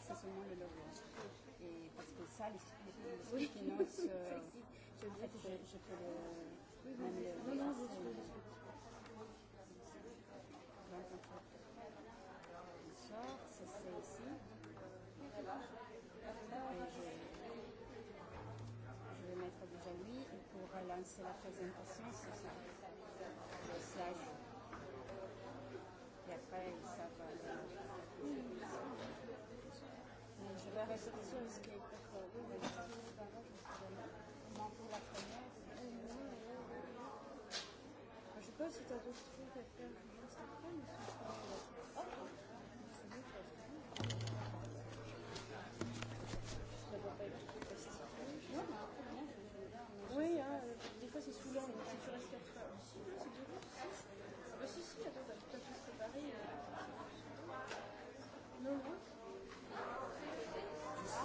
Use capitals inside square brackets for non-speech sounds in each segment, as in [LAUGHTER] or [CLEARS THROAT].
ça, c'est seulement le logo. Et parce que ça, les, les, les finances, euh, en fait, je, je peux le, même le, le lancer. On sort, ça c'est ici. Et je, je vais mettre déjà oui. Et pour lancer la présentation, c'est ça. Le slide. Et après, ça va. Le, la réception est-ce qu'il y a une personne Je sais pas si tu as d'autres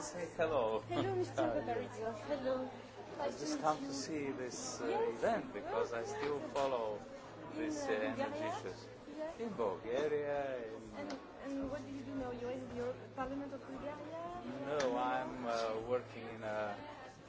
say hello. Hello, Mr. Paparizos. Hello. I nice just to come you. to see this uh, yes. event because oh, I still yes. follow these uh, uh energy Bulgaria? issues. Yes. In Bulgaria. In and, and what do you do now? You're in the Parliament of Bulgaria? No, I'm uh, working in a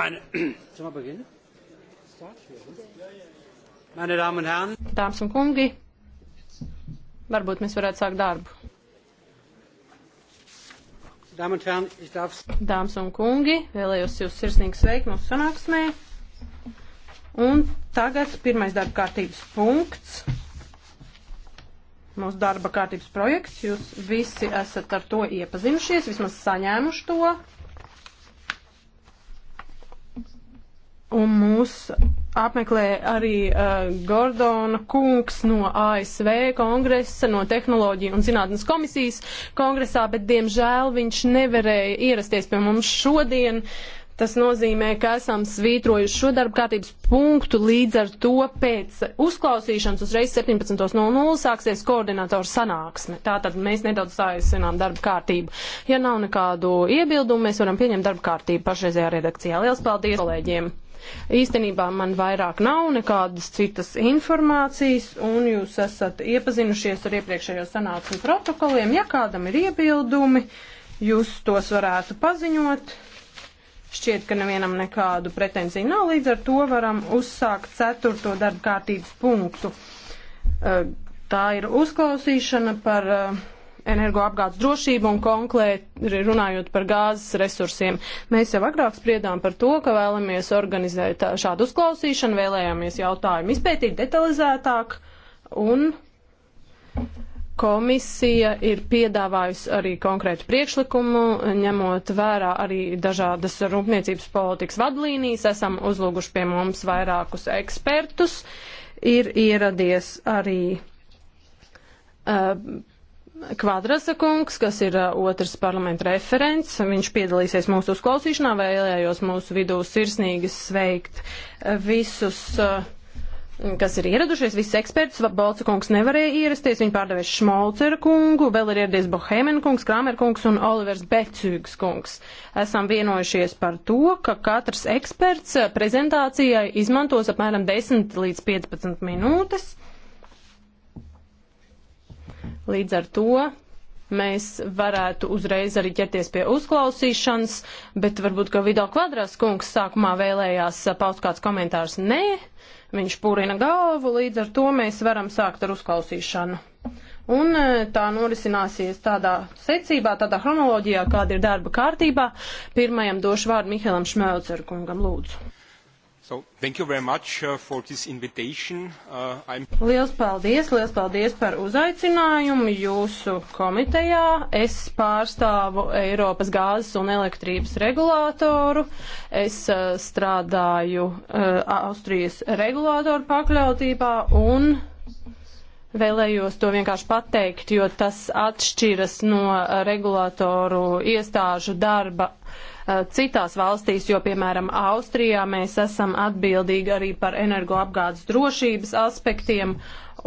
Meine, [CLEARS THROAT] Meine Damen un Herren, Dāmas un kungi, varbūt mēs varētu sākt darbu. Dāmas un kungi, vēlējos jūs sirsnīgi sveikt mūsu sanāksmē. Un tagad pirmais darba kārtības punkts. Mūsu darba kārtības projekts. Jūs visi esat ar to iepazinušies, vismaz saņēmuši to. Un mūs apmeklē arī uh, Gordona kungs no ASV kongresa, no Tehnoloģija un zinātnes komisijas kongresā, bet diemžēl viņš nevarēja ierasties pie mums šodien. Tas nozīmē, ka esam svītrojuši šo darbu kārtības punktu līdz ar to pēc uzklausīšanas uzreiz 17.00 sāksies koordinatoru sanāksme. Tātad mēs nedaudz sāiesinām darbu kārtību. Ja nav nekādu iebildumu, mēs varam pieņemt darbu kārtību pašreizējā redakcijā. Liels paldies kolēģiem! Īstenībā man vairāk nav nekādas citas informācijas, un jūs esat iepazinušies ar iepriekšējo sanāksmu protokoliem. Ja kādam ir iebildumi, jūs tos varētu paziņot. Šķiet, ka nevienam nekādu pretenziju nav, līdz ar to varam uzsākt ceturto darba kārtības punktu. Eh, tā ir uzklausīšana par uh, energoapgādes drošību un konkrēti runājot par gāzes resursiem. Mēs jau agrāk spriedām par to, ka vēlamies organizēt šādu uzklausīšanu, vēlējāmies jautājumu izpētīt detalizētāk un komisija ir piedāvājusi arī konkrētu priekšlikumu, ņemot vērā arī dažādas rūpniecības politikas vadlīnijas. Esam uzlūguši pie mums vairākus ekspertus. Ir ieradies arī uh, Kvadrasa kungs, kas ir otrs parlamenta referents, viņš piedalīsies mūsu uzklausīšanā, vēlējos mūsu vidū sirsnīgi sveikt visus, kas ir ieradušies, visus ekspertus. Balca kungs nevarēja ierasties, viņa pārdevēs Šmolcera kungu, vēl ir ieradies Bohēmen kungs, Kramer kungs un Olivers Becūgs kungs. Esam vienojušies par to, ka katrs eksperts prezentācijai izmantos apmēram 10 līdz 15 minūtes Līdz ar to mēs varētu uzreiz arī ķerties pie uzklausīšanas, bet varbūt, ka Vido Kvadrās kungs sākumā vēlējās paust kāds komentārs. Nē, viņš pūrina galvu, līdz ar to mēs varam sākt ar uzklausīšanu. Un e, tā norisināsies tādā secībā, tādā chronoloģijā, kāda ir darba kārtībā. Pirmajam došu vārdu Mihēlam Šmēlcerkungam, lūdzu. So, thank you very much uh, for this invitation. Uh, I'm... Liels paldies, liels paldies par uzaicinājumu jūsu komitejā. Es pārstāvu Eiropas gāzes un elektrības regulātoru. Es uh, strādāju uh, Austrijas regulātoru pakļautībā un Vēlējos to vienkārši pateikt, jo tas atšķiras no regulātoru iestāžu darba uh, Uh, citās valstīs, jo, piemēram, Austrijā mēs esam atbildīgi arī par energoapgādes drošības aspektiem,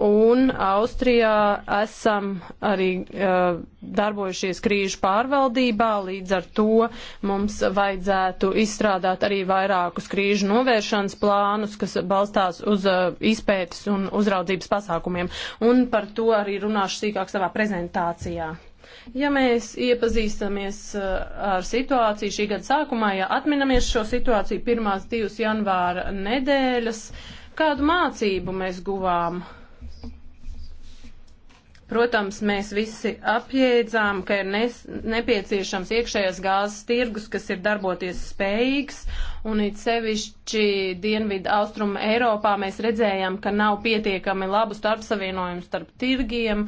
un Austrijā esam arī uh, darbojušies krīžu pārvaldībā, līdz ar to mums vajadzētu izstrādāt arī vairākus krīžu novēršanas plānus, kas balstās uz uh, izpētes un uzraudzības pasākumiem, un par to arī runāšu sīkāk savā prezentācijā. Ja mēs iepazīstamies uh, ar situāciju šī gada sākumā, ja atminamies šo situāciju pirmās divas janvāra nedēļas, kādu mācību mēs guvām? Protams, mēs visi apjēdzām, ka ir nes, nepieciešams iekšējais gāzes tirgus, kas ir darboties spējīgs un it sevišķi dienvidu austrumu Eiropā mēs redzējām, ka nav pietiekami labu starpsavienojumu starp tirgiem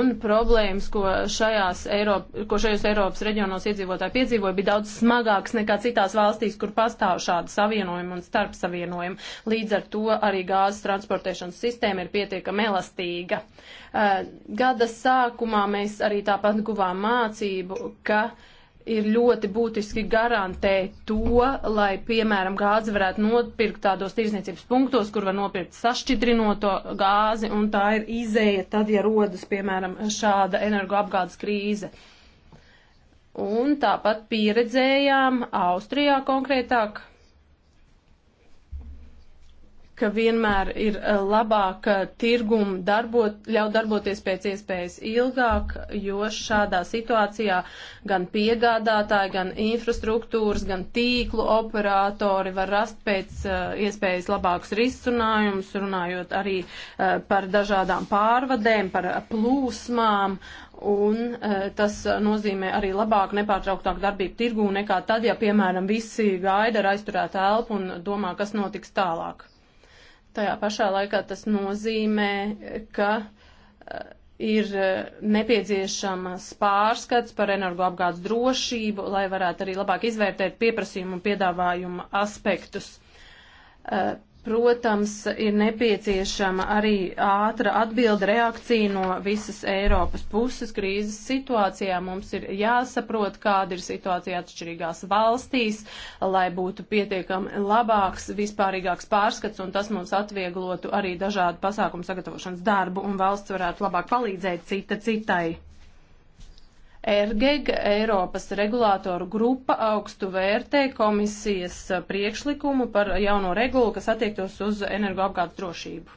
un problēmas, ko, šajās Eiropa, ko šajos Eiropas reģionos iedzīvotāji piedzīvoja, bija daudz smagāks nekā citās valstīs, kur pastāv šādi savienojumi un starpsavienojumi. Līdz ar to arī gāzes transportēšanas sistēma ir pietiekami elastīga. Eh, gada sākumā mēs arī tāpat guvām mācību, ka uh, ir ļoti būtiski garantēt to, lai, piemēram, gāzi varētu nopirkt tādos tirzniecības punktos, kur var nopirkt sašķidrinoto gāzi, un tā ir izēja tad, ja rodas, piemēram, šāda energoapgādes krīze. Un tāpat pieredzējām Austrijā konkrētāk, ka vienmēr ir eh, labāk eh, tirgumu darbot, ļaut darboties pēc iespējas ilgāk, jo šādā situācijā gan piegādātāji, gan infrastruktūras, gan tīklu operatori var rast pēc eh, iespējas labākus risinājumus, runājot arī par dažādām pārvadēm, par plūsmām Un e, tas nozīmē arī labāku, nepārtrauktāku darbību tirgū nekā tad, ja, piemēram, visi gaida ar aizturētu elpu un domā, kas notiks tālāk. Tajā pašā laikā tas nozīmē, ka eh, ir eh, nepieciešamas pārskats par energoapgādes drošību, lai varētu arī labāk izvērtēt pieprasījumu un piedāvājumu aspektus. Eh, Protams, ir nepieciešama arī ātra atbilda reakcija no visas Eiropas puses krīzes situācijā. Mums ir jāsaprot, kāda ir situācija atšķirīgās valstīs, lai būtu pietiekami labāks, vispārīgāks pārskats, un tas mums atvieglotu arī dažādu pasākumu sagatavošanas darbu, un valsts varētu labāk palīdzēt cita citai. ERGEG Eiropas regulātoru grupa augstu vērtē komisijas eh, priekšlikumu par jauno regulu, kas attiektos uz energoapgādes drošību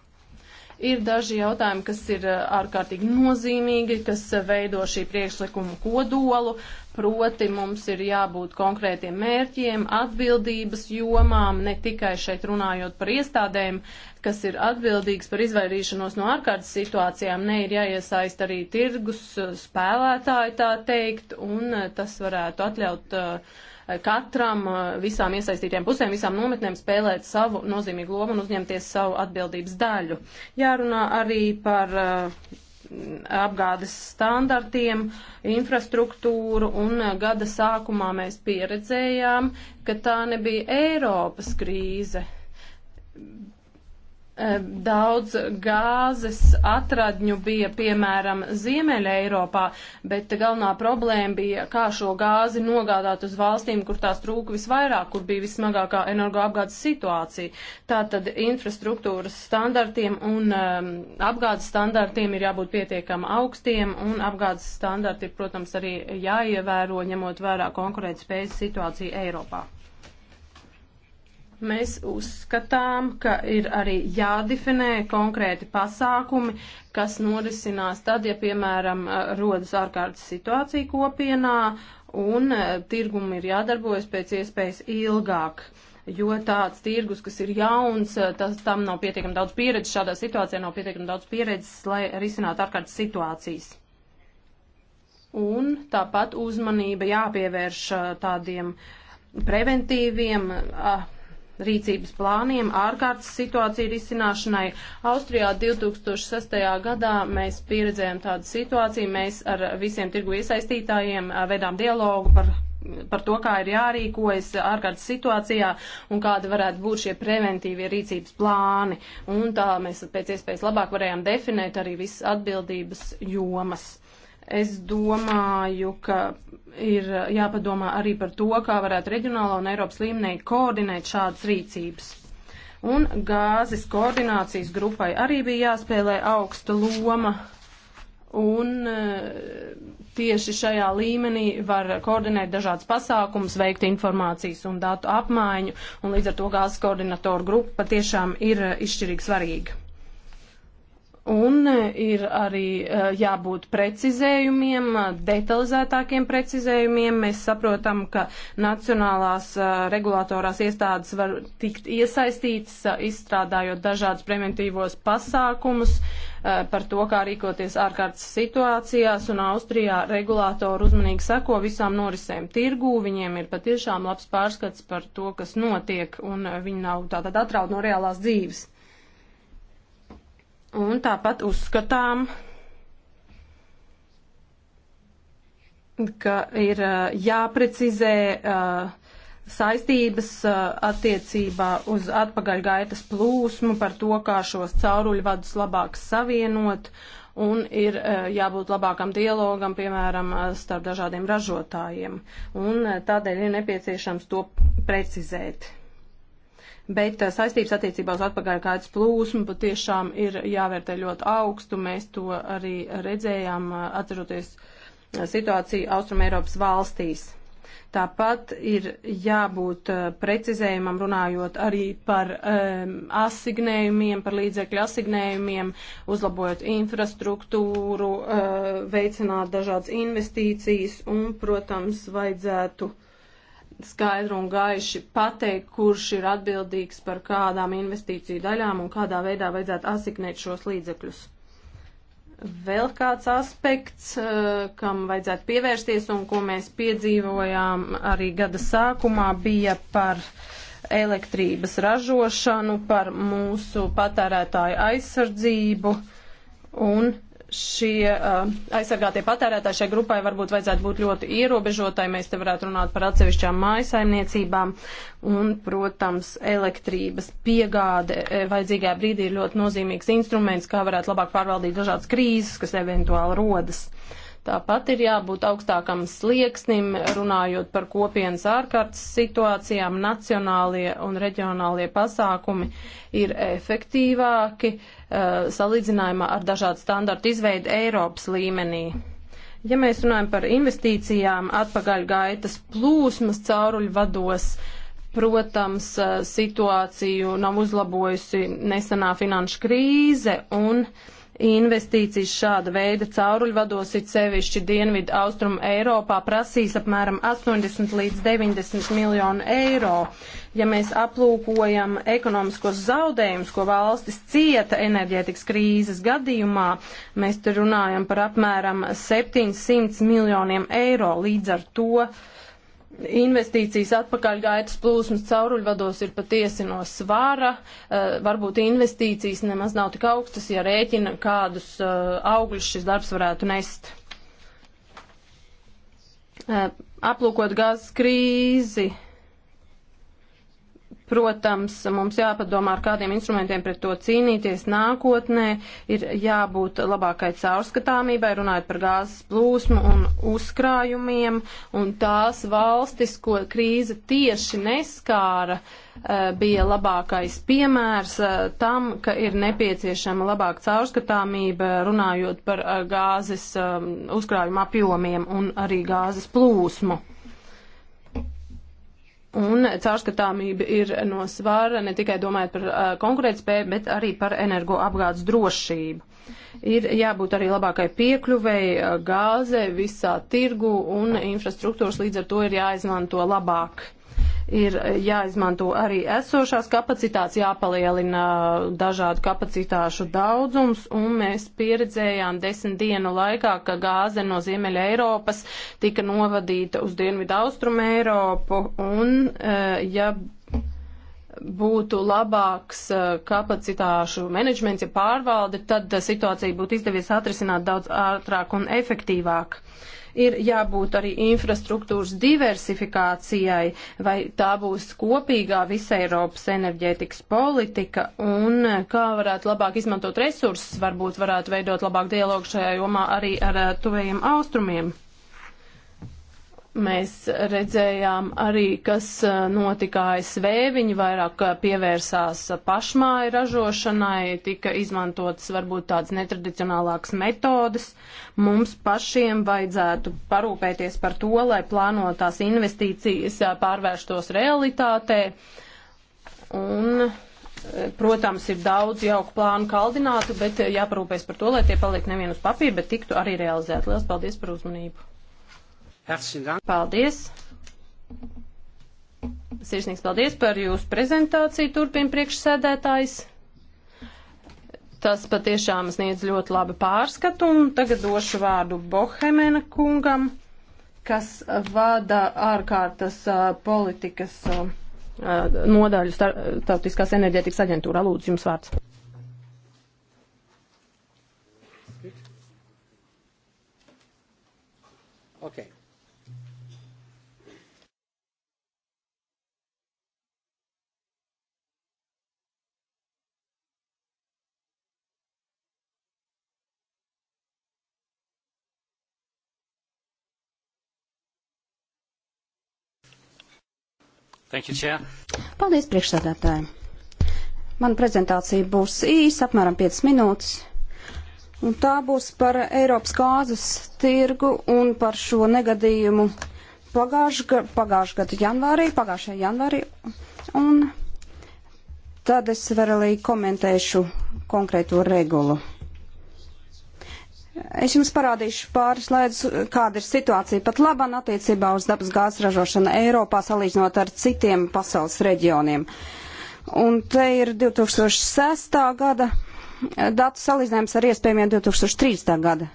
ir daži jautājumi, kas ir eh, ārkārtīgi nozīmīgi, kas eh, veido šī priekšlikuma kodolu, Proti mums ir jābūt konkrētiem mērķiem, atbildības jomām, ne tikai šeit runājot par iestādēm, kas ir atbildīgs par izvairīšanos no ārkārtas situācijām, ne ir jāiesaist arī tirgus spēlētāji tā teikt, un eh, tas varētu atļaut eh, katram, eh, visām iesaistītiem pusēm, visām nometnēm spēlēt savu nozīmīgu lomu un uzņemties savu atbildības daļu. Jārunā arī par uh, apgādes standartiem, infrastruktūru, un gada sākumā mēs pieredzējām, ka tā nebija Eiropas krīze, Eh, daudz gāzes atradņu bija piemēram Ziemeļa Eiropā, bet galvenā problēma bija, kā šo gāzi nogādāt uz valstīm, kur tās trūka visvairāk, kur bija vismagākā energoapgādes situācija. Tātad infrastruktūras standartiem un um, apgādes standartiem ir jābūt pietiekami augstiem, un apgādes standarti ir, protams, arī jāievēro, ņemot vērā konkurētspējas situāciju Eiropā. Mēs uzskatām, ka ir arī jādefinē konkrēti pasākumi, kas norisinās tad, ja, piemēram, rodas ārkārtas situācija kopienā un tirgumi ir jādarbojas pēc iespējas ilgāk. Jo tāds tirgus, kas ir jauns, tas, tam nav pietiekami daudz pieredzes, šādā situācijā nav pietiekami daudz pieredzes, lai risinātu ārkārtas situācijas. Un tāpat uzmanība jāpievērš tādiem preventīviem. Uh, rīcības plāniem ārkārtas situāciju risināšanai. Austrijā 2006. gadā mēs pieredzējām tādu situāciju, mēs ar visiem tirgu iesaistītājiem vedām dialogu par par to, kā ir jārīkojas ārkārtas situācijā un kāda varētu būt šie preventīvie rīcības plāni. Un tā mēs pēc iespējas labāk varējām definēt arī visas atbildības jomas. Es domāju, ka ir jāpadomā arī par to, kā varētu reģionālā un Eiropas līmenī koordinēt šādas rīcības. Un gāzes koordinācijas grupai arī bija jāspēlē augsta loma. Un eh, tieši šajā līmenī var koordinēt dažādas pasākumus, veikt informācijas un datu apmaiņu, un līdz ar to gāzes koordinatoru grupa patiešām ir eh, izšķirīgi svarīga. Un e, ir arī e, jābūt precizējumiem, detalizētākiem precizējumiem. Mēs saprotam, ka nacionālās e, regulātorās iestādes var tikt iesaistītas, izstrādājot dažādus preventīvos pasākumus par to, kā rīkoties ārkārtas situācijās. Un Austrijā regulātori uzmanīgi seko visām norisēm tirgū. Viņiem ir patiešām labs pārskats par to, kas notiek, un viņi nav tātad atraud no reālās dzīves. Un tāpat uzskatām, ka ir jāprecizē uh, saistības uh, attiecībā uz atpakaļgaitas plūsmu, par to, kā šos cauruļvadus labāk savienot, un ir uh, jābūt labākam dialogam, piemēram, starp dažādiem ražotājiem. Un tādēļ ir nepieciešams to precizēt bet eh, saistības attiecībā uz atpakaļ kādas plūsmu patiešām ir jāvērtē ļoti augstu. Mēs to arī redzējām, eh, atceroties eh, situāciju Austrum Eiropas valstīs. Tāpat ir jābūt precizējumam runājot arī par um, asignējumiem, par līdzekļu asignējumiem, uzlabojot infrastruktūru, uh, veicināt dažādas investīcijas un, protams, vajadzētu skaidru un gaiši pateikt, kurš ir atbildīgs par kādām investīciju daļām un kādā veidā vajadzētu asignēt šos līdzekļus. Vēl kāds aspekts, eh, kam vajadzētu pievērsties un ko mēs piedzīvojām arī gada sākumā, bija par elektrības ražošanu, par mūsu patērētāju aizsardzību un šie uh, aizsargātie patērētāji šai grupai varbūt vajadzētu būt ļoti ierobežotai. Mēs te varētu runāt par atsevišķām mājasaimniecībām un, protams, elektrības piegāde eh, vajadzīgajā brīdī ir ļoti nozīmīgs instruments, kā varētu labāk pārvaldīt dažādas krīzes, kas eventuāli rodas. Uh, Tāpat ir jābūt augstākam slieksnim, runājot par kopienas ārkārtas situācijām, nacionālie un reģionālie pasākumi ir efektīvāki eh, salīdzinājumā ar dažādu standartu izveidu Eiropas līmenī. Ja mēs runājam par investīcijām, atpakaļ gaitas plūsmas cauruļu vados, protams, eh, situāciju nav uzlabojusi nesenā finanšu krīze un uh, Investīcijas šāda veida cauruļvados, it sevišķi Dienvidu Austrumu Eiropā, prasīs apmēram 80 līdz 90 miljonu eiro. Ja mēs aplūkojam ekonomiskos zaudējumus, ko valstis cieta enerģētikas krīzes gadījumā, mēs tur runājam par apmēram 700 miljoniem eiro. Līdz ar to uh, investīcijas atpakaļ gaitas plūsmas cauruļvados ir patiesi no svara, eh, varbūt investīcijas nemaz nav tik augstas, ja rēķina, kādus eh, augļus šis darbs varētu nest. Eh, aplūkot gāzes krīzi, Protams, mums jāpadomā, ar kādiem instrumentiem pret to cīnīties nākotnē. Ir jābūt labākai caurskatāmībai, runājot par gāzes plūsmu un uzkrājumiem. Un tās valstis, ko krīze tieši neskāra, eh, bija labākais piemērs eh, tam, ka ir nepieciešama labāka caurskatāmība, runājot par eh, gāzes uzkrājuma apjomiem un arī gāzes plūsmu. Un caurskatāmība ir no svara ne tikai domājot par uh, konkurētspēju, bet arī par energoapgādes drošību. Ir jābūt arī labākai piekļuvēji uh, gāzē visā tirgu un infrastruktūras līdz ar to ir jāizmanto labāk ir jāizmanto arī esošās kapacitātes, jāpalielina dažādu kapacitāšu daudzums, un mēs pieredzējām desmit dienu laikā, ka gāze no Ziemeļa Eiropas tika novadīta uz Dienvidu Austrumu Eiropu, un e, ja būtu labāks e, kapacitāšu menedžments, ja pārvalde, tad e, situācija būtu izdevies atrisināt daudz ātrāk un efektīvāk. Uh, ir jābūt arī infrastruktūras diversifikācijai, vai tā būs kopīgā visa Eiropas enerģētikas politika, un kā varētu labāk izmantot resursus, varbūt varētu veidot labāk dialogu šajā jomā arī ar eh, tuvējiem austrumiem. Mēs redzējām arī, kas uh, notika ASV, viņi vairāk uh, pievērsās uh, pašmāju ražošanai, tika izmantotas varbūt tādas netradicionālākas metodas. Mums pašiem vajadzētu parūpēties par to, lai plānotās investīcijas pārvērstos realitātē. Un, protams, ir daudz jauku plānu kaldinātu, bet jāparūpēs par to, lai tie paliek nevien uz papīra, bet tiktu arī realizēti. Lielas paldies par uzmanību! Paldies! Sirsnīgs paldies par jūsu prezentāciju, turpina priekšsēdētājs. Tas patiešām sniedz ļoti labu pārskatu, un tagad došu vārdu Bohemēna kungam, kas vada ārkārtas uh, politikas uh, nodaļu Startautiskās enerģētikas aģentūrā. Lūdzu, jums vārds. Okay. Thank you, Chair. Paldies, priekšsēdētāji. Mana prezentācija būs īsa, apmēram 5 minūtes. Un tā būs par Eiropas gāzes tirgu un par šo negadījumu pagājušā gada janvārī, pagājušajā janvārī. Un tad es vēl arī komentēšu konkrēto regulu. Es jums parādīšu pāris slēdus, kāda ir situācija pat labam attiecībā uz dabas gāzes ražošanu Eiropā salīdzinot ar citiem pasaules reģioniem. Un te ir 2006. gada datu salīdzinājums ar iespējamiem 2030. gada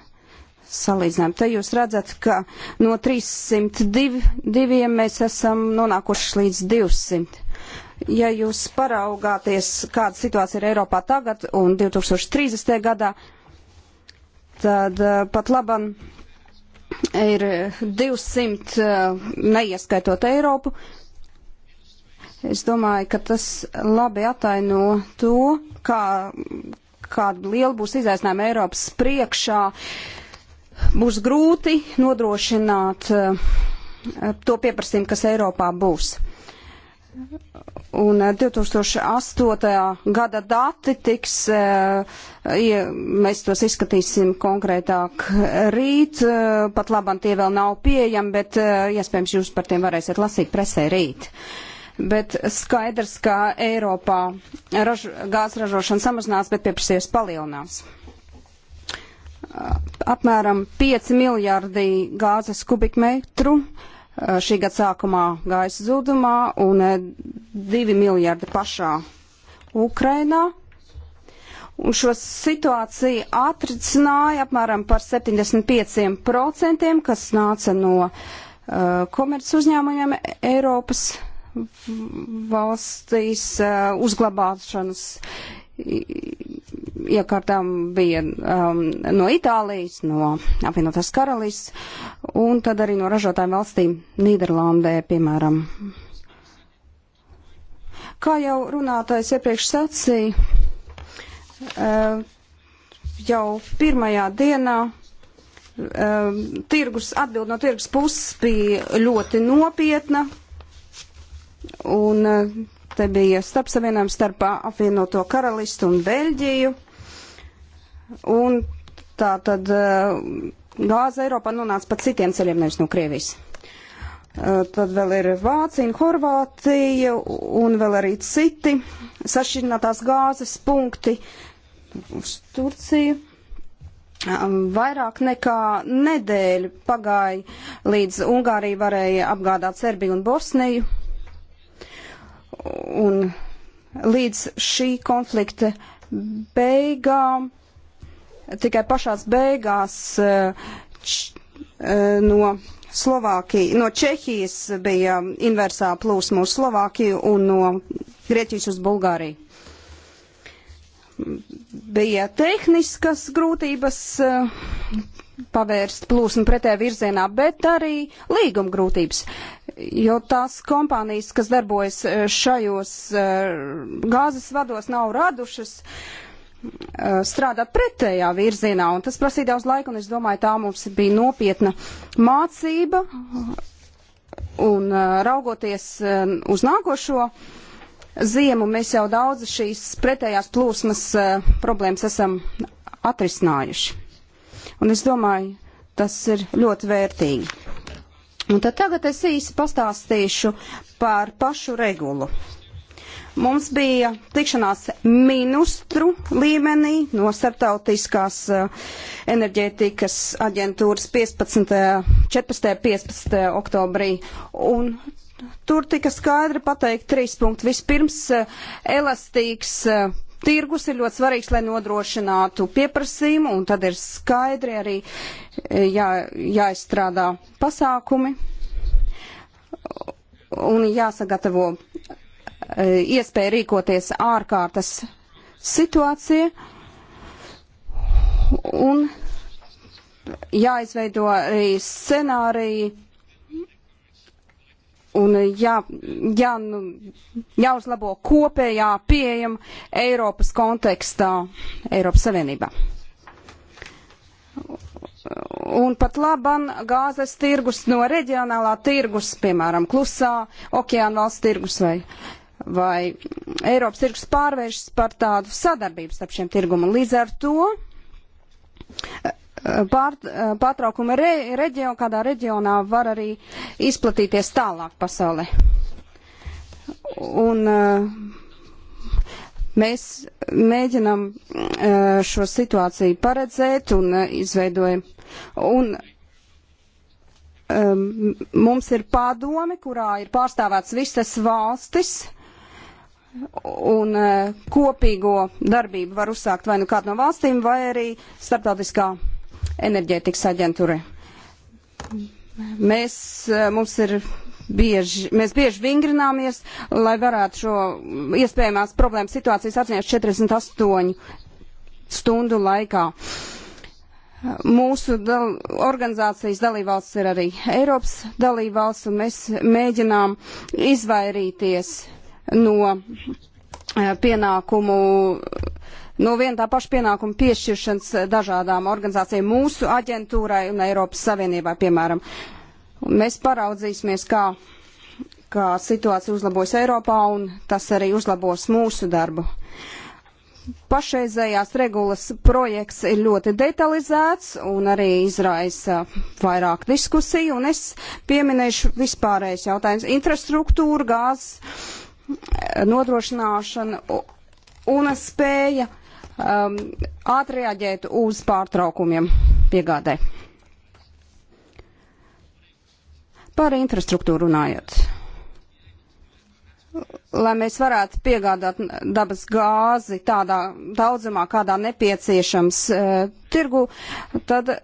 salīdzinājumu. Te jūs redzat, ka no 302 mēs esam nonākuši līdz 200. Ja jūs paraugāties, kāda situācija ir Eiropā tagad un 2030. gadā, tad eh, pat labam ir 200, eh, neieskaitot Eiropu. Es domāju, ka tas labi ataino to, kā, kāda liela būs izaicinājuma Eiropas priekšā. Būs grūti nodrošināt eh, to pieprasījumu, kas Eiropā būs. Un 2008. Eh, gada dati tiks, ja eh, mēs tos izskatīsim konkrētāk rīt, eh, pat labam tie vēl nav pieejami, bet iespējams ja jūs par tiem varēsiet lasīt presē rīt. Bet skaidrs, ka Eiropā raž, gāzes ražošana samazinās, bet pieprasījums palielinās. Apmēram 5 miljārdi gāzes kubikmetru Eh, šī gada sākumā gājas zudumā un 2 eh, miljardi pašā Ukrainā. Un šo situāciju atricināja apmēram par 75%, kas nāca no uh, eh, komerc uzņēmumiem Eiropas valstīs uh, uzglabāšanas iekārtām bija um, no Itālijas, no apvienotās karalists, un tad arī no ražotājiem valstīm Nīderlandē, piemēram. Kā jau runātājs iepriekš sacīja, uh, jau pirmajā dienā uh, tirgus, atbild no tirgus puses bija ļoti nopietna, un uh, Te bija starp savienām starp apvienoto karalistu un Beļģiju. Un tā tad eh, gāze Eiropā nonāca pa citiem ceļiem, nevis no Krievijas. Eh, tad vēl ir Vācija, Horvātija un vēl arī citi sašķirinātās gāzes punkti uz Turciju. Vairāk nekā nedēļa pagāja, līdz Ungārija varēja apgādāt Serbiju un Bosniju Un līdz šī konflikta beigām, tikai pašās beigās eh, č, eh, no, Slovākija, no Čehijas bija inversā plūsma uz Slovākiju un no Grieķijas uz Bulgāriju. Bija tehniskas grūtības eh, pavērst plūsmu pretē virzienā, bet arī līguma grūtības jo tās kompānijas, kas darbojas eh, šajos eh, gāzes vados, nav radušas eh, strādāt pretējā virzienā, un tas prasīja daudz laika, un es domāju, tā mums bija nopietna mācība, un raugoties uz nākošo ziemu, mēs jau daudz šīs pretējās plūsmas problēmas esam atrisinājuši. Un es domāju, tas ir ļoti vērtīgi. Un tad tagad es īsi pastāstīšu par pašu regulu. Mums bija tikšanās ministru līmenī no starptautiskās eh, enerģētikas aģentūras 15. 14. 15. oktobrī. Un tur tika skaidri pateikt trīs punkti. Vispirms eh, elastīgs eh, tirgus ir ļoti svarīgs, lai nodrošinātu pieprasījumu, un tad ir skaidri arī e, jā, jāizstrādā pasākumi un jāsagatavo e, iespēja rīkoties ārkārtas situācija un jāizveido arī scenāriji un eh, jā, jā, nu, jāuzlabo kopējā pieejama Eiropas kontekstā, Eiropas Savienībā. Un pat laban gāzes tirgus no reģionālā tirgus, piemēram, klusā okeāna valsts tirgus vai, vai Eiropas tirgus pārvēršas par tādu sadarbību starp šiem tirgumu. Līdz ar to pār, pārtraukumi re, reģion, kādā reģionā var arī izplatīties tālāk pasaulē. Un eh, mēs mēģinam eh, šo situāciju paredzēt un eh, izveidojam. Un mums ir padome, kurā ir pārstāvēts visas valstis, un kopīgo darbību var uzsākt vai nu kāda no valstīm, vai arī starptautiskā enerģētikas aģentūrai. Mēs, eh, mums ir bieži, mēs bieži vingrināmies, lai varētu šo iespējamās problēmas situācijas atzināt 48 stundu laikā. Mūsu dal organizācijas dalībvalsts ir arī Eiropas dalībvalsts, un mēs mēģinām izvairīties no eh, pienākumu uh, no viena tā paša pienākuma piešķiršanas eh, dažādām organizācijām mūsu aģentūrai un Eiropas Savienībai, piemēram. Un mēs paraudzīsimies, kā, kā situācija uzlabos Eiropā un tas arī uzlabos mūsu darbu. Pašreizējās regulas projekts ir ļoti detalizēts un arī izraisa vairāk diskusiju, un es pieminēšu vispārējais jautājums - infrastruktūra, gāzes eh, nodrošināšana un spēja um, ātri reaģēt uz pārtraukumiem piegādē. Par infrastruktūru runājot. Lai mēs varētu piegādāt dabas gāzi tādā daudzumā, kādā nepieciešams uh, tirgu, tad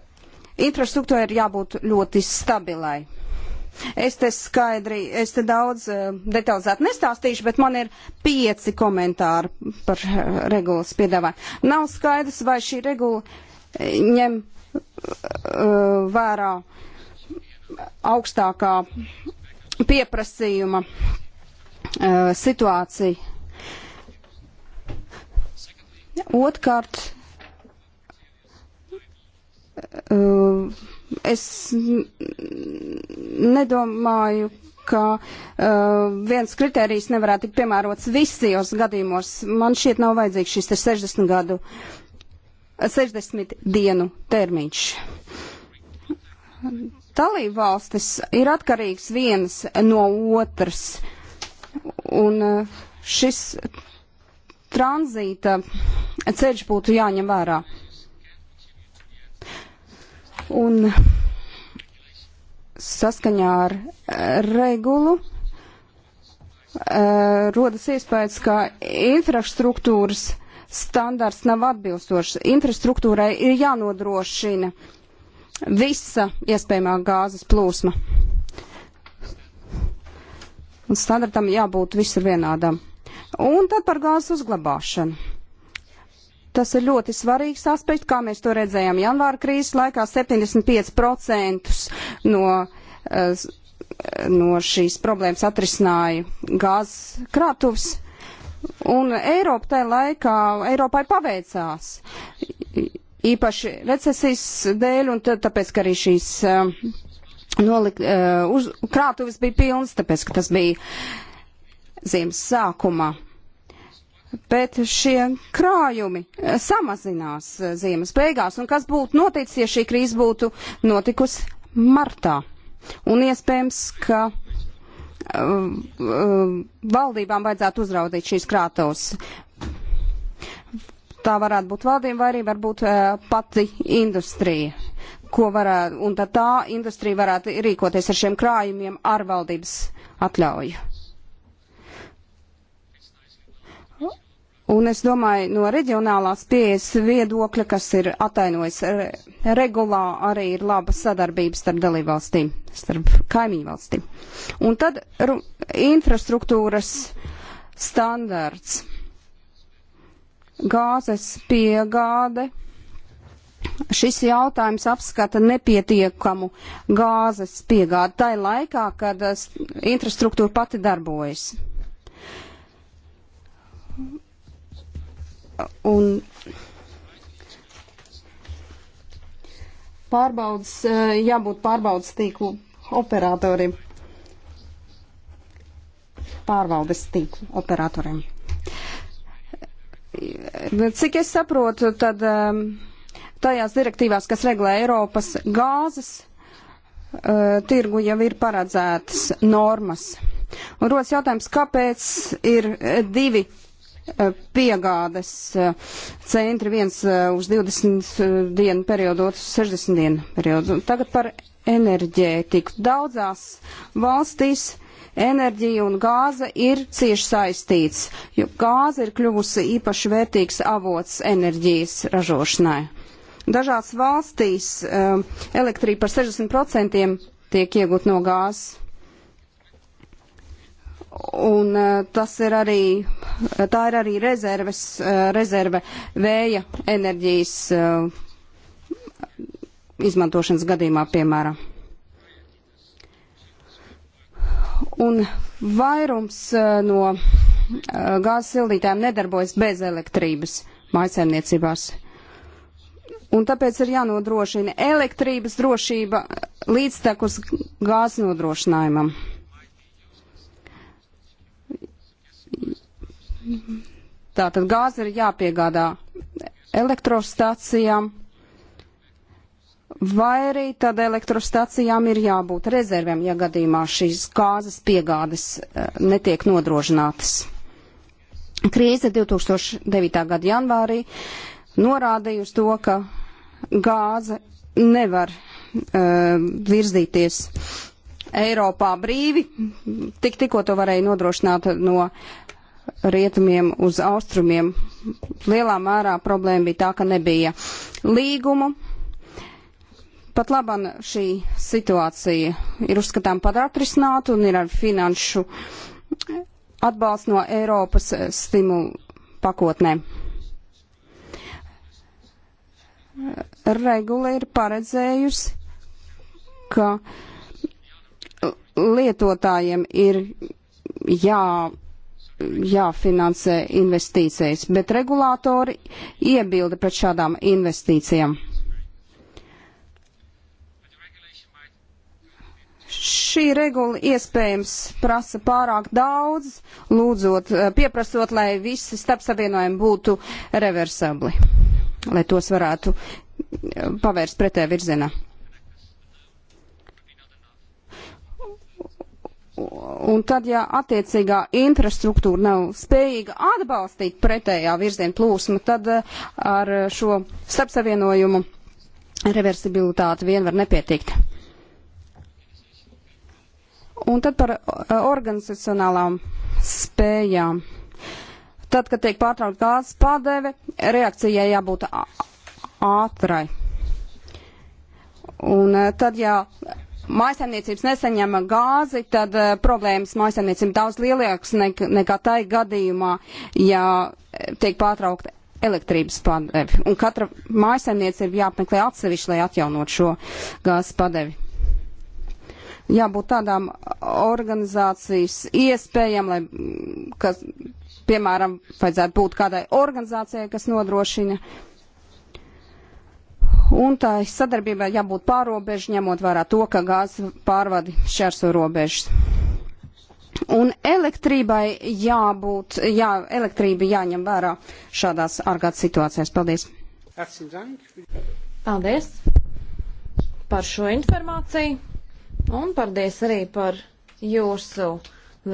infrastruktūra ir jābūt ļoti stabilai Es te skaidri, es te daudz eh, detalizēti nestāstīšu, bet man ir pieci komentāri par eh, regulas piedāvājumu. Nav skaidrs, vai šī regula eh, ņem vērā augstākā pieprasījuma situāciju. Otkārt, uh, Es nedomāju, ka uh, viens kriterijs nevarētu tikt piemērots visos gadījumos. Man šķiet nav vajadzīgs šis 60 gadu, 60 dienu termiņš. Dalībvalstis ir atkarīgs viens no otras, un uh, šis tranzīta ceļš būtu jāņem vērā. Un saskaņā ar eh, regulu eh, rodas iespējas, ka infrastruktūras standarts nav atbilstošs. Infrastruktūrai ir jānodrošina visa iespējamā gāzes plūsma. Un standartam jābūt visur vienādam. Un tad par gāzes uzglabāšanu. Tas ir ļoti svarīgs aspekts, kā mēs to redzējām janvāra krīzes laikā. 75% no, eh, no šīs problēmas atrisināja gāzes krātuvs. Un Eiropa tajā laikā, Eiropai paveicās, īpaši recesijas dēļ, un tāpēc, ka arī šīs eh, nolik, eh, uz, krātuvis bija pilns, tāpēc, ka tas bija ziemas sākumā bet šie krājumi eh, samazinās eh, ziemas beigās, un kas būtu noticis, ja šī krīze būtu notikusi martā. Un iespējams, ka um, um, valdībām vajadzētu uzraudīt šīs krātos. Tā varētu būt valdība vai arī varbūt uh, pati industrija, ko varētu, un tad tā industrija varētu rīkoties ar šiem krājumiem ar valdības atļauju. Un es domāju, no reģionālās pieejas viedokļa, kas ir atainojis re, regulā, arī ir laba sadarbība starp dalībvalstīm, starp kaimīvalstīm. Un tad ru, infrastruktūras standarts, gāzes piegāde. Šis jautājums apskata nepietiekamu gāzes piegādi tai laikā, kad infrastruktūra pati darbojas un pārbaudas, eh, jābūt pārbaudas tīklu operatoriem. Pārvaldes tīklu operatoriem. Cik es saprotu, tad eh, tajās direktīvās, kas regulē Eiropas gāzes eh, tirgu, jau ir paredzētas normas. Un rodas jautājums, kāpēc ir divi Eh, piegādes eh, centri, viens eh, uz 20 dienu periodu, otrs 60 dienu periodu. Tagad par enerģētiku. Daudzās valstīs enerģija un gāze ir cieši saistīts, jo gāze ir kļuvusi īpaši vērtīgs avots enerģijas ražošanai. Dažās valstīs elektrība par 60% tiek iegūt no gāzes un e, tas ir arī, tā ir arī rezerves, e, rezerve vēja enerģijas e, izmantošanas gadījumā, piemēram. Un vairums no gāzes sildītājiem nedarbojas bez elektrības mājasēmniecībās. Un tāpēc ir jānodrošina elektrības drošība līdztekus gāzes nodrošinājumam. Tātad gāze ir jāpiegādā elektrostacijām, vai arī tad elektrostacijām ir jābūt rezervēm, ja gadījumā šīs gāzes piegādes eh, netiek nodrošinātas. Krīze 2009. gada janvārī norādīja uz to, ka gāze nevar uh, virzīties Eiropā brīvi, tik tikko to varēja nodrošināt no rietumiem uz austrumiem. Lielā mērā problēma bija tā, ka nebija līgumu. Pat laban šī situācija ir uzskatām par atrisinātu un ir ar finanšu atbalsts no Eiropas stimulu pakotnēm. Regula ir paredzējusi, ka lietotājiem ir jā, jāfinansē investīcijas, bet regulātori iebilda pret šādām investīcijām. Šī regula iespējams prasa pārāk daudz, lūdzot, eh, pieprasot, lai visi starpsavienojumi būtu reversabli, lai tos varētu eh, pavērst pretē virzienā. un tad, ja attiecīgā infrastruktūra nav spējīga atbalstīt pretējā virziena plūsmu, tad eh, ar šo starpsavienojumu reversibilitāte vien var nepietikt. Un tad par eh, organizacionālām spējām. Tad, kad tiek pārtraukt gāzes padeve, reakcijai jābūt ātrai. Un eh, tad, ja mājasemniecības nesaņem gāzi, tad uh, problēmas mājasemniecība daudz lielākas nekā ne tai gadījumā, ja tiek pārtraukta elektrības padevi. Un katra mājasemniecība jāapmeklē atsevišķi, lai atjaunot šo gāzes padevi. Jābūt tādām organizācijas iespējām, lai, kas, piemēram, vajadzētu būt kādai organizācijai, kas nodrošina uh, Un tā sadarbībai jābūt pārobežu, ņemot vērā to, ka gāzes pārvadi šķērso robežas. Un elektrībai jābūt, jā, elektrība jāņem vērā šādās ārkārtas situācijās. Paldies! Paldies par šo informāciju un paldies arī par jūsu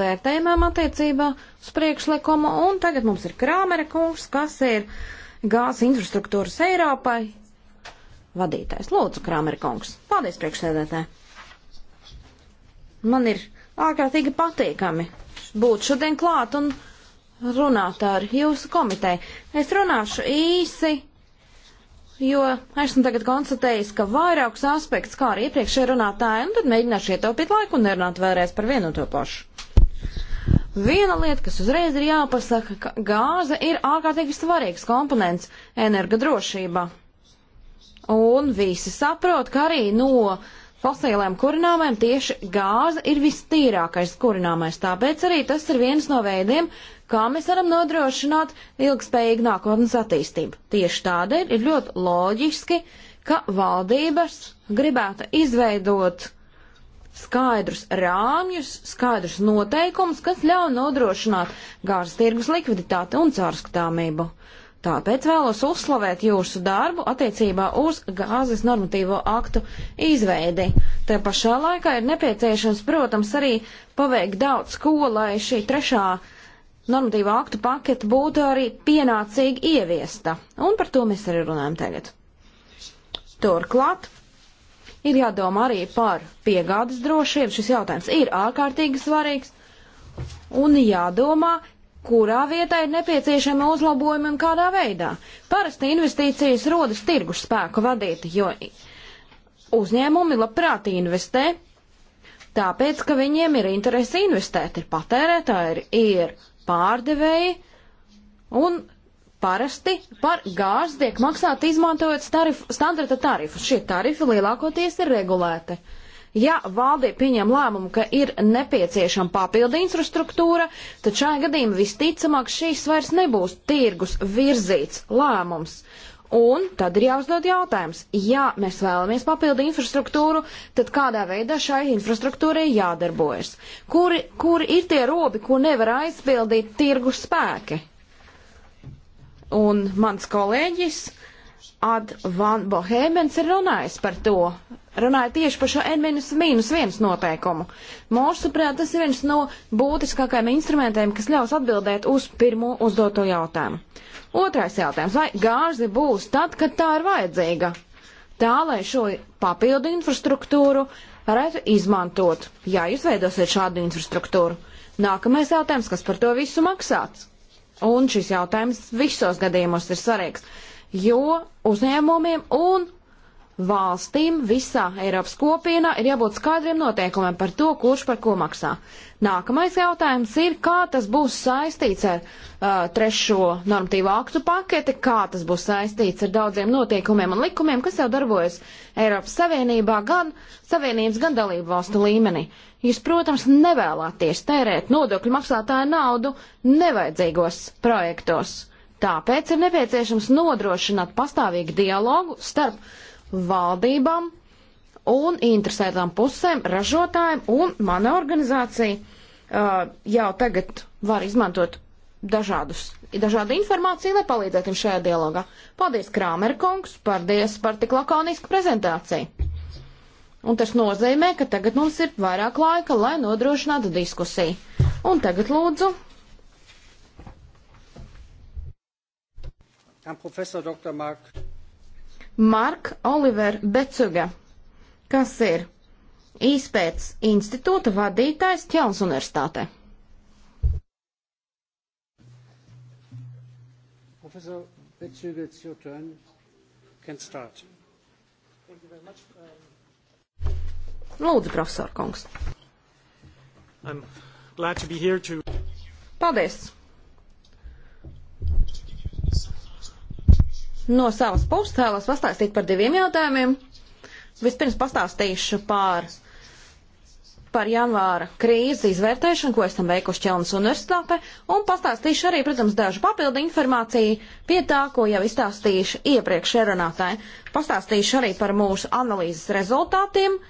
vērtējumam attiecībā uz priekšlikumu. Un tagad mums ir Krāmera kungs, kas ir gāzes infrastruktūras Eiropai vadītājs. Lūdzu, Kramerkungs. Paldies, priekšsēdētāji. Man ir ārkārtīgi patīkami būt šodien klāt un runāt ar jūsu komiteju. Es runāšu īsi, jo esmu tagad konstatējis, ka vairākus aspektus, kā arī iepriekšēji runātāji, un tad mēģināšu ietaupīt laiku un nerunāt vēlreiz par vienu to pašu. Viena lieta, kas uzreiz ir jāpasaka, ka gāze ir ārkārtīgi svarīgs komponents energodrošībā. drošībā Un visi saprot, ka arī no fosilēm kurināmēm tieši gāze ir vistīrākais kurināmais. Tāpēc arī tas ir viens no veidiem, kā mēs varam nodrošināt ilgspējīgu nākotnes attīstību. Tieši tādēļ ir ļoti loģiski, ka valdības gribētu izveidot skaidrus rāmjus, skaidrus noteikumus, kas ļauj nodrošināt gāzes tirgus likviditāti un cārskatāmību. Tāpēc vēlos uzslavēt jūsu darbu attiecībā uz gāzes normatīvo aktu izveidi. Te pašā laikā ir nepieciešams, protams, arī paveikt daudz ko, lai šī trešā normatīvā aktu paketa būtu arī pienācīgi ieviesta. Un par to mēs arī runājam tagad. Turklāt ir jādomā arī par piegādes drošību. Šis jautājums ir ārkārtīgi svarīgs. Un jādomā, kurā vietā ir nepieciešama uzlabojuma un kādā veidā. Parasti investīcijas rodas tirgus spēku vadīti, jo uzņēmumi labprāt investē, tāpēc, ka viņiem ir interesi investēt, ir patērētāji, ir pārdevēji, un parasti par gāzi tiek maksāti izmantojot tarif, standarta tarifus. Šie tarifi lielākoties ir regulēti. Uh, Ja valdība pieņem lēmumu, ka ir nepieciešama papildu infrastruktūra, tad šajā gadījumā visticamāk šīs vairs nebūs tirgus virzīts lēmums. Un tad ir jāuzdod jautājums, ja mēs vēlamies papildu infrastruktūru, tad kādā veidā šai infrastruktūrai jādarbojas? Kuri, kuri ir tie robi, ko nevar aizpildīt tirgus spēki? Un mans kolēģis Ad Van Bohēmens ir runājis par to runāja tieši par šo N-1 noteikumu. Mūsuprāt, tas ir viens no būtiskākajiem instrumentiem, kas ļaus atbildēt uz pirmo uzdoto jautājumu. Otrais jautājums - vai gāze būs tad, kad tā ir vajadzīga? Tā, lai šo papildu infrastruktūru varētu izmantot, ja jūs veidosiet šādu infrastruktūru. Nākamais jautājums, kas par to visu maksāts? Un šis jautājums visos gadījumos ir svarīgs, jo uzņēmumiem un valstīm visā Eiropas kopienā ir jābūt skaidriem noteikumiem par to, kurš par ko maksā. Nākamais jautājums ir, kā tas būs saistīts ar uh, trešo normatīvu aktu paketi, kā tas būs saistīts ar daudziem noteikumiem un likumiem, kas jau darbojas Eiropas Savienībā gan Savienības, gan dalību valstu līmenī. Jūs, protams, nevēlāties tērēt nodokļu maksātāju naudu nevajadzīgos projektos. Tāpēc ir nepieciešams nodrošināt pastāvīgu dialogu starp uh, valdībām un interesētām pusēm, ražotājiem un mana organizācija uh, jau tagad var izmantot dažādus, dažādu informāciju, lai palīdzētu jums šajā dialogā. Paldies, Krāmer kungs, paldies par tik lakonisku prezentāciju. Un tas nozīmē, ka tagad mums ir vairāk laika, lai nodrošinātu diskusiju. Un tagad lūdzu. Profesor Dr. Mark. Mark Oliver Becuga, kas ir īspētes institūta vadītājs Ķelns universitātē. Professor Becuga, it's your turn. Can start. Thank you very much. Um... Lūdzu, profesor kungs. I'm glad to be here to... Paldies! No savas puses vēlos pastāstīt par diviem jautājumiem. Vispirms pastāstīšu par, par janvāra krīzes izvērtēšanu, ko esam veikuši Ķelnas universitātē, un pastāstīšu arī, protams, dažu papildu informāciju pie tā, ko jau izstāstījuši iepriekš runātāji. Pastāstīšu arī par mūsu analīzes rezultātiem,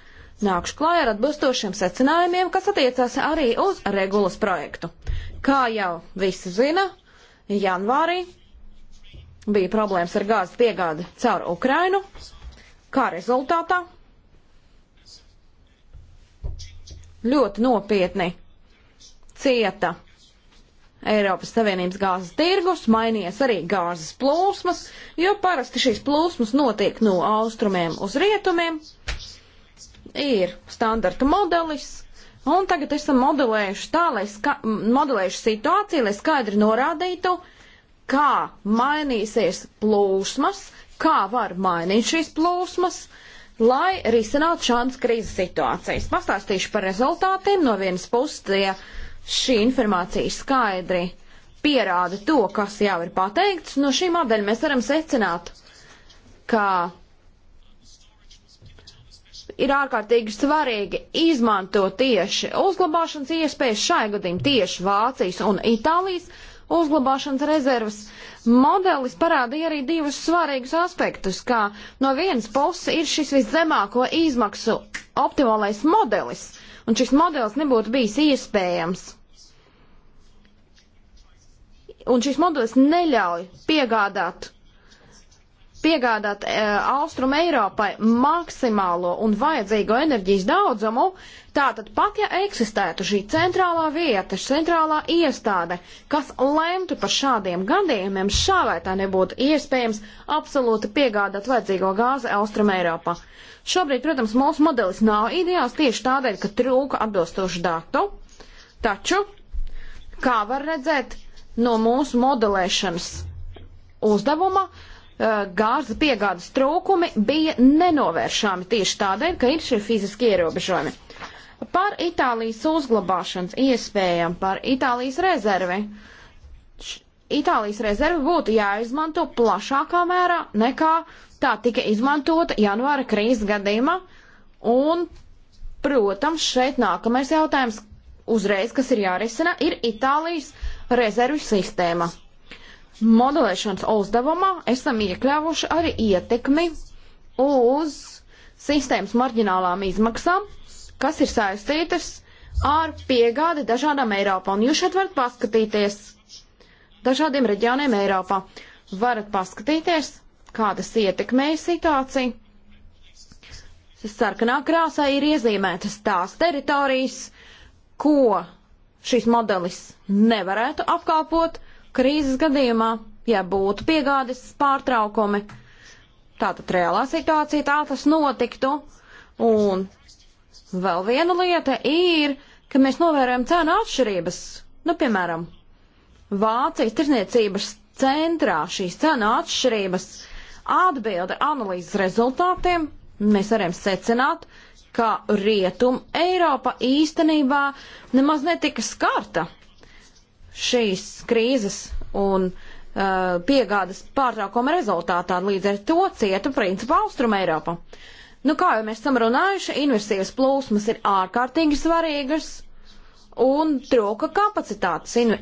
nākšu klājā ar atbilstošiem secinājumiem, kas attiecās arī uz regulas projektu. Kā jau visi zina, janvārī bija problēmas ar gāzes piegādi caur Ukrainu, kā rezultātā ļoti nopietni cieta Eiropas Savienības gāzes tirgus, mainījies arī gāzes plūsmas, jo parasti šīs plūsmas notiek no austrumiem uz rietumiem. Ir standarta modelis, un tagad esam modelējuši tā, lai ska modelējuši situāciju, lai skaidri norādītu, uh, kā mainīsies plūsmas, kā var mainīt šīs plūsmas, lai risinātu šādas krīzes situācijas. Pastāstīšu par rezultātiem. No vienas puses, ja šī informācija skaidri pierāda to, kas jau ir pateikts, no šīm apdaļām mēs varam secināt, ka ir ārkārtīgi svarīgi izmantot tieši uzglabāšanas iespējas šai gadījumā tieši Vācijas un Itālijas uzglabāšanas rezerves modelis parādīja arī divus svarīgus aspektus, kā no vienas puses ir šis viszemāko izmaksu optimālais modelis, un šis modelis nebūtu bijis iespējams un šis modelis neļauj piegādāt piegādāt e, Austrum Eiropai maksimālo un vajadzīgo enerģijas daudzumu, tātad pat ja eksistētu šī centrālā vieta, centrālā iestāde, kas lemtu par šādiem gadījumiem, šā vai tā nebūtu iespējams absolūti piegādāt vajadzīgo gāzi Austrum Eiropā. Šobrīd, protams, mūsu modelis nav ideāls tieši tādēļ, ka trūka atbilstošu datu, taču, kā var redzēt, no mūsu modelēšanas uzdevuma Eh, gāzes piegādes trūkumi bija nenovēršami tieši tādēļ, ka ir šie fiziski ierobežojumi. Par Itālijas uzglabāšanas iespējām, par Itālijas rezervi. Itālijas rezerve būtu jāizmanto plašākā mērā nekā tā tika izmantota janvāra krīzes gadījumā. Un, protams, šeit nākamais jautājums uzreiz, kas ir jārisina, ir Itālijas rezervju sistēma modelēšanas uzdevumā esam iekļāvuši arī ietekmi uz sistēmas marģinālām izmaksām, kas ir saistītas ar piegādi dažādām Eiropā. Un jūs šeit varat paskatīties dažādiem reģioniem Eiropā. Varat paskatīties, kādas ietekmēja situāciju. Sarkanā krāsā ir iezīmētas tās teritorijas, ko šis modelis nevarētu apkalpot, krīzes gadījumā, ja būtu piegādes pārtraukumi, tātad reālā situācija tā tas notiktu. Un vēl viena lieta ir, ka mēs novērojam cenu atšķirības. Nu, piemēram, Vācijas tirzniecības centrā šīs cenu atšķirības atbilda analīzes rezultātiem. Mēs varam secināt, ka Rietum Eiropa īstenībā nemaz netika skarta šīs krīzes un uh, piegādes pārtraukuma rezultātā līdz ar to cieta principā Austruma Eiropa. Nu, kā jau mēs esam runājuši, investīvas plūsmas ir ārkārtīgi svarīgas un trūka kapacitātes in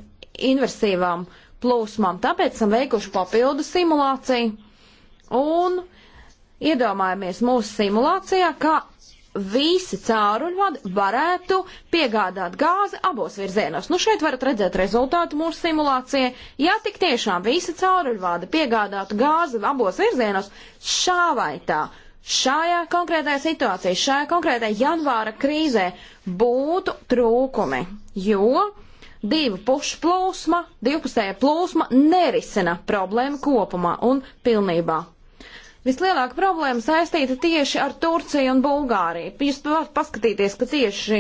investīvām plūsmām. Tāpēc esam veikuši papildu simulāciju un iedomājamies mūsu simulācijā, kā visi cauruļvadi varētu piegādāt gāzi abos virzienos. Nu, šeit varat redzēt rezultātu mūsu simulācijai. Ja tik tiešām visi cauruļvadi piegādātu gāzi abos virzienos, šā vai tā, šajā konkrētajā situācijā, šajā konkrētajā janvāra krīzē būtu trūkumi, jo divu pušu plūsma, divpusēja plūsma nerisina problēmu kopumā un pilnībā. Vislielākā problēma saistīta tieši ar Turciju un Bulgāriju. Jūs varat paskatīties, ka tieši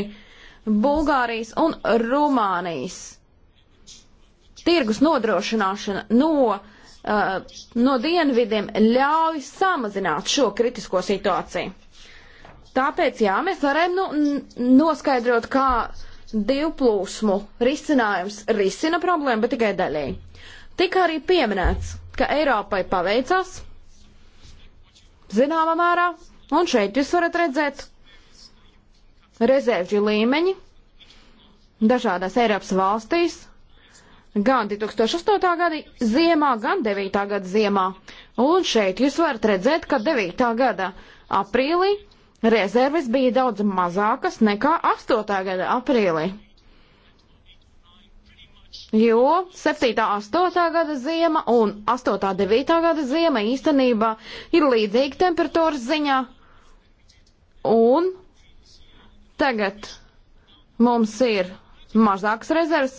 Bulgārijas un Rumānijas tirgus nodrošināšana no, uh, no dienvidiem ļauj samazināt šo kritisko situāciju. Tāpēc, jā, mēs varam nu, noskaidrot, kā divplūsmu risinājums risina problēmu, bet tikai daļēji. Tikā arī pieminēts, ka Eiropai paveicās, zināmā mērā, un šeit jūs varat redzēt rezervju līmeņi dažādās Eiropas valstīs, gan 2008. gada ziemā, gan 9. gada ziemā. Un šeit jūs varat redzēt, ka 9. gada aprīlī rezerves bija daudz mazākas nekā 8. gada aprīlī. Jo 7. 8. gada ziema un 8. 9. gada ziema īstenībā ir līdzīga temperatūras ziņā. Un tagad mums ir mazāks rezervs.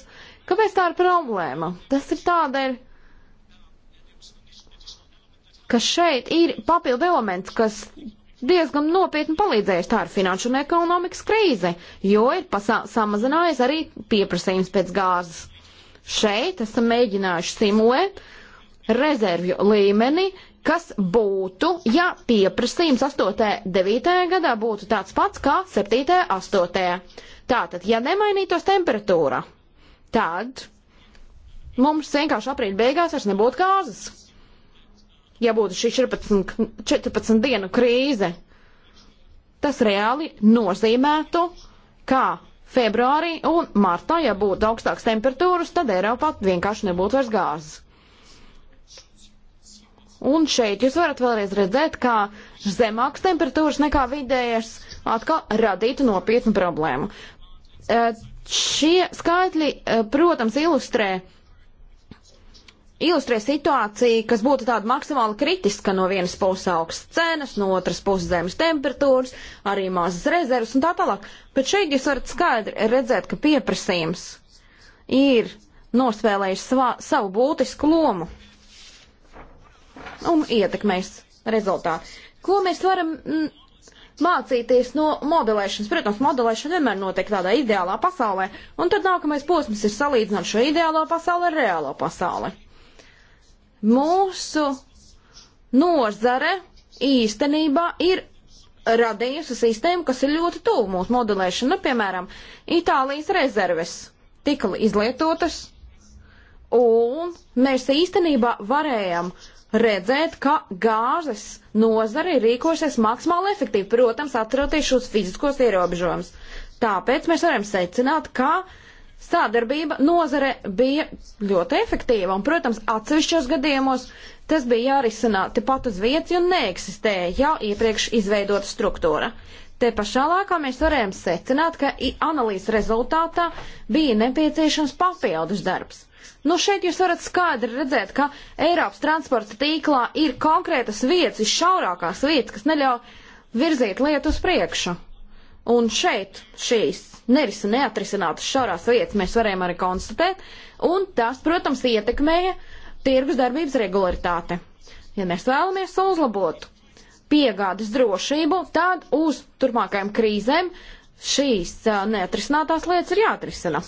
Kāpēc tā ir problēma? Tas ir tādēļ, ka šeit ir papildu elements, kas diezgan nopietni palīdzējis. Tā ir finanšu un ekonomikas krīze, jo ir samazinājies arī pieprasījums pēc gāzes šeit esam mēģinājuši simulēt rezervju līmeni, kas būtu, ja pieprasījums 8. 9. gadā būtu tāds pats kā 7. 8. Tātad, ja nemainītos temperatūra, tad mums vienkārši aprīļa beigās vairs nebūtu gāzes. Ja būtu šī 14, 14 dienu krīze, tas reāli nozīmētu, ka februārī un martā, ja būtu augstāks temperatūras, tad Eiropā vienkārši nebūtu vairs gāzes. Un šeit jūs varat vēlreiz redzēt, kā zemāks temperatūras nekā vidējais atkal radītu nopietnu problēmu. Eh, šie skaitļi, eh, protams, ilustrē uh, ilustrē situāciju, kas būtu tāda maksimāli kritiska no vienas puses augsts cenas, no otras puses zemes temperatūras, arī mazas rezervas un tā tālāk. Bet šeit jūs varat skaidri redzēt, ka pieprasījums ir nospēlējis svā, savu būtisku lomu un ietekmēs rezultātu. Ko mēs varam mm, mācīties no modelēšanas. Protams, modelēšana vienmēr notiek tādā ideālā pasaulē, un tad nākamais posms ir salīdzināt šo ideālo pasauli ar reālo pasauli mūsu nozare īstenībā ir radījusi sistēmu, kas ir ļoti tuvu mūsu modelēšana. Nu, piemēram, Itālijas rezerves tika izlietotas, un mēs īstenībā varējām redzēt, ka gāzes nozare ir rīkojusies maksimāli efektīvi, protams, atceroties šos fiziskos ierobežojumus. Tāpēc mēs varam secināt, ka uh, Sādarbība nozare bija ļoti efektīva, un, protams, atsevišķos gadījumos tas bija jārisina tepat uz vietas, jo neeksistēja jau iepriekš izveidota struktūra. Te pašā laikā mēs varējām secināt, ka analīzes rezultātā bija nepieciešams papildus darbs. Nu, šeit jūs varat skaidri redzēt, ka Eiropas transporta tīklā ir konkrētas vietas, šaurākās vietas, kas neļauj virzīt lietu uz priekšu. Un šeit šīs nerisa neatrisinātas šaurās vietas mēs varējām arī konstatēt, un tas, protams, ietekmēja tirgus darbības regularitāti. Ja mēs vēlamies uzlabot piegādes drošību, tad uz turpmākajām krīzēm šīs neatrisinātās lietas ir jāatrisina.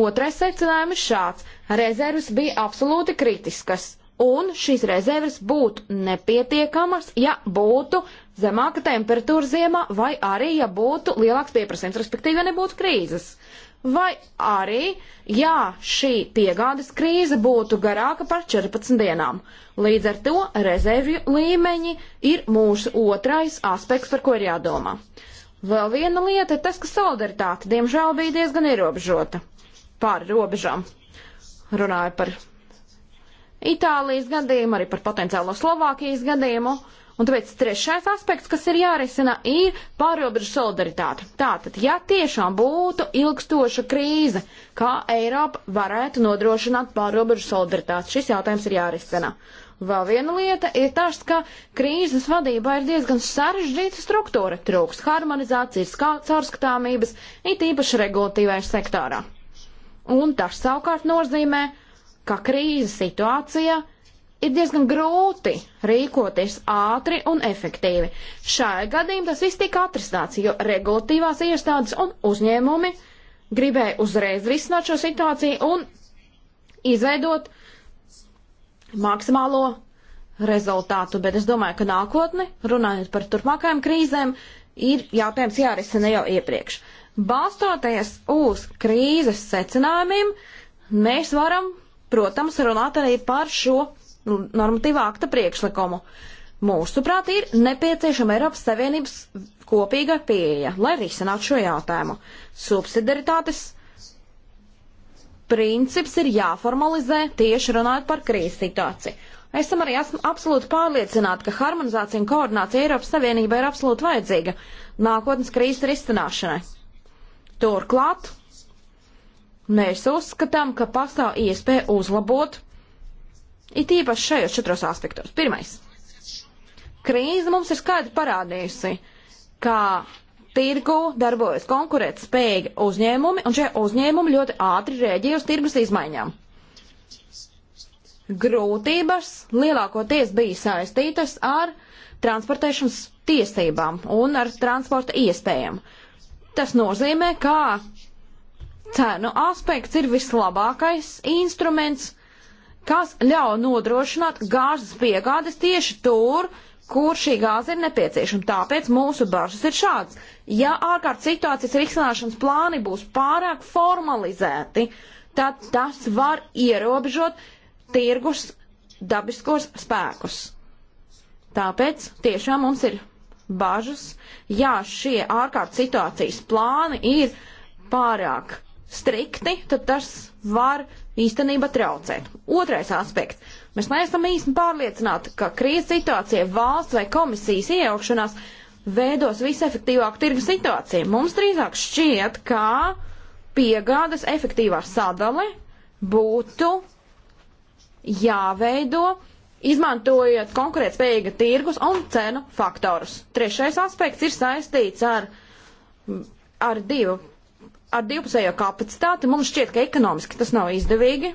Otrais secinājums šāds. Rezerves bija absolūti kritiskas, un šīs rezerves būtu nepietiekamas, ja būtu zemāka temperatūra ziemā, vai arī, ja būtu lielāks pieprasījums, respektīvi, ja nebūtu krīzes. Vai arī, ja šī piegādes krīze būtu garāka par 14 dienām. Līdz ar to rezervju līmeņi ir mūsu otrais aspekts, par ko ir jādomā. Vēl viena lieta ir tas, ka solidaritāte, diemžēl, bija diezgan ierobežota pāri robežām. Runāju par Itālijas gadījumu, arī par potenciālo Slovākijas gadījumu. Un tāpēc trešais aspekts, kas ir jārisina, ir pārobežu solidaritāte. Tātad, ja tiešām būtu ilgstoša krīze, kā Eiropa varētu nodrošināt pārobežu solidaritāti, šis jautājums ir jārisina. Vēl viena lieta ir tas, ka krīzes vadībā ir diezgan sarežģīta struktūra, trūks harmonizācijas, caurskatāmības, it īpaši regulatīvajā sektorā. Un tas savukārt nozīmē, ka krīzes situācijā ir diezgan grūti rīkoties ātri un efektīvi. Šajā gadījumā tas viss tika atrisināts, jo regulatīvās iestādes un uzņēmumi gribēja uzreiz risināt šo situāciju un izveidot maksimālo rezultātu, bet es domāju, ka nākotne, runājot par turpmākajām krīzēm, ir jautājums jārisina jau iepriekš. Balstoties uz krīzes secinājumiem, mēs varam protams, runāt arī par šo normatīvā akta priekšlikumu. Mūsuprāt, ir nepieciešama Eiropas Savienības kopīga pieeja, lai risinātu šo jautājumu. Subsidiaritātes princips ir jāformalizē tieši runājot par krīzes situāciju. Esam arī esmu absolūti pārliecināti, ka harmonizācija un koordinācija Eiropas Savienībā ir absolūti vajadzīga nākotnes krīzes risināšanai. Turklāt Mēs uzskatām, ka pastāv iespēja uzlabot it īpaši šajos četros aspektos. Pirmais. Krīze mums ir skaidri parādījusi, ka tirgu darbojas konkurēt spējīgi uzņēmumi, un šie uzņēmumi ļoti ātri rēģē uz tirgus izmaiņām. Grūtības lielākoties bija saistītas ar transportēšanas tiesībām un ar transporta iespējām. Tas nozīmē, ka cēnu aspekts ir vislabākais instruments, kas ļauj nodrošināt gāzes piegādes tieši tur, kur šī gāze ir nepieciešama. Tāpēc mūsu bažas ir šāds. Ja ārkārtas situācijas risināšanas plāni būs pārāk formalizēti, tad tas var ierobežot tirgus dabiskos spēkus. Tāpēc tiešām mums ir bažas, ja šie ārkārtas situācijas plāni ir pārāk strikti, tad tas var īstenībā traucēt. Otrais aspekts. Mēs neesam īsti pārliecināti, ka krīzes situācija valsts vai komisijas iejaukšanās veidos visefektīvāku tirgu situāciju. Mums drīzāk šķiet, ka piegādes efektīvā sadale būtu jāveido, izmantojot konkurētspējīga tirgus un cenu faktorus. Trešais aspekts ir saistīts ar, ar divu ar divpusējo kapacitāti mums šķiet, ka ekonomiski tas nav izdevīgi,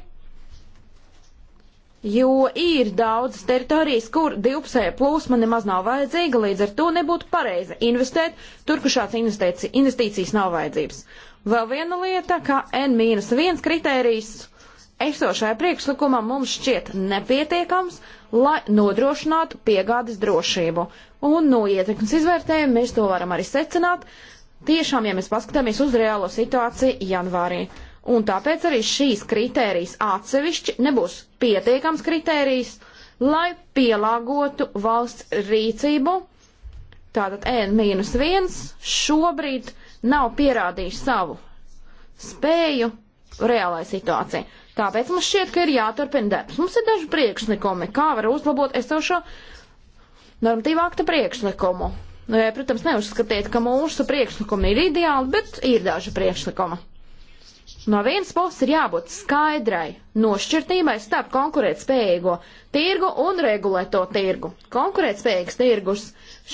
jo ir daudzas teritorijas, kur divpusēja plūsma nemaz nav vajadzīga, līdz ar to nebūtu pareizi investēt tur, kur šāds investīcijas nav vajadzības. Vēl viena lieta, ka N-1 kritērijs esošajā priekšlikumā mums šķiet nepietiekams, lai nodrošinātu piegādes drošību. Un no ietekmes izvērtējuma mēs to varam arī secināt, tiešām, ja mēs paskatāmies uz reālo situāciju janvārī. Un tāpēc arī šīs kritērijas atsevišķi nebūs pietiekams kritērijs, lai pielāgotu valsts rīcību. Tātad N-1 šobrīd nav pierādījis savu spēju reālai situācijai. Tāpēc mums šķiet, ka ir jāturpina darbs. Mums ir daži priekšlikumi, kā var uzlabot es tev šo normatīvākta priekšlikumu. Nu, protams, neuzskatiet, ka mūsu priekšlikumi ir ideāli, bet ir daži priekšlikumi. No vienas puses ir jābūt skaidrai nošķirtībai starp konkurētspējīgo tirgu un regulēto tirgu. Konkurētspējīgs tirgus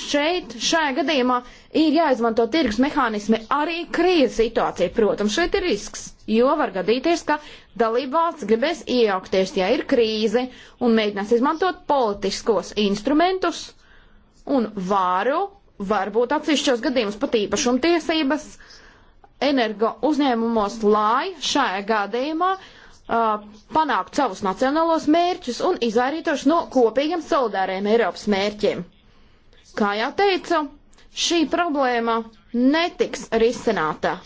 šeit, šajā gadījumā, ir jāizmanto tirgus mehānismi arī krīzes situācijai. Protams, šeit ir risks, jo var gadīties, ka dalībvalsts gribēs iejaukties, ja ir krīze, un mēģinās izmantot politiskos instrumentus un vāru, varbūt atsevišķos gadījumos pat īpašumtiesības energo uzņēmumos, lai šajā gadījumā uh, panākt savus nacionālos mērķus un izvairītos no kopīgiem solidāriem Eiropas mērķiem. Kā jau teicu, šī problēma netiks risināta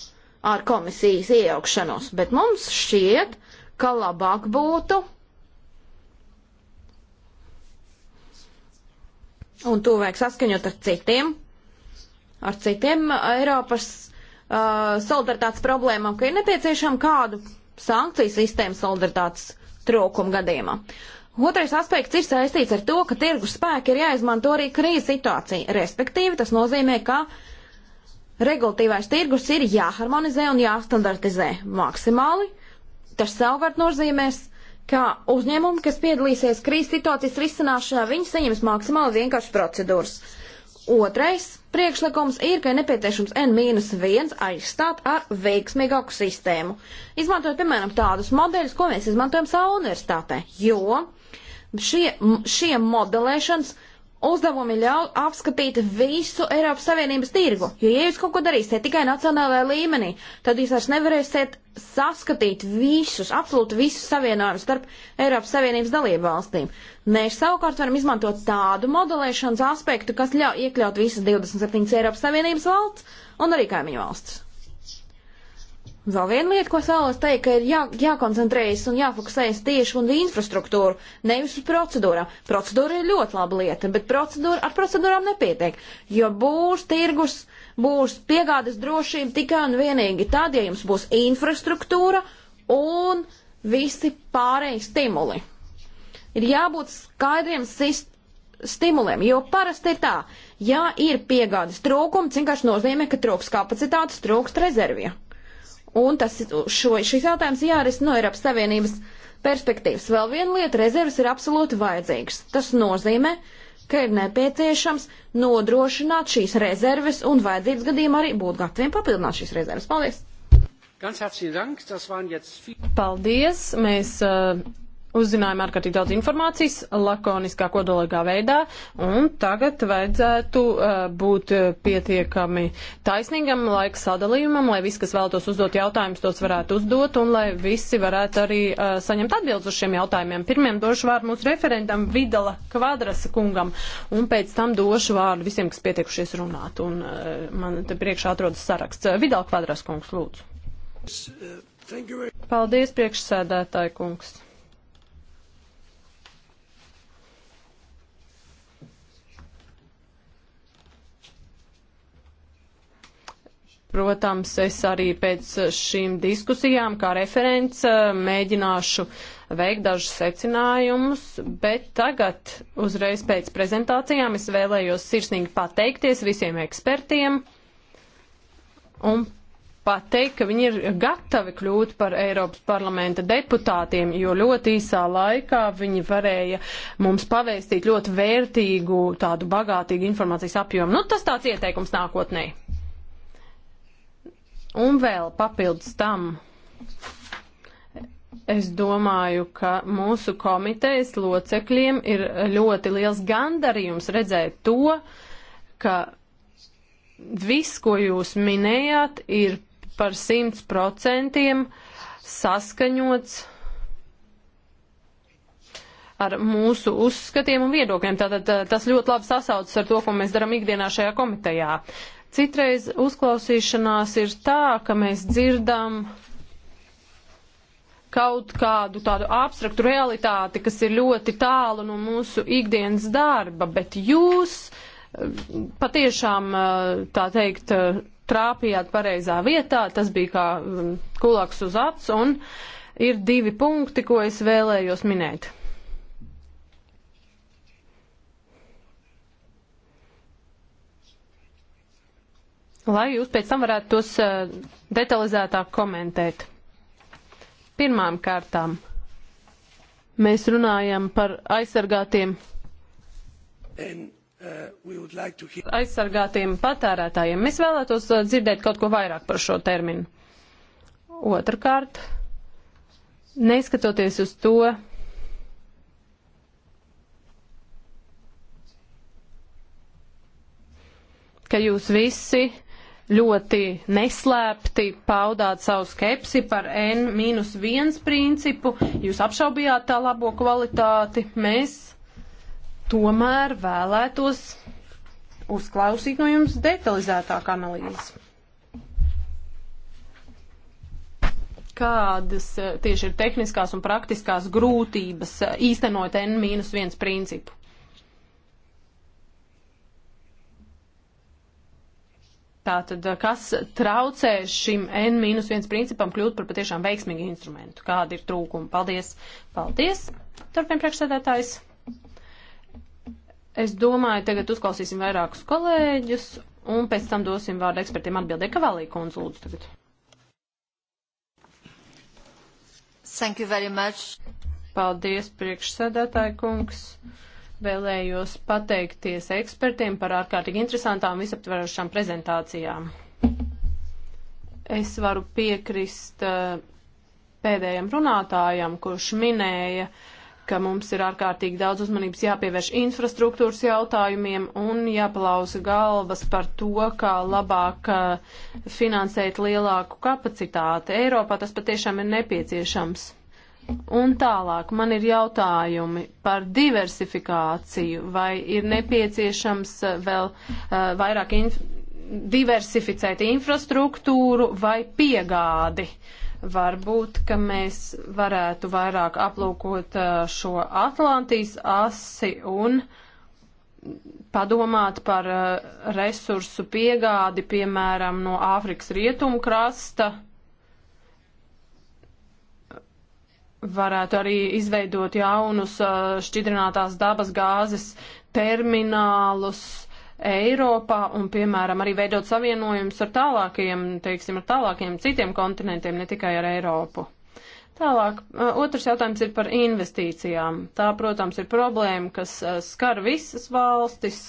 ar komisijas iejaukšanos, bet mums šķiet, ka labāk būtu un to vajag saskaņot ar citiem ar citiem Eiropas uh, solidaritātes problēmām, ka ir nepieciešama kādu sankciju sistēmu solidaritātes trūkumu gadījumā. Otrais aspekts ir saistīts ar to, ka tirgus spēki ir jāizmanto arī krīzes situācija. Respektīvi, tas nozīmē, ka regulatīvais tirgus ir jāharmonizē un jāstandartizē maksimāli. Tas savukārt nozīmēs, ka uzņēmumi, kas piedalīsies krīzes situācijas risināšanā, viņi saņems maksimāli vienkāršas procedūras. Uh, Otrais priekšlikums ir, ka ir nepieciešams N-1 aizstāt ar veiksmīgāku sistēmu. Izmantojot, piemēram, tādus modeļus, ko mēs izmantojam savā universitātē, jo šie, šie modelēšanas uh, uzdevumi ļauj apskatīt visu Eiropas Savienības tirgu. Jo, ja jūs kaut ko darīsiet tikai nacionālajā līmenī, tad jūs vairs nevarēsiet saskatīt visus, absolūti visus savienojumus starp Eiropas Savienības dalību valstīm. Mēs savukārt varam izmantot tādu modelēšanas aspektu, kas ļauj iekļaut visas 27 Eiropas Savienības valsts un arī kaimiņu valsts. Vēl viena lieta, ko es vēlos teikt, ka ir jā, jākoncentrējas un jāfokusējas tieši uz infrastruktūru, nevis uz procedūrām. Procedūra ir ļoti laba lieta, bet procedūra, ar procedūrām nepietiek, jo būs tirgus, būs piegādes drošība tikai un vienīgi tad, ja jums būs infrastruktūra un visi pārējie stimuli. Ir jābūt skaidriem stimuliem, jo parasti ir tā, ja ir piegādes trūkums, vienkārši nozīmē, ka trūks kapacitātes, trūkst rezervija. Un tas, šo, šis jautājums jārisina no Eiropas Savienības perspektīvas. Vēl viena lieta - rezervas ir absolūti vajadzīgas. Tas nozīmē, ka ir nepieciešams nodrošināt šīs rezerves un vajadzības gadījumā arī būt gataviem papildināt šīs rezerves. Paldies! Paldies! Mēs uh, uzzinājām ārkārtīgi daudz informācijas, lakoniskā kodolīgā veidā, un tagad vajadzētu uh, būt pietiekami taisnīgam laika sadalījumam, lai visi, kas vēlētos uzdot jautājumus, tos varētu uzdot, un lai visi varētu arī uh, saņemt atbildes uz šiem jautājumiem. Pirmiem došu vārdu mūsu referentam Vidala Kvadrasa kungam, un pēc tam došu vārdu visiem, kas pietiekušies runāt, un uh, man te priekšā atrodas saraksts. Uh, Vidala Kvadrasa kungs, lūdzu. Uh, Paldies, priekšsēdētāji kungs. Protams, es arī pēc šīm diskusijām kā referents eh, mēģināšu veikt dažus secinājumus, bet tagad uzreiz pēc prezentācijām es vēlējos sirsnīgi pateikties visiem ekspertiem un pateikt, ka viņi ir gatavi kļūt par Eiropas parlamenta deputātiem, jo ļoti īsā laikā viņi varēja mums pavēstīt ļoti vērtīgu, tādu bagātīgu informācijas apjomu. Nu, tas tāds ieteikums nākotnē. Un vēl papildus tam. Es domāju, ka mūsu komitejas locekļiem ir ļoti liels gandarījums redzēt to, ka viss, ko jūs minējāt, ir par simts procentiem saskaņots ar mūsu uzskatiem un viedokļiem. Tātad eh, tas ļoti labi sasaucas ar to, ko mēs darām ikdienā šajā komitejā. Citreiz uzklausīšanās ir tā, ka mēs dzirdam kaut kādu tādu abstraktu realitāti, kas ir ļoti tālu no mūsu ikdienas darba, bet jūs eh, patiešām, eh, tā teikt, eh, trāpījāt pareizā vietā, tas bija kā mm, kulaks uz acu, un ir divi punkti, ko es vēlējos minēt. lai jūs pēc tam varētu tos eh, detalizētāk komentēt. Pirmām kārtām mēs runājam par aizsargātiem. And, uh, like to... Aizsargātiem patērētājiem. Mēs vēlētos eh, dzirdēt kaut ko vairāk par šo terminu. Otrakārt, neskatoties uz to, ka jūs visi ļoti neslēpti paudāt savu skepsi par N-1 principu, jūs apšaubījāt tā labo kvalitāti, mēs tomēr vēlētos uzklausīt no jums detalizētāku analīzi. kādas eh, tieši ir tehniskās un praktiskās grūtības eh, īstenot N-1 principu? Tātad, eh, kas traucē šim N-1 principam kļūt par patiešām veiksmīgu instrumentu? Kāda ir trūkuma? Paldies! Paldies! Turpin priekšsēdētājs! Es domāju, tagad uzklausīsim vairākus kolēģus, un pēc tam dosim vārdu ekspertiem atbildē. Kavalī kundze, lūdzu tagad. Thank you very much. Paldies, priekšsēdētāji kungs. Vēlējos pateikties ekspertiem par ārkārtīgi interesantām visaptverošām prezentācijām. Es varu piekrist eh, pēdējiem runātājam, kurš minēja, ka mums ir ārkārtīgi daudz uzmanības jāpievērš infrastruktūras jautājumiem un jāpalauza galvas par to, kā labāk eh, finansēt lielāku kapacitāti. Eiropā tas patiešām ir nepieciešams. Un tālāk man ir jautājumi par diversifikāciju, vai ir nepieciešams eh, vēl uh, vairāk inf diversificēt infrastruktūru vai piegādi. Varbūt, ka mēs varētu vairāk aplūkot uh, šo Atlantijas asi un padomāt par uh, resursu piegādi, piemēram, no Āfrikas rietumkrasta. krasta varētu arī izveidot jaunus uh, šķidrinātās dabas gāzes terminālus Eiropā un, piemēram, arī veidot savienojumus ar tālākajiem, teiksim, ar tālākajiem citiem kontinentiem, ne tikai ar Eiropu. Tālāk, uh, otrs jautājums ir par investīcijām. Tā, protams, ir problēma, kas uh, skar visas valstis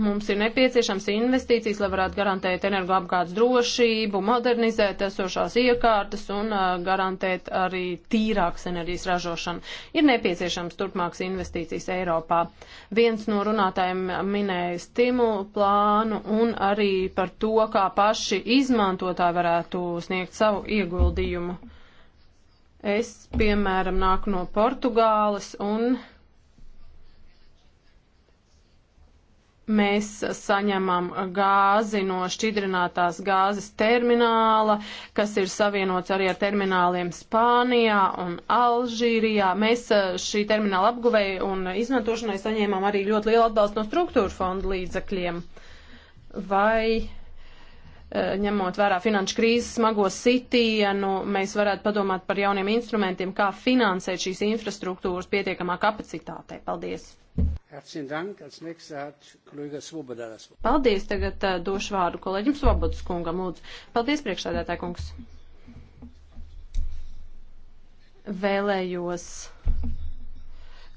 Mums ir nepieciešams investīcijas, lai varētu garantēt energoapgādes drošību, modernizēt esošās iekārtas un uh, garantēt arī tīrāks enerģijas ražošanu. Ir nepieciešams turpmāks investīcijas Eiropā. Viens no runātājiem minēja stimulu plānu un arī par to, kā paši izmantotāji varētu sniegt savu ieguldījumu. Es, piemēram, nāku no Portugāles un Mēs saņemam gāzi no šķidrinātās gāzes termināla, kas ir savienots arī ar termināliem Spānijā un Alžīrijā. Mēs eh, šī termināla apguvēja un izmantošanai saņēmām arī ļoti lielu atbalstu no struktūra fonda līdzekļiem. Vai Eh, ņemot vērā finanšu krīzes smago sitienu, mēs varētu padomāt par jauniem instrumentiem, kā finansēt šīs infrastruktūras pietiekamā kapacitātē. Paldies! Paldies, tagad eh, došu vārdu kolēģim Svobodas kungam, lūdzu. Paldies, priekšsēdētāj kungs. Vēlējos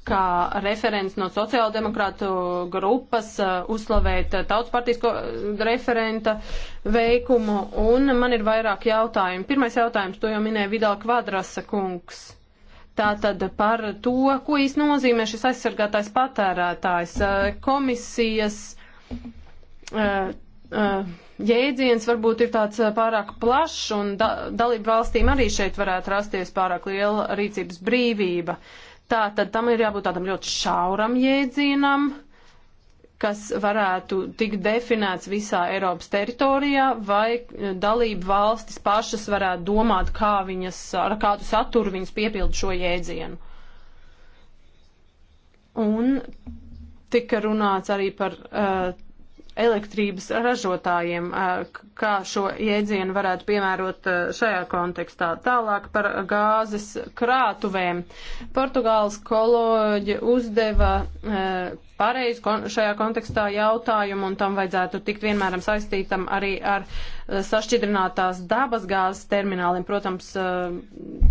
kā referents no sociāldemokrātu grupas uh, uzslavēt tautas partijas uh, referenta veikumu, un man ir vairāk jautājumu. Pirmais jautājums, to jau minēja Vidal Kvadrasa kungs. Tātad par to, ko īsti nozīmē šis aizsargātais patērētājs, uh, komisijas jēdziens varbūt ir tāds pārāk plašs, un da dalību valstīm arī šeit varētu rasties pārāk liela rīcības brīvība. Uh, Tā tad tam ir jābūt tādam ļoti šauram jēdzienam, kas varētu tikt definēts visā Eiropas teritorijā, vai dalību valstis pašas varētu domāt, kā viņas, ar kādu saturu viņas piepildu šo jēdzienu. Un tika runāts arī par uh, elektrības ražotājiem, kā šo jēdzienu varētu piemērot šajā kontekstā. Tālāk par gāzes krātuvēm. Portugāles koloģi uzdeva pareizi šajā kontekstā jautājumu, un tam vajadzētu tikt vienmēram saistītam arī ar sašķidrinātās dabas gāzes termināliem. Protams,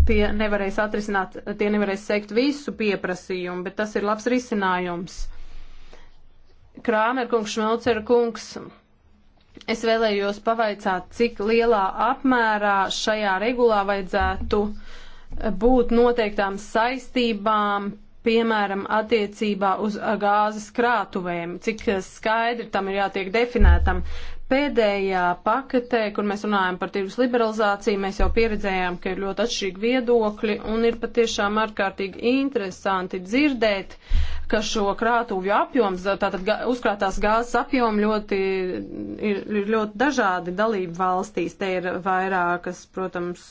tie nevarēs atrisināt, tie nevarēs sekt visu pieprasījumu, bet tas ir labs risinājums. Krāmerkungs, Šmelcerkungs, es vēlējos pavaicāt, cik lielā apmērā šajā regulā vajadzētu būt noteiktām saistībām, piemēram, attiecībā uz gāzes krātuvēm, cik skaidri tam ir jātiek definētam pēdējā paketē, kur mēs runājam par tirgus liberalizāciju, mēs jau pieredzējām, ka ir ļoti atšķirīgi viedokļi un ir patiešām ārkārtīgi interesanti dzirdēt, ka šo krātuvju apjoms, tātad uzkrātās gāzes apjomi ļoti, ir, ir ļoti dažādi dalību valstīs. Te ir vairākas, protams,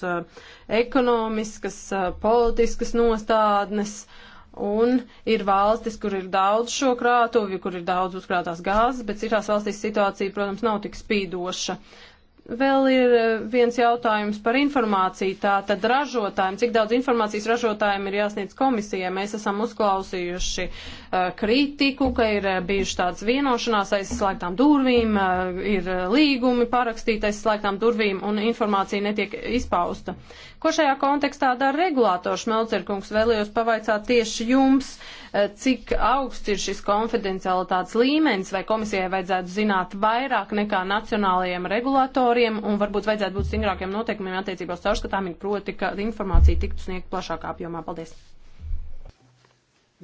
ekonomiskas, politiskas nostādnes. Uh, Un ir valstis, kur ir daudz šo krātuvju, kur ir daudz uzkrātās gāzes, bet citās valstīs situācija, protams, nav tik spīdoša. Vēl ir eh, viens jautājums par informāciju. Tā tad ražotājiem, cik daudz informācijas ražotājiem ir jāsniedz komisijai? Mēs esam uzklausījuši uh, kritiku, ka ir eh, bijuši tāds vienošanās aizslēgtām durvīm, uh, ir līgumi parakstīti aizslēgtām durvīm un informācija netiek izpausta. Uh, Ko šajā kontekstā dara regulātors Melcerkungs? Vēlējos pavaicāt tieši jums, eh, cik augsts ir šis konfidencialitātes līmenis, vai komisijai vajadzētu zināt vairāk nekā nacionālajiem regulatoriem, un varbūt vajadzētu būt stingrākiem noteikumiem attiecībā uz caurskatāmību, proti, ka informācija tiktu sniegt plašākā apjomā. Paldies!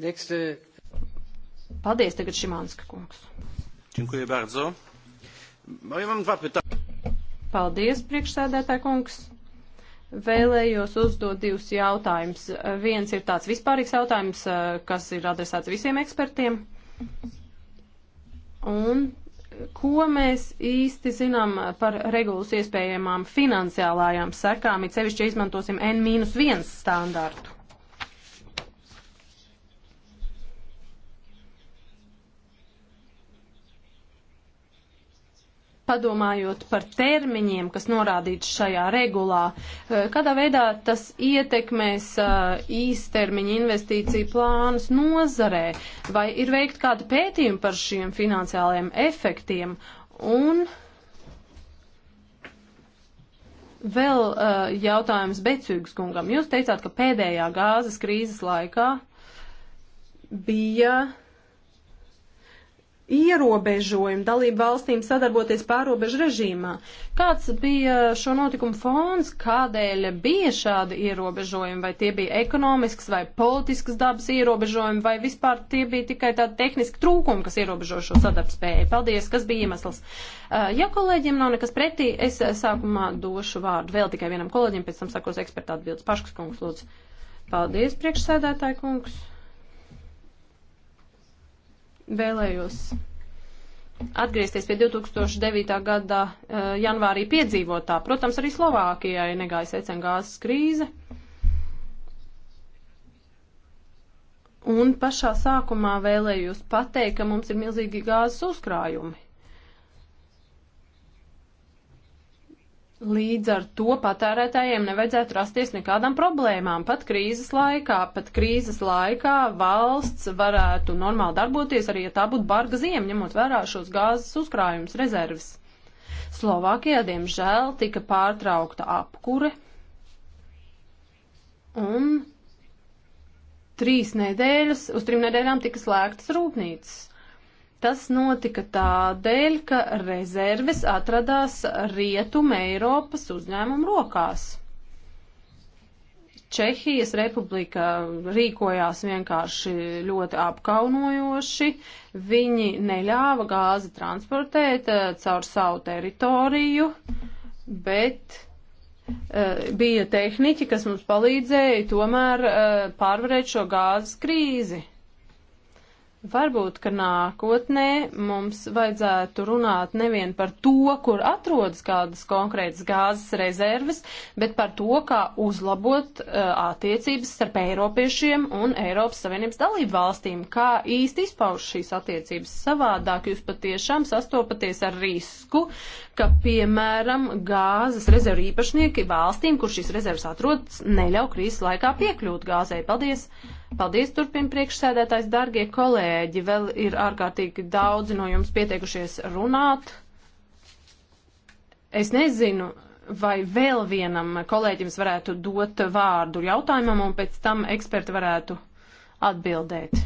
Next, uh... Paldies, tagad Šimanska kungs. Dziękuję bardzo. No ja mam dwa pytania. Paldies, priekšsēdētāj kungs. Vēlējos uzdot divus jautājumus. Viens ir tāds vispārīgs jautājums, kas ir adresēts visiem ekspertiem. Un ko mēs īsti zinām par regulas iespējamām finansiālājām sekām, it sevišķi izmantosim N-1 standārtu? padomājot par termiņiem, kas norādīts šajā regulā, eh, kādā veidā tas ietekmēs eh, īstermiņa investīciju plānus nozarē, vai ir veikt kādu pētījumu par šiem finansiāliem efektiem un vēl eh, jautājums Becīgas kungam. Jūs teicāt, ka pēdējā gāzes krīzes laikā bija ierobežojumu dalību valstīm sadarboties pārobežu režīmā. Kāds bija šo notikumu fons, kādēļ bija šādi ierobežojumi, vai tie bija ekonomisks vai politisks dabas ierobežojumi, vai vispār tie bija tikai tādi tehniski trūkumi, kas ierobežo šo sadarbspēju. Paldies, kas bija iemesls. Uh, ja kolēģiem nav nekas pretī, es uh, sākumā došu vārdu vēl tikai vienam kolēģim, pēc tam sakos eksperta atbildes. Paškas kungs, lūdzu. Paldies, priekšsēdētāji kungs vēlējos atgriezties pie 2009. gada eh, janvārī piedzīvotā. Protams, arī Slovākijai negāja secengāzes krīze. Un pašā sākumā vēlējos pateikt, ka mums ir milzīgi gāzes uzkrājumi. Līdz ar to patērētājiem nevajadzētu rasties nekādām problēmām. Pat krīzes laikā, pat krīzes laikā valsts varētu normāli darboties, arī ja tā būtu barga ziem, ņemot vērā šos gāzes uzkrājumus rezerves. Slovākijā, diemžēl, tika pārtraukta apkure un trīs nedēļas, uz trim nedēļām tika slēgtas rūpnīcas. Tas notika tādēļ, ka rezerves atradās Rietuma Eiropas uzņēmumu rokās. Čehijas republika rīkojās vienkārši ļoti apkaunojoši. Viņi neļāva gāzi transportēt eh, caur savu teritoriju, bet eh, bija tehniķi, kas mums palīdzēja tomēr eh, pārvarēt šo gāzes krīzi. Varbūt, ka nākotnē mums vajadzētu runāt nevien par to, kur atrodas kādas konkrētas gāzes rezerves, bet par to, kā uzlabot uh, attiecības starp Eiropiešiem un Eiropas Savienības dalību valstīm, kā īsti izpauž šīs attiecības savādāk. Jūs patiešām sastopaties ar risku, ka, piemēram, gāzes rezervu īpašnieki valstīm, kur šīs rezerves atrodas, neļauj krīzes laikā piekļūt gāzei. Paldies! Mm. Paldies, turpina priekšsēdētājs, dargie kolēģi, vēl ir ārkārtīgi daudzi no jums pieteikušies runāt. Es nezinu, vai vēl vienam kolēģim varētu dot vārdu jautājumam, un pēc tam eksperti varētu atbildēt.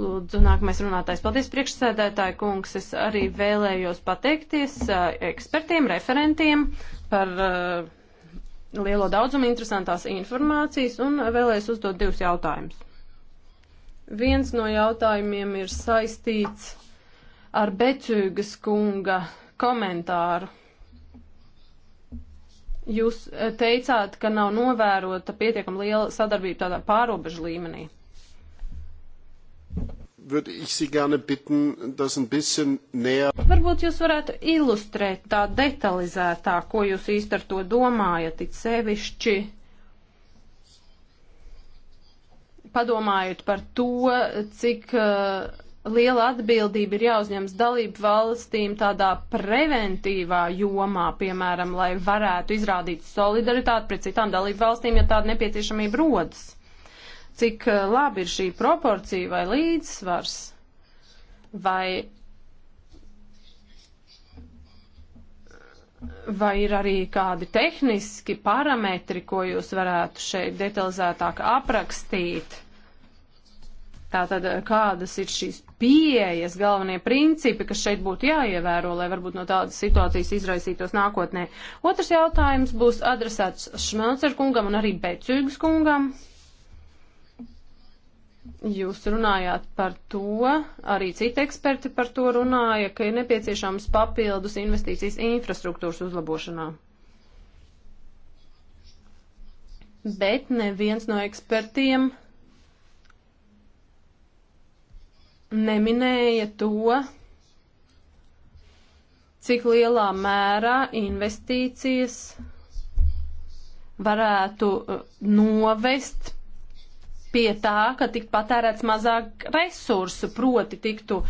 Lūdzu, nākamais runātājs. Paldies, priekšsēdētāji kungs. Es arī vēlējos pateikties eh, ekspertiem, referentiem par uh, lielo daudzumu interesantās informācijas un vēlēs uzdot divus jautājumus. Viens no jautājumiem ir saistīts ar Becūgas kunga komentāru. Jūs teicāt, ka nav novērota pietiekam liela sadarbība tādā pārobežu līmenī würde ich Sie gerne bitten, das ein bisschen näher. Varbūt jūs varētu ilustrēt tā detalizētā, ko jūs īsti ar to domājat, it sevišķi padomājot par to, cik uh, liela atbildība ir jāuzņems dalību valstīm tādā preventīvā jomā, piemēram, lai varētu izrādīt solidaritāti pret citām dalību valstīm, ja tāda nepieciešamība rodas cik eh, labi ir šī proporcija vai līdzsvars, vai, vai ir arī kādi tehniski parametri, ko jūs varētu šeit detalizētāk aprakstīt. Tātad, eh, kādas ir šīs pieejas, galvenie principi, kas šeit būtu jāievēro, lai varbūt no tādas situācijas izraisītos nākotnē? Otrs jautājums būs adresēts Šmelcer kungam un arī Becīgas kungam. Uh, Jūs runājāt par to, arī citi eksperti par to runāja, ka ir nepieciešams papildus investīcijas infrastruktūras uzlabošanā. Bet neviens no ekspertiem neminēja to, cik lielā mērā investīcijas varētu uh, novest pie tā, ka tiktu patērēts mazāk resursu, proti tiktu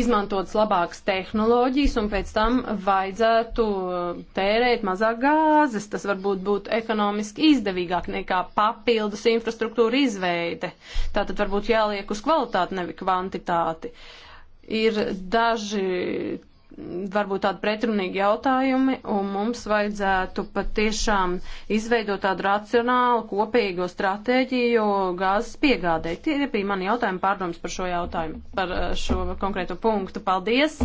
izmantotas labākas tehnoloģijas un pēc tam vajadzētu tērēt mazāk gāzes. Tas varbūt būtu ekonomiski izdevīgāk nekā papildus infrastruktūra izveide. Tātad varbūt jāliek uz kvalitāti, nevis kvantitāti. Ir daži varbūt tādi pretrunīgi jautājumi, un mums vajadzētu patiešām izveidot tādu racionālu kopīgo stratēģiju gāzes piegādē. Tie ir bija mani jautājumi, pārdoms par šo jautājumu, par eh, šo konkrēto punktu. Paldies!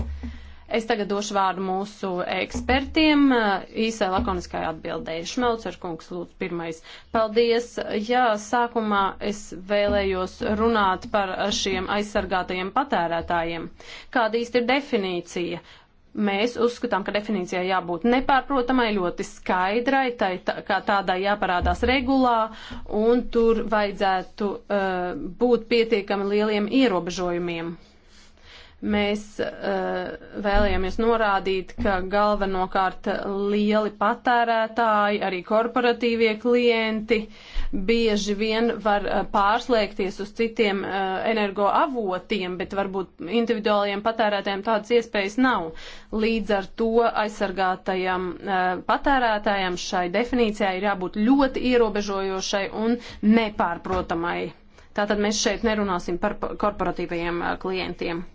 Es tagad došu vārdu mūsu ekspertiem īsai lakoniskai atbildēji. Šmelcer kungs lūdzu pirmais. Paldies. Jā, sākumā es vēlējos runāt par šiem aizsargātajiem patērētājiem. Kāda īsti ir definīcija? Mēs uzskatām, ka definīcijai jābūt nepārprotamai, ļoti skaidrai, tai, tā, kā tādai jāparādās regulā, un tur vajadzētu uh, būt pietiekami lieliem ierobežojumiem Mēs uh, vēlējāmies norādīt, ka galvenokārt lieli patērētāji, arī korporatīvie klienti bieži vien var uh, pārslēgties uz citiem uh, energoavotiem, bet varbūt individuālajiem patērētājiem tādas iespējas nav. Līdz ar to aizsargātajam uh, patērētājam šai definīcijai ir jābūt ļoti ierobežojošai un nepārprotamai. Tātad mēs šeit nerunāsim par korporatīvajiem klientiem.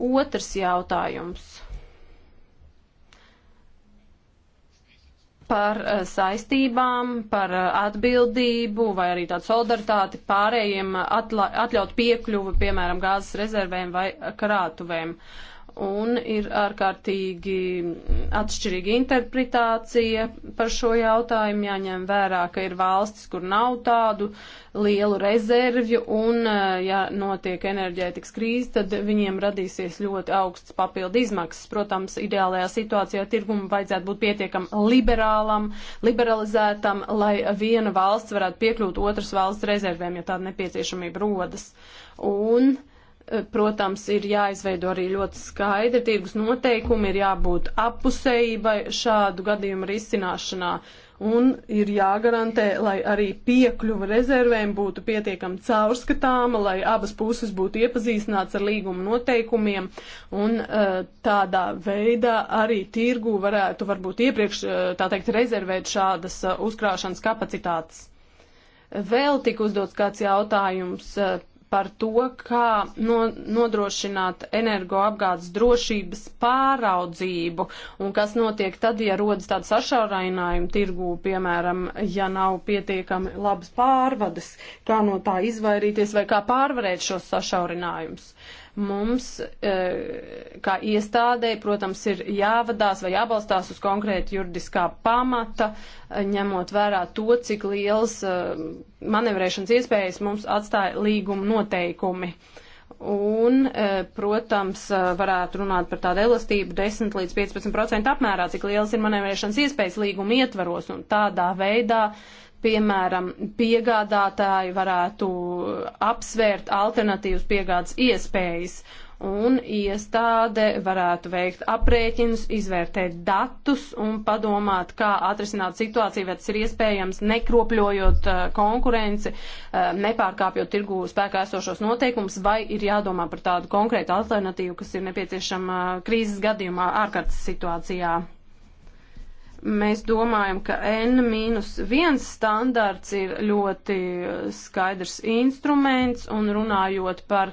Otrs jautājums. par eh, saistībām, par eh, atbildību vai arī tādu solidaritāti pārējiem atla, atļaut piekļuvu, piemēram, gāzes rezervēm vai eh, krātuvēm. Uh, un ir ārkārtīgi atšķirīga interpretācija par šo jautājumu. Jāņem vērā, ka ir valstis, kur nav tādu lielu rezervju, un eh, ja notiek enerģētikas krīze, tad viņiem radīsies ļoti augsts papildu izmaksas. Protams, ideālajā situācijā tirgumu vajadzētu būt pietiekam liberālam, liberalizētam, lai viena valsts varētu piekļūt otras valsts rezervēm, ja tāda nepieciešamība rodas. Un, uh, Eh, protams, ir jāizveido arī ļoti skaidri tirgus noteikumi, ir jābūt apusējībai šādu gadījumu risināšanā un ir jāgarantē, lai arī piekļuva rezervēm būtu pietiekami caurskatāma, lai abas puses būtu iepazīstināts ar līguma noteikumiem un eh, tādā veidā arī tirgu varētu varbūt iepriekš, eh, tā teikt, rezervēt šādas uzkrāšanas kapacitātes. Vēl tika uzdots kāds jautājums par to, kā no, nodrošināt energoapgādes drošības pāraudzību un kas notiek tad, ja rodas tāda sašaurinājuma tirgū, piemēram, ja nav pietiekami labas pārvades, kā no tā izvairīties vai kā pārvarēt šos sašaurinājumus. Uh, Mums, e, kā iestādē, protams, ir jāvadās vai jābalstās uz konkrēta juridiskā pamata, e, ņemot vērā to, cik liels e, manevrēšanas iespējas mums atstāja līguma noteikumi. Un, protams, varētu runāt par tādu elastību 10 līdz 15% apmērā, cik liels ir manevrēšanas iespējas līguma ietvaros un tādā veidā uh, piemēram, piegādātāji varētu apsvērt alternatīvas piegādes iespējas, un iestāde varētu veikt aprēķinus, izvērtēt datus un padomāt, kā atrisināt situāciju, vai tas ir iespējams, nekropļojot eh, konkurenci, eh, nepārkāpjot tirgu spēkā esošos noteikumus, vai ir jādomā par tādu konkrētu alternatīvu, kas ir nepieciešama eh, krīzes gadījumā, ārkārtas situācijā mēs domājam, ka N-1 standarts ir ļoti skaidrs instruments un runājot par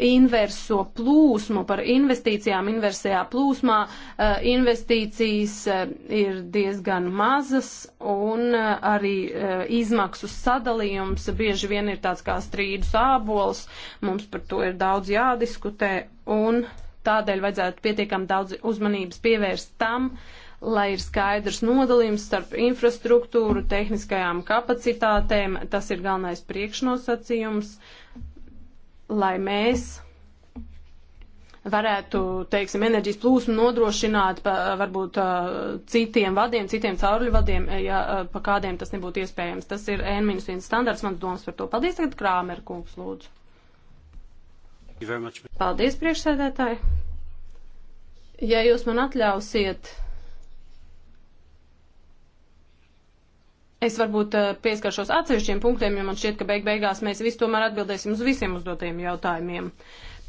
inverso plūsmu, par investīcijām inversajā plūsmā, eh, investīcijas eh, ir diezgan mazas un eh, arī izmaksu sadalījums bieži vien ir tāds kā strīdu sābols, mums par to ir daudz jādiskutē un tādēļ vajadzētu pietiekam daudz uzmanības pievērst tam, uh, lai ir skaidrs nodalījums starp infrastruktūru, tehniskajām kapacitātēm. Tas ir galvenais priekšnosacījums, lai mēs varētu, teiksim, enerģijas plūsmu nodrošināt pa, varbūt citiem vadiem, citiem cauruļvadiem, ja pa kādiem tas nebūtu iespējams. Tas ir N-1 standarts, mans domas par to. Paldies, tagad Krāmer kungs, lūdzu. Paldies, priekšsēdētāji. Ja jūs man atļausiet Es varbūt eh, pieskaršos atsevišķiem punktiem, jo man šķiet, ka beig beigās mēs visi tomēr atbildēsim uz visiem uzdotajiem jautājumiem.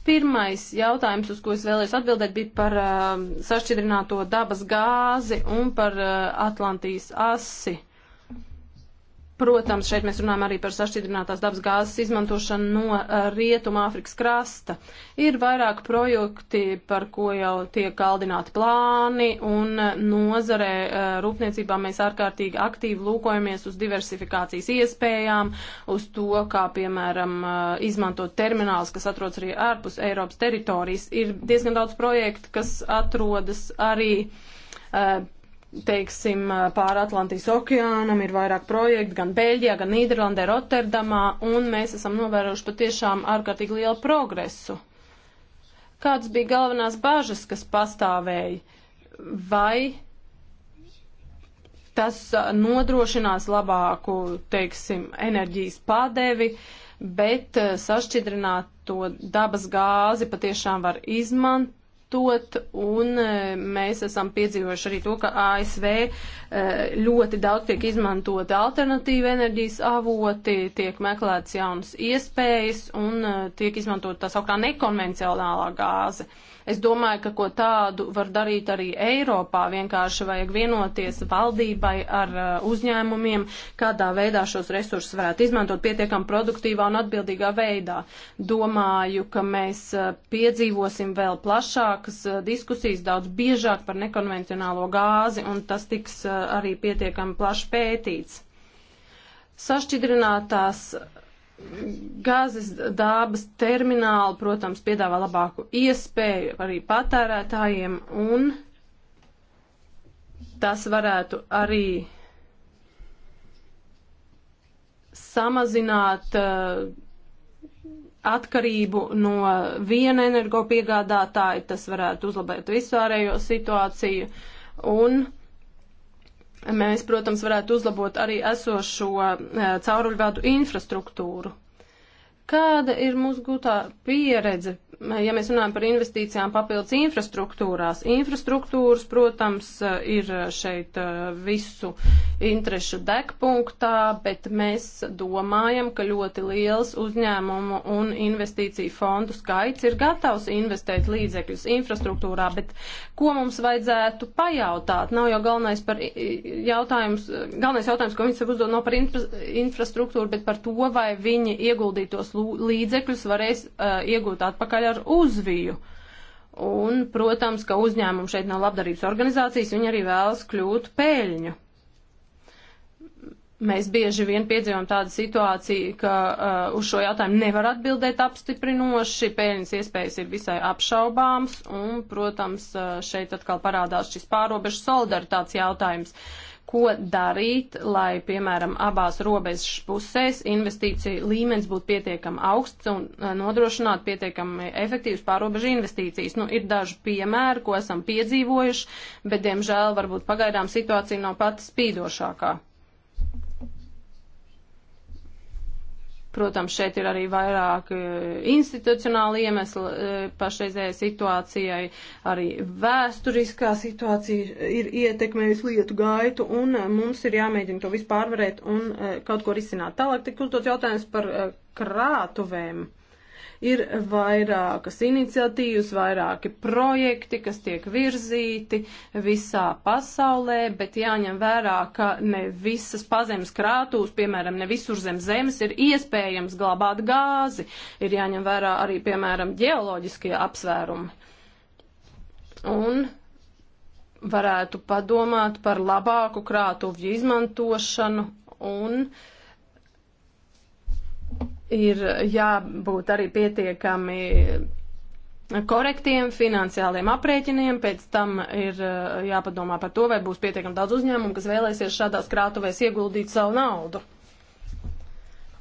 Pirmais jautājums, uz ko es vēlējos atbildēt, bija par uh, sašķidrināto dabas gāzi un par uh, Atlantijas asi. Uh, Protams, šeit mēs runājam arī par sašķidrinātās dabas gāzes izmantošanu no eh, rietuma Āfrikas krasta. Ir vairāk projekti, par ko jau tiek kaldināti plāni, un eh, nozarē eh, rūpniecībā mēs ārkārtīgi aktīvi lūkojamies uz diversifikācijas iespējām, uz to, kā, piemēram, izmantot terminālus, kas atrodas arī ārpus Eiropas teritorijas. Ir diezgan daudz projektu, kas atrodas arī teiksim, pāri Atlantijas okeānam ir vairāk projektu gan Beļģijā, gan Nīderlandē, Rotterdamā, un mēs esam novērojuši patiešām ārkārtīgi lielu progresu. Kāds bija galvenās bažas, kas pastāvēja? Vai tas nodrošinās labāku, teiksim, enerģijas padevi, bet sašķidrināt to dabas gāzi patiešām var izmantot? izmantot, un e, mēs esam piedzīvojuši arī to, ka ASV e, ļoti daudz tiek izmantota alternatīva enerģijas avoti, tiek meklēts jaunas iespējas un e, tiek izmantot tā sauktā nekonvencionālā gāze. Uh, Es domāju, ka ko tādu var darīt arī Eiropā. Vienkārši vajag vienoties valdībai ar uh, uzņēmumiem, kādā veidā šos resursus varētu izmantot pietiekam produktīvā un atbildīgā veidā. Domāju, ka mēs uh, piedzīvosim vēl plašākas uh, diskusijas daudz biežāk par nekonvencionālo gāzi, un tas tiks arī pietiekam plaši pētīts. Sašķidrinātās Gāzes dabas termināli, protams, piedāvā labāku iespēju arī patērētājiem, un tas varētu arī samazināt uh, atkarību no viena energopiegādātāja, tas varētu uzlabēt vispārējo situāciju. Un uh, Mēs, protams, varētu uzlabot arī esošo uh, cauruļvadu infrastruktūru. Kāda ir mūsu gūtā pieredze ja mēs runājam par investīcijām papildus infrastruktūrās, infrastruktūras, protams, ir šeit uh, visu interešu degpunktā, bet mēs domājam, ka ļoti liels uzņēmumu un investīciju fondu skaits ir gatavs investēt līdzekļus infrastruktūrā, bet ko mums vajadzētu pajautāt? Nav jau galvenais, par jautājums, galvenais jautājums, ko viņi sev uzdod, nav par infra, infrastruktūru, bet par to, vai viņi ieguldītos līdzekļus varēs uh, iegūt atpakaļ ar uzviju. Un, protams, ka uzņēmumi šeit nav labdarības organizācijas, viņi arī vēlas kļūt pēļņu. Mēs bieži vien piedzīvojam tādu situāciju, ka uh, uz šo jautājumu nevar atbildēt apstiprinoši, pēļņas iespējas ir visai apšaubāms, un, protams, uh, šeit atkal parādās šis pārobežu solidaritātes jautājums. Uh, ko darīt, lai, piemēram, abās robežas pusēs investīcija līmenis būtu pietiekami augsts un uh, nodrošināt pietiekami efektīvas pārobežu investīcijas. Nu, ir daži piemēri, ko esam piedzīvojuši, bet, diemžēl, varbūt pagaidām situācija nav pati spīdošākā. Protams, šeit ir arī vairāk e, institucionāli iemesli e, pašreizējai situācijai, arī vēsturiskā situācija ir ietekmējusi lietu gaitu, un e, mums ir jāmēģina to visu pārvarēt un kaut ko risināt. Tālāk tik uzdots jautājums par krātuvēm. Ir vairākas iniciatīvas, vairāki projekti, kas tiek virzīti visā pasaulē, bet jāņem vērā, ka ne visas pazemes krātūs, piemēram, ne visur zem zemes ir iespējams glabāt gāzi. Ir jāņem vērā arī, piemēram, ģeoloģiskie apsvērumi. Un varētu padomāt par labāku krātuvju izmantošanu un uh, ir jābūt arī pietiekami korektiem finansiāliem aprēķiniem, pēc tam ir uh, jāpadomā par to, vai būs pietiekami daudz uzņēmumu, kas vēlēsies šādās krātuvēs ieguldīt savu naudu.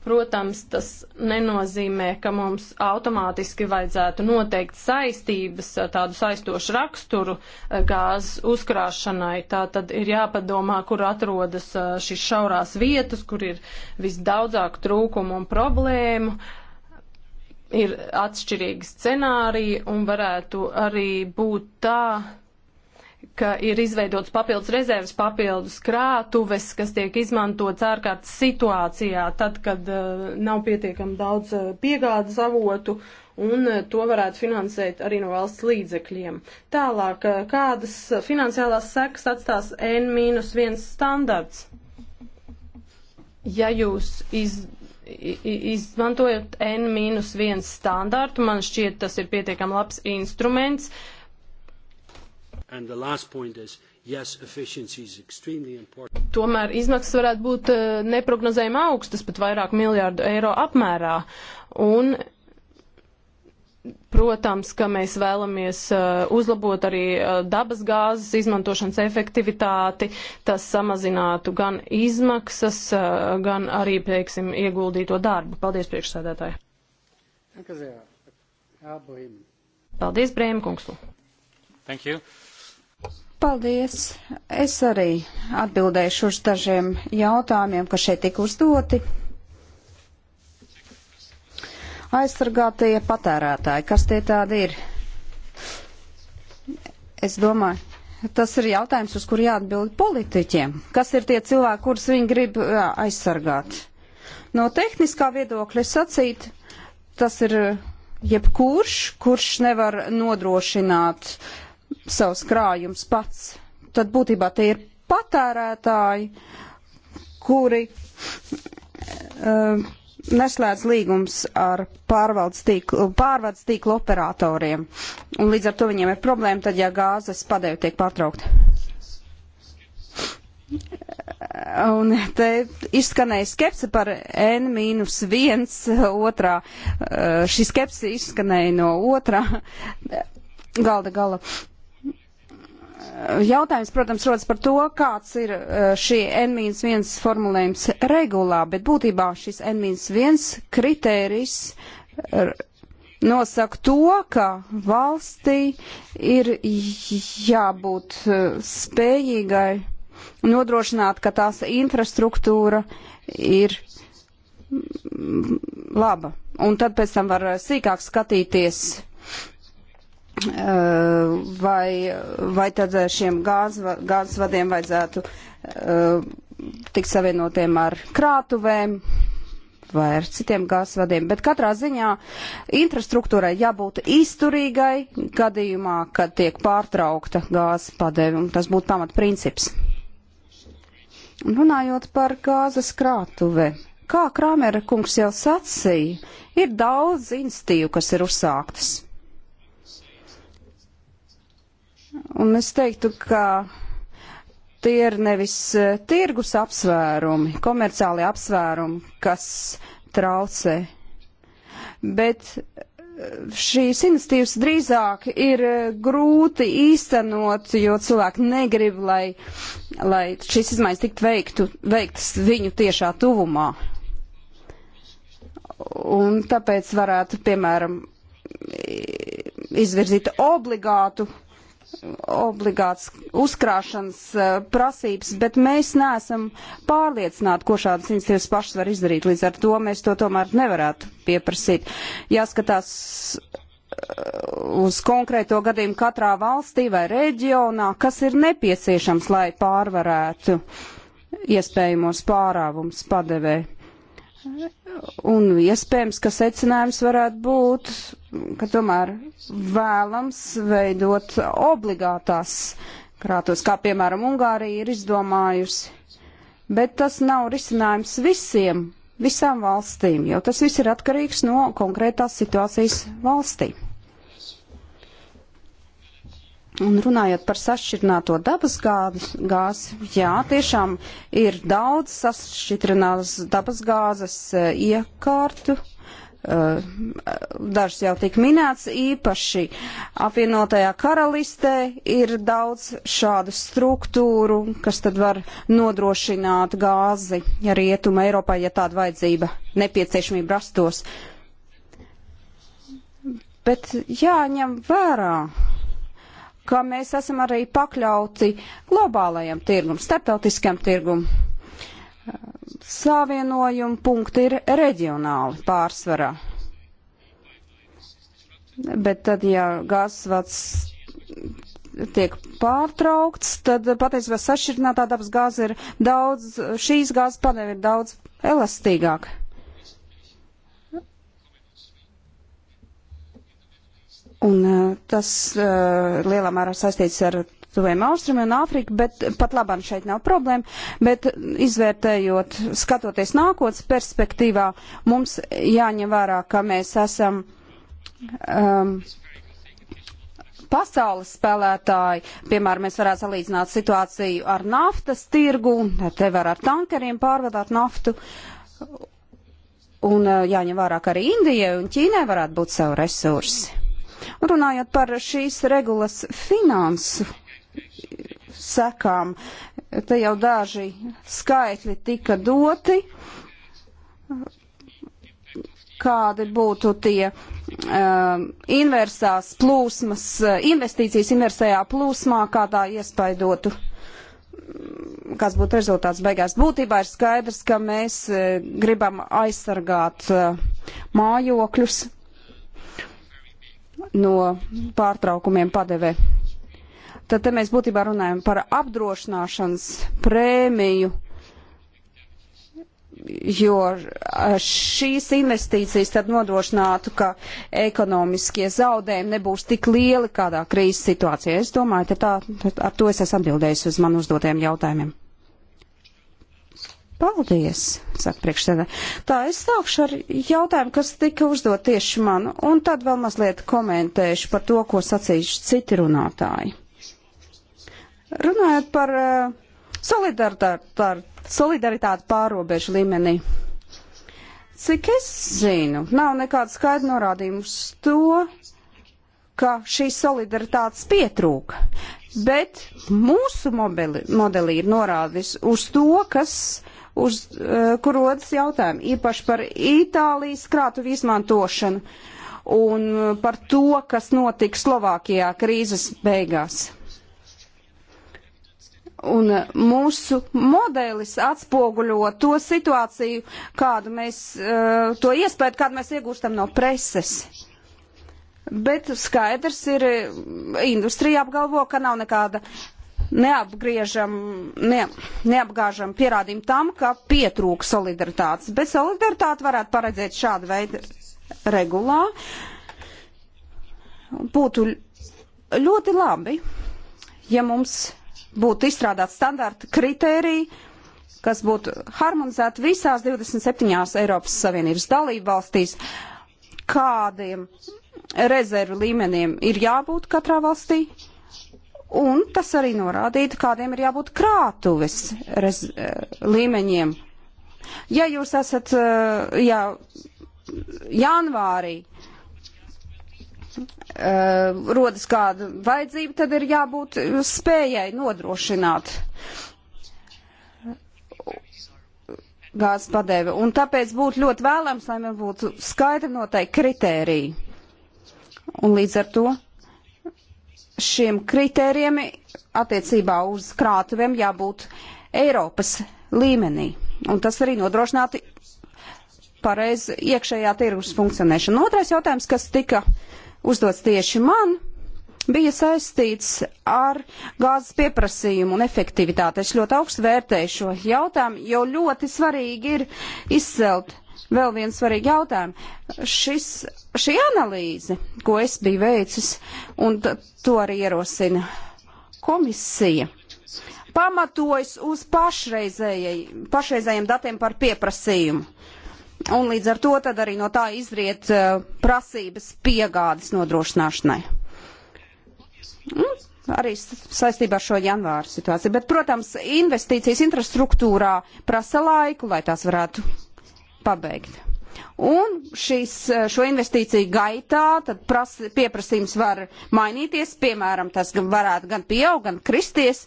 Protams, tas nenozīmē, ka mums automātiski vajadzētu noteikt saistības, eh, tādu saistošu raksturu eh, gāzes uzkrāšanai. Tā tad ir jāpadomā, kur atrodas eh, šīs šaurās vietas, kur ir visdaudzāk trūkumu un problēmu. Ir atšķirīgi scenāriji un varētu arī būt tā, ka ir izveidots papildus rezerves, papildus krātuves, kas tiek izmantots ārkārtas situācijā, tad, kad uh, nav pietiekami daudz uh, piegādes avotu, un uh, to varētu finansēt arī no valsts līdzekļiem. Tālāk, uh, kādas finansiālās sekas atstās N-1 standarts? Ja jūs iz, izmantojat N-1 standartu, man šķiet, tas ir pietiekami labs instruments, uh, And the last point is, yes, efficiency is extremely important. Tomēr izmaksas varētu būt eh, neprognozējami augstas, pat vairāk miljārdu eiro apmērā. Un Protams, ka mēs vēlamies uh, uzlabot arī uh, dabas gāzes izmantošanas efektivitāti, tas samazinātu gan izmaksas, uh, gan arī, teiksim, ieguldīto darbu. Paldies, priekšsēdētāji. Paldies, Brēma kungs. Thank you. Paldies! Es arī atbildēšu uz dažiem jautājumiem, kas šeit tika uzdoti. Aizsargātie patērētāji, kas tie tādi ir? Es domāju, tas ir jautājums, uz kur jāatbild politiķiem. Kas ir tie cilvēki, kurus viņi grib jā, aizsargāt? No tehniskā viedokļa sacīt, tas ir jebkurš, kurš nevar nodrošināt uh, savus krājumus pats. Tad būtībā tie ir patērētāji, kuri uh, neslēdz līgums ar pārvaldes tīklu, pārvaldes tīklu operatoriem. Un līdz ar to viņiem ir problēma, tad, ja gāzes padēvi tiek pārtraukta. Un te izskanēja skepse par N-1 otrā. Eh, šī skepse izskanēja no otrā galda gala. Jautājums, protams, rodas par to, kāds ir eh, šī N-1 formulējums regulā, bet būtībā šis N-1 kritērijs eh, nosaka to, ka valstī ir jābūt eh, spējīgai nodrošināt, ka tās infrastruktūra ir mm, laba. Un tad pēc tam var sīkāk skatīties vai, vai tad šiem gāzes gāz vadiem vajadzētu tikt savienotiem ar krātuvēm vai ar citiem gāzes vadiem. Bet katrā ziņā infrastruktūrai jābūt izturīgai gadījumā, kad tiek pārtraukta gāzes padeve, un tas būtu pamatprincips. Runājot par gāzes krātuvē, kā Krāmera kungs jau sacīja, ir daudz institīvu, kas ir uzsāktas Un es teiktu, ka tie ir nevis e, tirgus apsvērumi, komerciāli apsvērumi, kas traucē, bet e, šīs iniciatīvas drīzāk ir e, grūti īstenot, jo cilvēki negrib, lai, lai šīs izmaiņas tiktu veiktu, veiktas viņu tiešā tuvumā. Un tāpēc varētu, piemēram, izvirzīt obligātu obligāts uzkrāšanas eh, prasības, bet mēs neesam pārliecināti, ko šādas iniciatīvas pašas var izdarīt. Līdz ar to mēs to tomēr nevarētu pieprasīt. Jāskatās eh, uz konkrēto gadījumu katrā valstī vai reģionā, kas ir nepieciešams, lai pārvarētu iespējamos pārāvums padevēju. Un iespējams, ka secinājums varētu būt, ka tomēr vēlams veidot obligātās krātos, kā piemēram Ungārija ir izdomājusi. Bet tas nav risinājums visiem, visām valstīm, jo tas viss ir atkarīgs no konkrētās situācijas valstīm. Un runājot par sašķirināto dabas gāzi, jā, tiešām ir daudz sašķirinātas dabas gāzes eh, iekārtu. Eh, Dažs jau tik minēts, īpaši apvienotajā karalistē ir daudz šādu struktūru, kas tad var nodrošināt gāzi, ja rietuma Eiropā, ja tāda vajadzība nepieciešamība rastos. Bet jāņem vērā ka mēs esam arī pakļauti globālajam tirgum, starptautiskam tirgum. Savienojuma punkti ir reģionāli pārsvarā. Bet tad, ja gāzes tiek pārtraukts, tad patiesībā sašķirtinātā dabas gāze ir daudz, šīs gāzes padevi ir daudz elastīgāk. Un eh, tas eh, lielā mērā saistīts ar tuviem austrumiem un Āfriku, bet pat labam šeit nav problēma. Bet izvērtējot, skatoties nākotnes perspektīvā, mums jāņem vērā, ka mēs esam um, pasaules spēlētāji. Piemēram, mēs varētu salīdzināt situāciju ar naftas tirgu, te var ar tankeriem pārvadāt naftu. Un eh, jāņem vērā, ka arī Indijai un Ķīnai varētu būt savi resursi. Runājot par šīs regulas finansu sekām, te jau daži skaitļi tika doti, kādi būtu tie um, inversās plūsmas, investīcijas inversējā plūsmā, kā tā iespaidotu kāds būtu rezultāts beigās. Būtībā ir skaidrs, ka mēs eh, gribam aizsargāt eh, mājokļus no pārtraukumiem padevē. Tad te mēs būtībā runājam par apdrošināšanas prēmiju, jo šīs investīcijas tad nodrošinātu, ka ekonomiskie zaudējumi nebūs tik lieli kādā krīzes situācijā. Es domāju, ka tā, ar to es esmu atbildējis uz man uzdotajiem jautājumiem. Paldies, saka priekšsēdē. Tā, es sākšu ar jautājumu, kas tika uzdot tieši man, un tad vēl mazliet komentēšu par to, ko sacījuši citi runātāji. Runājot par eh, solidaritāti, solidaritāti pārobežu līmenī. Cik es zinu, nav nekāda skaidra norādījuma uz to, ka šīs solidaritātes pietrūka. Bet mūsu mobili, modelī ir norādījis uz to, kas uz uh, kur rodas jautājumi, īpaši par Itālijas krātuvu izmantošanu un eh, par to, kas notika Slovākijā krīzes beigās. Un eh, mūsu modelis atspoguļo to situāciju, kādu mēs, to iespēju, kādu mēs iegūstam no preses. Bet skaidrs ir, industrija apgalvo, ka nav nekāda neapgriežam, ne, neapgāžam pierādījumu tam, ka pietrūk solidaritātes. Bet solidaritāti varētu paredzēt šādu veidu regulā. Būtu ļoti labi, ja mums būtu izstrādāt standarta kritēriju, kas būtu harmonizēti visās 27 Eiropas Savienības dalību valstīs, kādiem rezervu līmeniem ir jābūt katrā valstī, Un tas arī norādītu, kādiem ir jābūt krātuves rez, eh, līmeņiem. Ja jūs esat eh, jā, janvārī, eh, rodas kāda vajadzība, tad ir jābūt spējai nodrošināt gāzes padēvi. Un tāpēc būtu ļoti vēlams, lai mums būtu skaidri noteikti kritēriji. Un līdz ar to šiem kritērijiem attiecībā uz krātuviem jābūt Eiropas līmenī. Un tas arī nodrošinātu pareizi iekšējā tirgus funkcionēšanu. Otrais jautājums, kas tika uzdots tieši man, bija saistīts ar gāzes pieprasījumu un efektivitāti. Es ļoti augstu vērtēju šo jautājumu, jo ļoti svarīgi ir izcelt uh, vēl viens svarīgi jautājums. Šis, šī analīze, ko es biju veicis, un to arī ierosina komisija, pamatojas uz pašreizējiem datiem par pieprasījumu. Un līdz ar to tad arī no tā izriet uh, prasības piegādes nodrošināšanai. Mm, arī saistībā ar šo janvāru situāciju. Bet, protams, investīcijas infrastruktūrā prasa laiku, lai tās varētu pabeigt. Un šis, šo investīciju gaitā pras, pieprasījums var mainīties, piemēram, tas gan varētu gan pieaugt, gan kristies.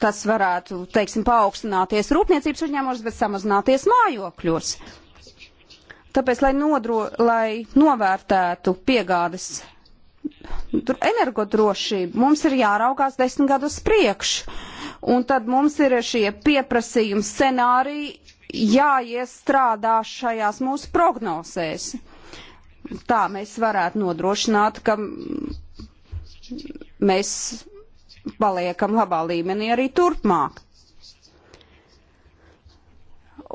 Tas varētu, teiksim, paaugstināties rūpniecības uzņēmumos, bet samazināties mājokļos. Tāpēc, lai, nodro, lai novērtētu piegādes energodrošību. Mums ir jāraugās desmit gadus priekš. Un tad mums ir šie pieprasījumi scenāriji jāiestrādā šajās mūsu prognozēs. Tā mēs varētu nodrošināt, ka mēs paliekam labā līmenī arī turpmāk.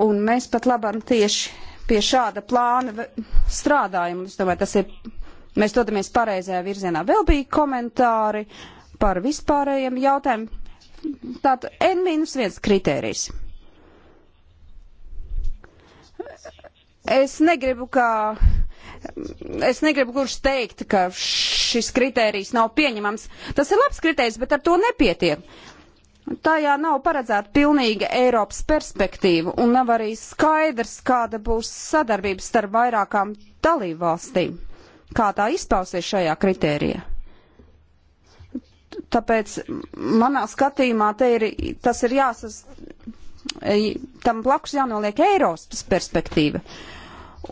Un mēs pat labam tieši pie šāda plāna strādājam. Es domāju, tas ir mēs dodamies pareizajā virzienā. Vēl bija komentāri par vispārējiem jautājumiem. Tātad N-1 kritērijs. Es negribu, ka. Es negribu kurš teikt, ka šis kritērijs nav pieņemams. Tas ir labs kritērijs, bet ar to nepietiek. Tajā nav paredzēta pilnīga Eiropas perspektīva un nav arī skaidrs, kāda būs sadarbības starp vairākām dalībvalstīm kā tā izpausies šajā kritērijā. Tāpēc manā skatījumā ir, tas ir jāsas, tam blakus jānoliek Eiropas perspektīva.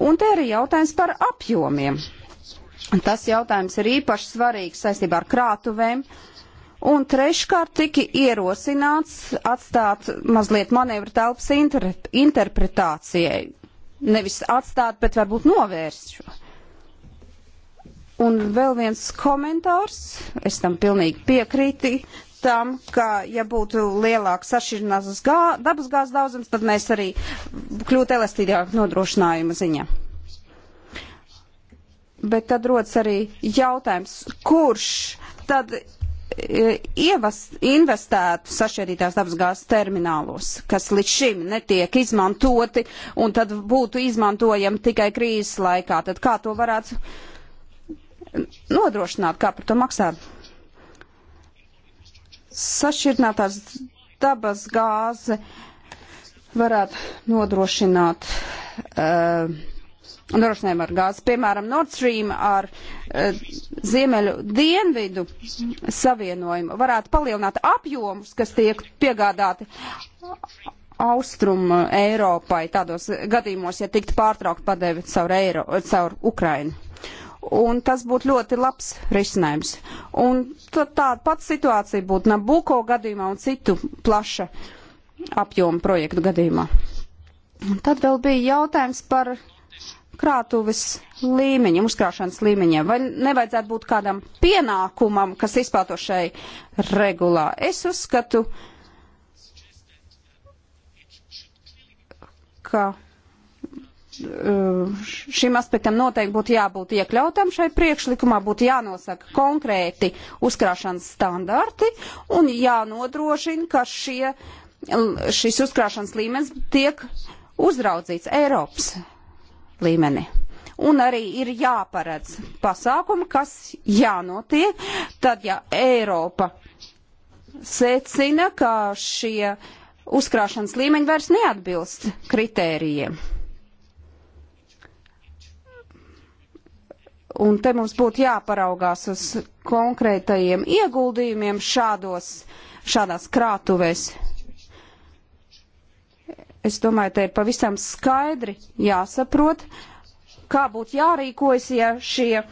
Un te ir jautājums par apjomiem. Tas jautājums ir īpaši svarīgs saistībā ar krātuvēm. Un treškārt tika ierosināts atstāt mazliet manevru telpas interpretācijai. Nevis atstāt, bet varbūt novērst šo Un vēl viens komentārs, es tam pilnīgi piekrīti, tam, ka ja būtu lielāks sašķirnās gā, dabasgāzes daudzums, tad mēs arī kļūtu elastīgāk nodrošinājuma ziņā. Bet tad rodas arī jautājums, kurš tad e, ievast, investētu sašķirītās dabasgāzes terminālos, kas līdz šim netiek izmantoti un tad būtu izmantojami tikai krīzes laikā. Tad kā to varētu nodrošināt, kā par to maksāt. Sašķirtinātās dabas gāze varētu nodrošināt uh, eh, nodrošinājumu ar gāzi, piemēram, Nord Stream ar uh, ziemeļu dienvidu savienojumu varētu palielināt apjomus, kas tiek piegādāti austrumu Eiropai tādos gadījumos, ja tiktu pārtraukt padevi caur, Eiro, caur Ukrainu un tas būtu ļoti labs risinājums. Un tāda pati situācija būtu Nabuko gadījumā un citu plaša apjoma projektu gadījumā. Un tad vēl bija jautājums par krātuves līmeņiem, uzkrāšanas līmeņiem, vai nevajadzētu būt kādam pienākumam, kas izpēto šai regulā. Es uzskatu, ka šim aspektam noteikti būtu jābūt iekļautam šai priekšlikumā, būtu jānosaka konkrēti uzkrāšanas standarti un jānodrošina, ka šie, šis uzkrāšanas līmenis tiek uzraudzīts Eiropas līmenī. Un arī ir jāparedz pasākumi, kas jānotiek, tad ja Eiropa secina, ka šie uzkrāšanas līmeņi vairs neatbilst kritērijiem Un te mums būtu jāparaugās uz konkrētajiem ieguldījumiem šādos, šādās krātuvēs. Es domāju, te ir pavisam skaidri jāsaprot, kā būtu jārīkojas, ja, šie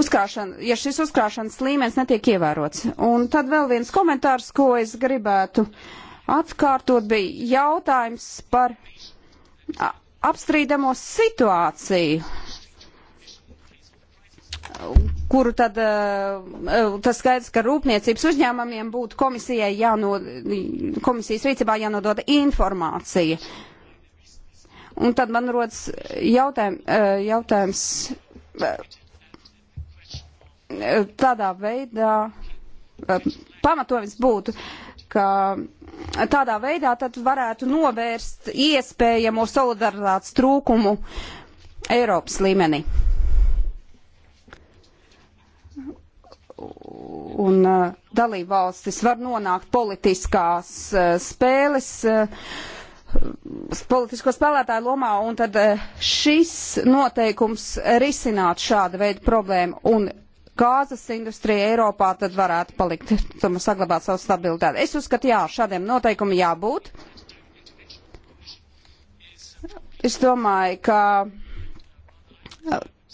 uzkrāšana, ja šis uzkrāšanas līmenis netiek ievērots. Un tad vēl viens komentārs, ko es gribētu atkārtot, bija jautājums par apstrīdamo situāciju kuru tad eh, eh, tas skaidrs, ka rūpniecības uzņēmumiem būtu komisijai jāno, komisijas rīcībā jānodod informācija. Un tad man rodas jautājum, eh, jautājums tādā veidā, pamatojums būtu, ka tādā veidā tad varētu novērst iespējamo solidaritātes trūkumu Eiropas līmenī. un uh, dalībvalstis var nonākt politiskās uh, spēles, uh, politisko spēlētāju lomā, un tad uh, šis noteikums risinātu šādu veidu problēmu, un gāzes industrija Eiropā tad varētu palikt, tomēr saglabāt savu stabilitāti. Es uzskatu, jā, šādiem noteikumiem jābūt. Es domāju, ka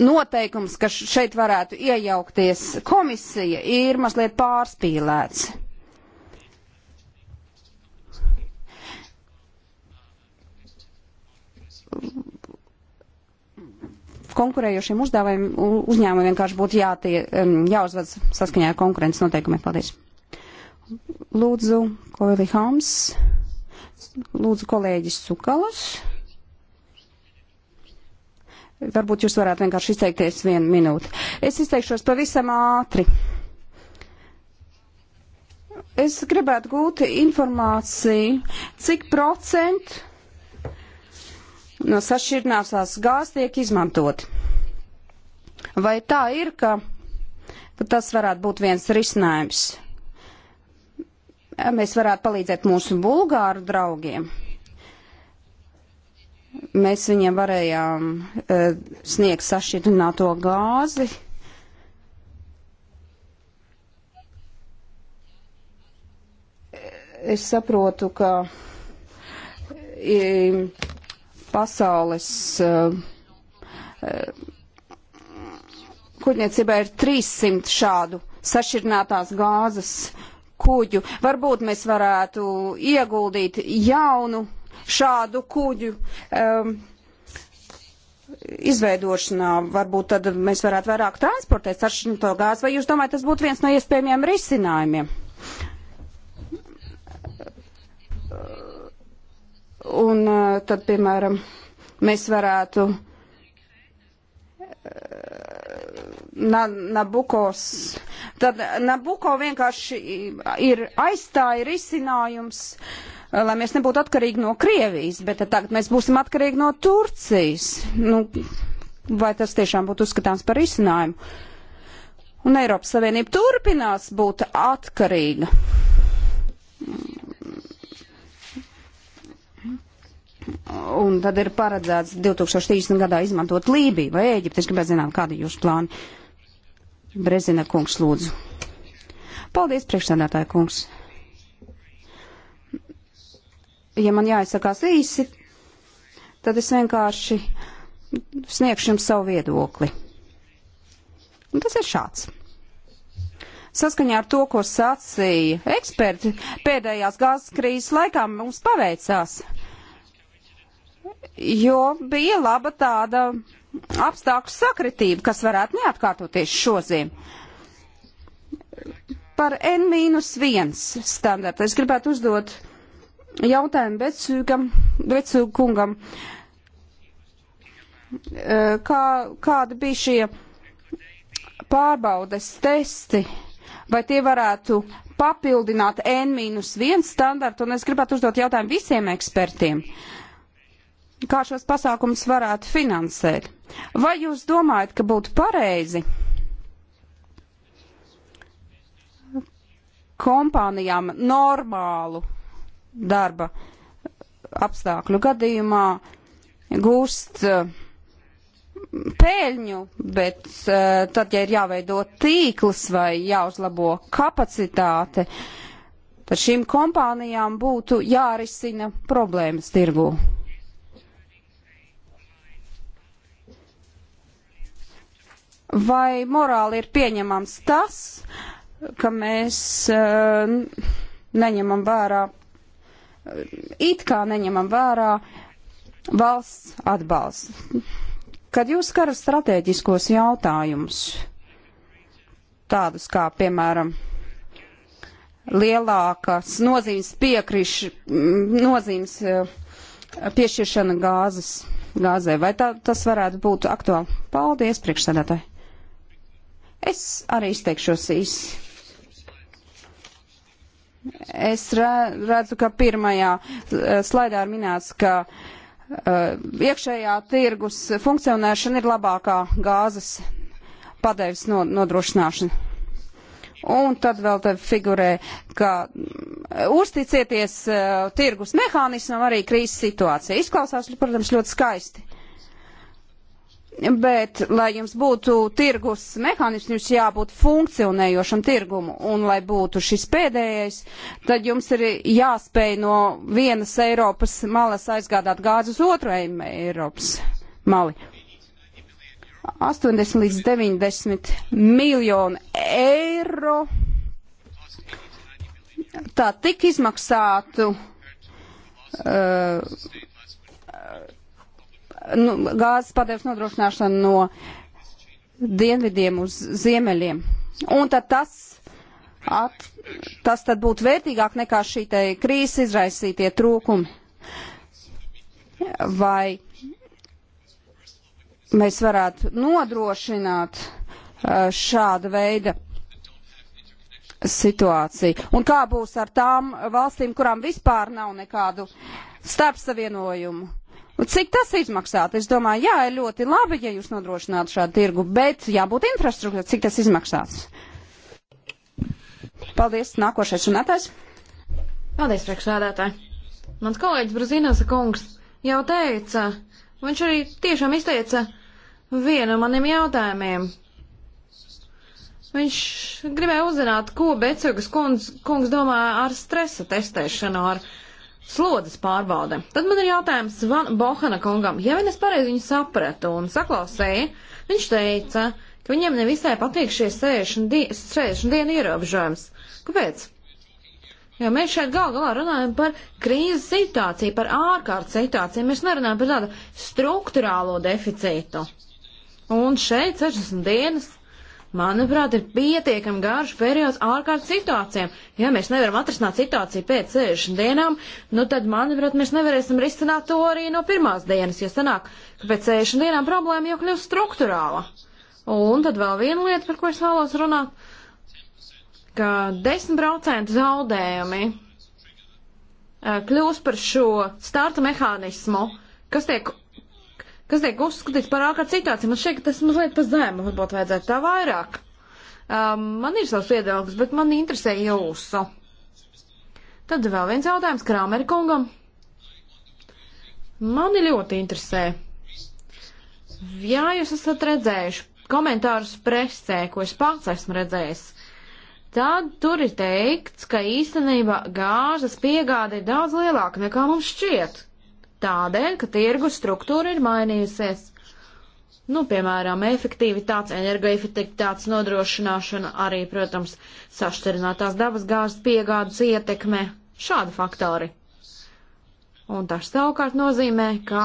noteikums, ka šeit varētu iejaukties komisija, ir mazliet pārspīlēts. Konkurējošiem uzņēmumiem vienkārši būtu jātie, jāuzvedas saskaņā ar konkurences noteikumiem. Paldies. Lūdzu, Koili Hams. Lūdzu, kolēģis Sukalas. Varbūt jūs varētu vienkārši izteikties vienu minūti. Es izteikšos pavisam ātri. Es gribētu gūt informāciju, cik procentu no sašķirnāsās gāzes tiek izmantot. Vai tā ir, ka tas varētu būt viens risinājums? Mēs varētu palīdzēt mūsu bulgāru draugiem Mēs viņiem varējām uh, sniegt sašķidrināto gāzi. Es saprotu, ka uh, pasaules uh, e, kuģniecībā ir 300 šādu sašķirinātās gāzes kuģu. Varbūt mēs varētu ieguldīt jaunu šādu kuģu um, izveidošanā. Varbūt tad mēs varētu vairāk transportēt sašķirto gāzi, vai jūs domājat, tas būtu viens no iespējamiem risinājumiem? Un uh, tad, piemēram, mēs varētu uh, na, Nabukos. Tad Nabuko vienkārši ir aizstāja risinājums uh, lai mēs nebūtu atkarīgi no Krievijas, bet tagad mēs būsim atkarīgi no Turcijas. Nu, vai tas tiešām būtu uzskatāms par izcinājumu? Un Eiropas Savienība turpinās būt atkarīga. Un tad ir paredzēts 2030. gadā izmantot Lībiju vai Ēģipti. Es gribētu zināt, kādi ir jūsu plāni. Brezina kungs lūdzu. Paldies, priekšsēdētāja kungs ja man jāizsakās īsi, tad es vienkārši sniegšu jums savu viedokli. Un tas ir šāds. Saskaņā ar to, ko sacīja eksperti, pēdējās gāzes krīzes laikā mums paveicās, jo bija laba tāda apstākļu sakritība, kas varētu neatkārtoties šoziem par N-1 standartu. Es gribētu uzdot jautājumu Vecūgam, Vecūgu kungam. E, kā, kāda bija šie pārbaudes testi? Vai tie varētu papildināt N-1 standartu? Un es gribētu uzdot jautājumu visiem ekspertiem. Kā šos pasākumus varētu finansēt? Vai jūs domājat, ka būtu pareizi kompānijām normālu darba apstākļu gadījumā gūst eh, pēļņu, bet eh, tad, ja ir jāveido tīkls vai jāuzlabo kapacitāte, tad šīm kompānijām būtu jārisina problēmas tirgū. Vai morāli ir pieņemams tas, ka mēs eh, neņemam vērā it kā neņemam vērā valsts atbalsts. Kad jūs skarat strateģiskos jautājumus, tādus kā, piemēram, lielākas nozīmes piekriš, nozīmes eh, piešķiršana gāzes, gāzē, vai tā, tas varētu būt aktuāli? Paldies, priekšsēdētāji! Es arī izteikšos īsi. Es redzu, ka pirmajā eh, slaidā ir minēts, ka eh, iekšējā tirgus funkcionēšana ir labākā gāzes padeves nodrošināšana. Un tad vēl te figurē, ka mm, uzticieties uh, tirgus mehānismam arī krīzes situācijā. Izklausās, protams, ļoti skaisti bet, lai jums būtu tirgus mehānisms, jums jābūt funkcionējošam tirgumu, un lai būtu šis pēdējais, tad jums ir jāspēj no vienas Eiropas malas aizgādāt gāzi uz otru Eiropas mali. 80 līdz 90 miljonu eiro. Tā tik izmaksātu. Uh, nu, gāzes padeves nodrošināšanu no dienvidiem uz ziemeļiem. Un tad tas, at, tas tad būtu vērtīgāk nekā šī te krīzes izraisītie trūkumi. Vai mēs varētu nodrošināt uh, šāda veida situāciju? Un kā būs ar tām valstīm, kurām vispār nav nekādu starpsavienojumu? Nu, cik tas izmaksātu? Es domāju, jā, ir ļoti labi, ja jūs nodrošinātu šādu tirgu, bet jābūt infrastruktūrai. Cik tas izmaksās? Paldies, nākošais runātājs. Paldies, priekšsēdētāji. Mans kolēģis Brazīnās kungs jau teica, viņš arī tiešām izteica vienu maniem jautājumiem. Viņš gribēja uzzināt, ko Becegas kungs, kungs domā ar stresa testēšanu, ar slodzes pārbaude. Tad man ir jautājums Van Bohana kungam. Ja vien es pareizi viņu sapratu un saklausēju, viņš teica, ka viņiem nevisai patīk šie 60, di 60 dienu ierobežojums. Kāpēc? Jo mēs šeit gal galā runājam par krīzes situāciju, par ārkārtas situāciju. Mēs nerunājam par tādu struktūrālo deficītu. Un šeit 60 dienas manuprāt, ir pietiekami garš periods ārkārtas situācijām. Ja mēs nevaram atrisināt situāciju pēc 60 dienām, nu tad, manuprāt, mēs nevarēsim risināt to arī no pirmās dienas, jo sanāk, ka pēc 60 dienām problēma jau kļūst struktūrāla. Un tad vēl viena lieta, par ko es vēlos runāt, ka 10% zaudējumi eh, kļūst par šo starta mehānismu, kas tiek kas tiek uzskatīts par ārkārtas situāciju. Man šķiet, ka tas mazliet pa zemu, varbūt vajadzētu tā vairāk. Um, man ir savs viedoklis, bet man interesē jūsu. Tad vēl viens jautājums Krāmeri kungam. Mani ļoti interesē. Jā, jūs esat redzējuši komentārus presē, ko es pats esmu redzējis. Tad tur ir teikts, ka īstenībā gāzes piegāde ir daudz lielāka nekā mums šķiet. Tādēļ, ka tirgus struktūra ir mainījusies. Nu, piemēram, efektivitātes, energoefektivitātes nodrošināšana, arī, protams, sašķirinātās dabas gāzes piegādes ietekme, šādi faktori. Un tas savukārt nozīmē, ka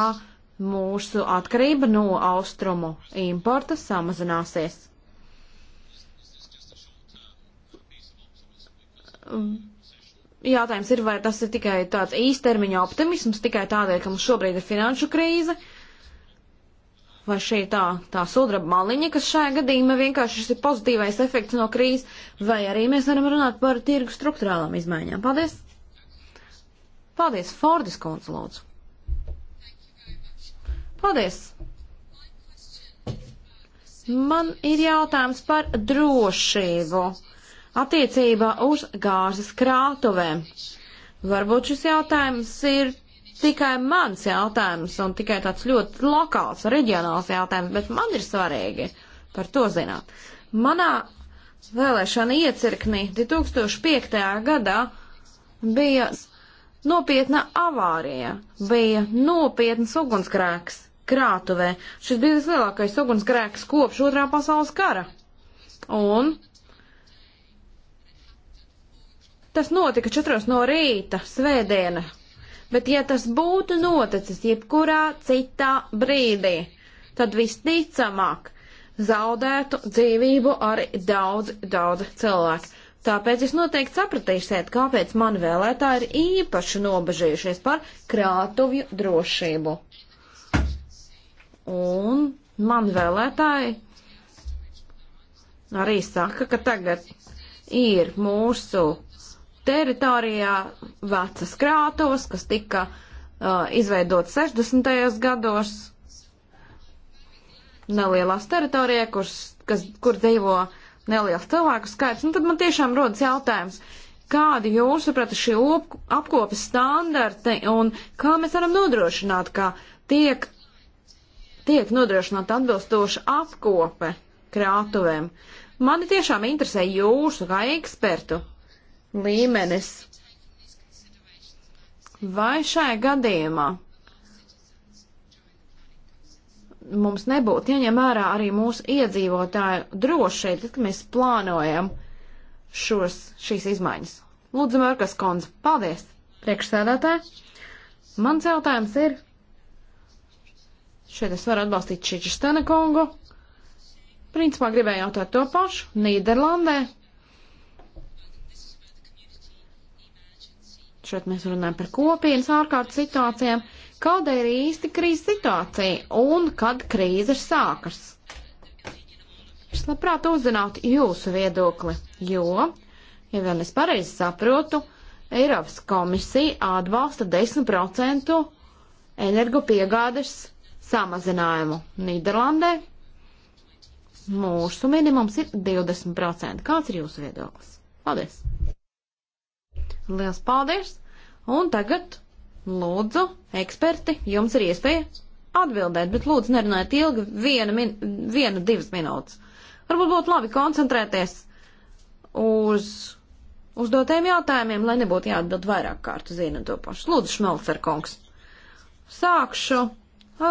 mūsu atkarība no austrumu importa samazināsies jautājums ir, vai tas ir tikai tāds īstermiņa optimisms, tikai tādēļ, ka mums šobrīd ir finanšu krīze, vai šī tā, tā sudraba maliņa, kas šajā gadījumā vienkārši šis ir pozitīvais efekts no krīzes, vai arī mēs varam runāt par tirgu struktūrālām izmaiņām. Paldies! Paldies, Fordis kundze, lūdzu! Paldies! Man ir jautājums par drošību attiecībā uz gāzes krātuvēm. Varbūt šis jautājums ir tikai mans jautājums un tikai tāds ļoti lokāls, reģionāls jautājums, bet man ir svarīgi par to zināt. Manā vēlēšana iecirknī 2005. gadā bija nopietna avārija, bija nopietnas ugunsgrēks krātuvē. Šis bija vislielākais ugunsgrēks kopš otrā pasaules kara. Un Tas notika četros no rīta, svētdiena. Bet ja tas būtu noticis jebkurā citā brīdī, tad visticamāk zaudētu dzīvību arī daudz, daudz cilvēku. Tāpēc jūs noteikti sapratīsiet, kāpēc mani vēlētāji ir īpaši nobežījušies par krātuvju drošību. Un man vēlētāji arī saka, ka tagad ir mūsu teritorijā vecas krātos, kas tika uh, izveidot 60. gados nelielās teritorijā, kur, kas, kur dzīvo neliels cilvēku skaits. Un nu, tad man tiešām rodas jautājums, kādi jūsuprāt šie apkopes standarti un kā mēs varam nodrošināt, ka tiek, tiek nodrošināta atbilstoša apkope krātuvēm. Mani tiešām interesē jūsu kā ekspertu līmenis. Vai šajā gadījumā mums nebūtu jāņem ja vērā arī mūsu iedzīvotāju drošība, tad, kad mēs plānojam šos, šīs izmaiņas? Lūdzu, Mērkas kundze, paldies! Priekšsēdētāji, mans jautājums ir, šeit es varu atbalstīt Čičistana kungu. Principā gribēju jautāt to pašu. Nīderlandē Šeit mēs runājam par kopienas ārkārtas situācijām. Kāda ir īsti krīzes situācija un kad krīze sākas? Es labprāt uzzinātu jūsu viedokli, jo, ja vien es pareizi saprotu, Eiropas komisija atbalsta 10% energopiegādes samazinājumu Nīderlandē. Mūsu minimums ir 20%. Kāds ir jūsu viedoklis? Paldies! Liels paldies! Un tagad, lūdzu, eksperti, jums ir iespēja atbildēt, bet lūdzu nerunājiet ilgi, viena, min, viena divas minūtes. Varbūt būtu labi koncentrēties uz uzdotiem jautājumiem, lai nebūtu jāatbild vairāk kārtu zina to pašu. Lūdzu, Šmelfer kungs. Sākšu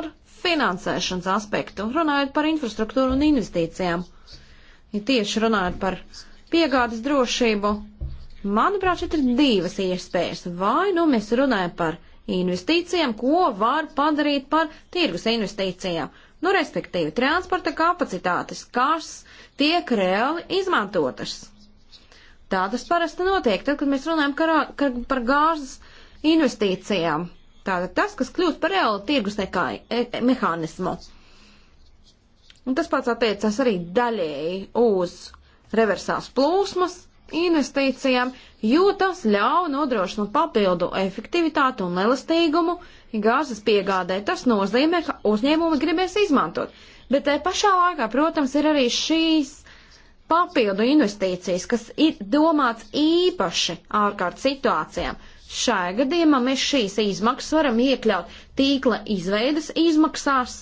ar finansēšanas aspektu, runājot par infrastruktūru un investīcijām. Ja tieši runājot par piegādes drošību, Manuprāt, šeit ir divas iespējas. Vai nu mēs runājam par investīcijām, ko var padarīt par tirgus investīcijām. Nu, respektīvi, transporta kapacitātes, kas tiek reāli izmantotas. Tā tas parasti notiek, tad, kad mēs runājam karā, kar, par gāzes investīcijām. Tātad tas, kas kļūst par reālu tirgus nekā, e, e, mehānismu. Un tas pats attiecas arī daļēji uz reversās plūsmas, investīcijām, jo tas ļauj nodrošināt papildu efektivitāti un elastīgumu gāzes piegādē. Tas nozīmē, ka uzņēmumi gribēs izmantot. Bet te pašā laikā, protams, ir arī šīs papildu investīcijas, kas ir domāts īpaši ārkārtas situācijām. Šajā gadījumā mēs šīs izmaksas varam iekļaut tīkla izveidas izmaksās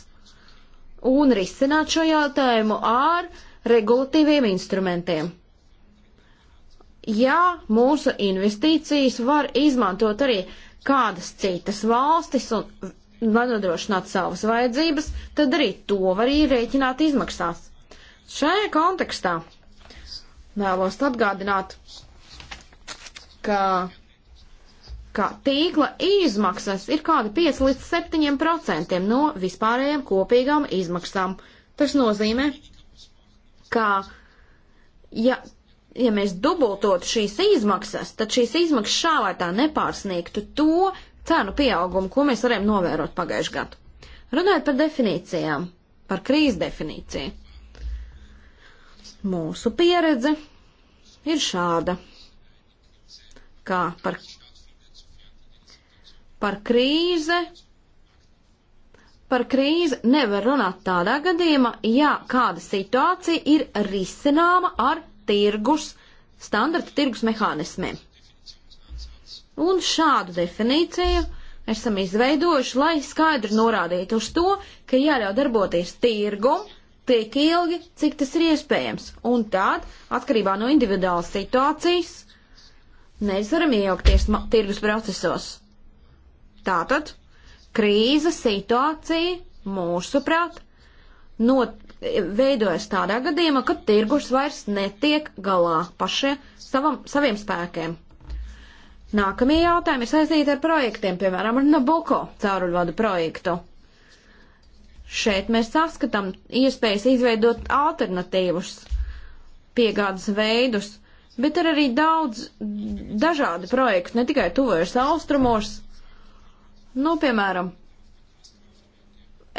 un risināt šo jautājumu ar regulatīviem instrumentiem ja mūsu investīcijas var izmantot arī kādas citas valstis un var nodrošināt savas vajadzības, tad arī to var ierēķināt izmaksās. Šajā kontekstā vēlos atgādināt, ka, ka tīkla izmaksas ir kādi 5 līdz 7 procentiem no vispārējām kopīgām izmaksām. Tas nozīmē, ka, ja ja mēs dubultotu šīs izmaksas, tad šīs izmaksas šā vai tā nepārsniegtu to cenu pieaugumu, ko mēs varējām novērot pagājušajā gadu. Runājot par definīcijām, par krīzes definīciju. Mūsu pieredze ir šāda, kā par, par krīze par krīzi nevar runāt tādā gadījumā, ja kāda situācija ir risināma ar tirgus, standarta tirgus mehānismiem. Un šādu definīciju esam izveidojuši, lai skaidri norādītu uz to, ka jāļauj darboties tirgum tik ilgi, cik tas ir iespējams. Un tad, atkarībā no individuālas situācijas, mēs varam iejaukties tirgus procesos. Tātad, krīzes situācija, mūsuprāt, not veidojas tādā gadījumā, kad tirgus vairs netiek galā pašie savam, saviem spēkiem. Nākamie jautājumi ir saistīti ar projektiem, piemēram, ar Nabuko cauruļvadu projektu. Šeit mēs saskatām iespējas izveidot alternatīvus piegādes veidus, bet ir arī daudz dažādi projekti, ne tikai tuvojas austrumos, nu, piemēram,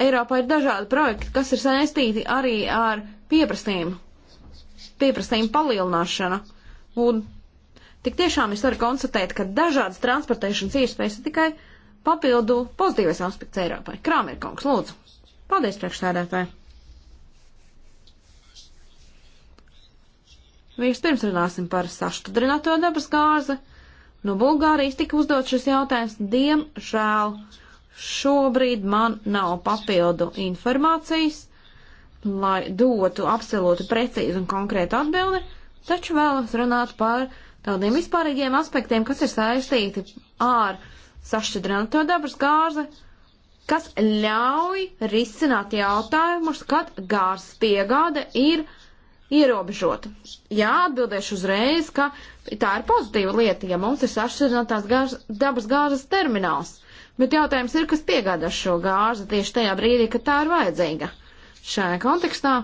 Eiropā ir dažādi projekti, kas ir saistīti arī ar pieprasījumu, pieprasījumu palielināšanu. Un tik tiešām es varu konstatēt, ka dažādas transportēšanas iespējas ir tikai papildu pozitīvais aspekts Eiropai. Krāmer kungs, lūdzu. Paldies, priekšstādētāji. Vispirms runāsim par sašķudrināto dabas gāzi. No Bulgārijas tika uzdot šis jautājums, diemžēl. Šobrīd man nav papildu informācijas, lai dotu absolūti precīzu un konkrētu atbildi, taču vēlos runāt par tādiem vispārīgiem aspektiem, kas ir saistīti ar sašķidrināto dabas gāzi, kas ļauj risināt jautājumus, kad gāzes piegāde ir ierobežota. Jā, atbildēšu uzreiz, ka tā ir pozitīva lieta, ja mums ir sašķidrinātās gāzes, dabas gāzes termināls Bet jautājums ir, kas piegādā šo gāzi tieši tajā brīdī, kad tā ir vajadzīga. Šajā kontekstā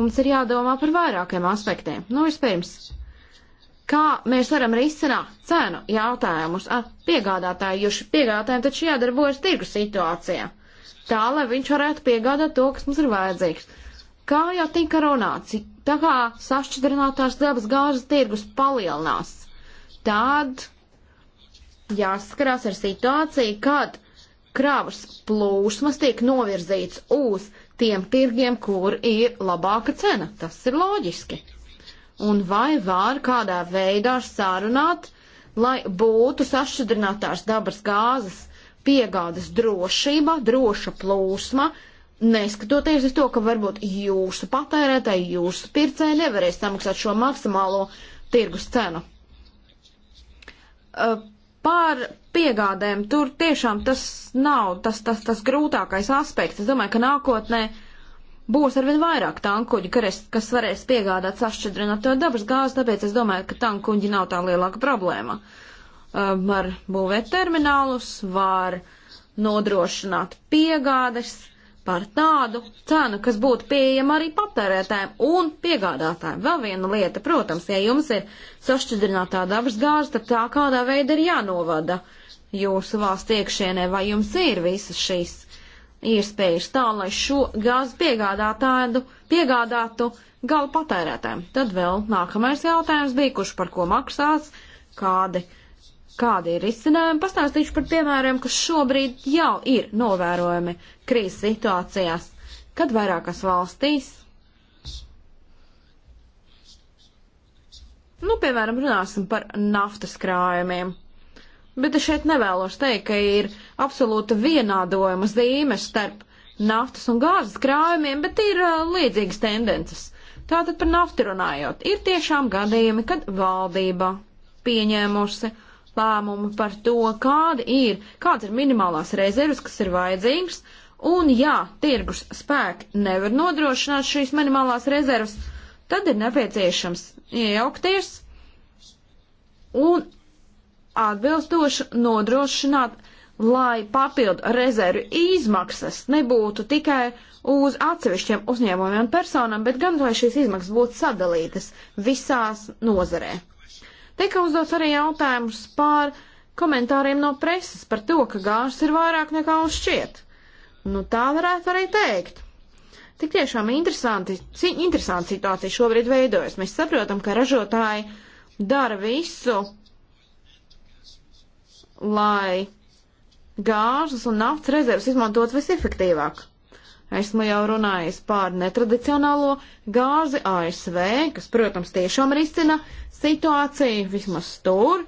mums ir jādomā par vairākiem aspektiem. Nu, vispirms, kā mēs varam risināt cenu jautājumus ar piegādātāju, jo šī piegādātājiem taču jādarbojas tirgu situācijā, tā lai viņš varētu piegādāt to, kas mums ir vajadzīgs. Kā jau tika runāts, tā kā sašķidrinātās dabas gāzes tirgus palielinās, tad jāskarās ar situāciju, kad kravas plūsmas tiek novirzīts uz tiem tirgiem, kur ir labāka cena. Tas ir loģiski. Un vai var kādā veidā sārunāt, lai būtu sašķidrinātās dabas gāzes piegādes drošība, droša plūsma, neskatoties uz to, ka varbūt jūsu patērētāji, jūsu pircēji nevarēs samaksāt šo maksimālo tirgus cenu. Uh, Par piegādēm tur tiešām tas nav tas, tas, tas grūtākais aspekts. Es domāju, ka nākotnē būs arvien vairāk tankuģi, kas varēs piegādāt sašķidrināto dabas gāzi, tāpēc es domāju, ka tankuģi nav tā lielāka problēma. Um, var būvēt terminālus, var nodrošināt piegādes par tādu cenu, kas būtu pieejama arī patērētājiem un piegādātājiem. Vēl viena lieta, protams, ja jums ir sašķidrinātā dabas gāze, tad tā kādā veidā ir jānovada jūsu valsts iekšienē, vai jums ir visas šīs iespējas tā, lai šo gāzi piegādātāju piegādātu gala patērētājiem. Tad vēl nākamais jautājums bija, kurš par ko maksās, kādi kādi ir izcinājumi. Pastāstīšu par piemēriem, kas šobrīd jau ir novērojami krīzes situācijās, kad vairākas valstīs, nu, piemēram, runāsim par naftas krājumiem. Bet es šeit nevēlos teikt, ka ir absolūta vienādojuma zīme starp naftas un gāzes krājumiem, bet ir uh, līdzīgas tendences. Tātad par naftu runājot, ir tiešām gadījumi, kad valdība pieņēmusi lēmumu par to, kāda ir, kāds ir minimālās rezervas, kas ir vajadzīgs, Un ja tirgus spēki nevar nodrošināt šīs minimālās rezervas, tad ir nepieciešams iejaukties un atbilstoši nodrošināt lai papildu rezervi izmaksas nebūtu tikai uz atsevišķiem uzņēmumiem un personām, bet gan lai šīs izmaksas būtu sadalītas visās nozarē. Tika uzdots arī jautājums par komentāriem no preses par to, ka gāžas ir vairāk nekā uz šķiet. Nu, tā varētu arī teikt. Tik tiešām interesanti, interesanti situācija šobrīd veidojas. Mēs saprotam, ka ražotāji dara visu, lai gāzes un naftas rezerves izmantot visefektīvāk. Esmu jau runājis pār netradicionālo gāzi ASV, kas, protams, tiešām risina situāciju vismaz tur.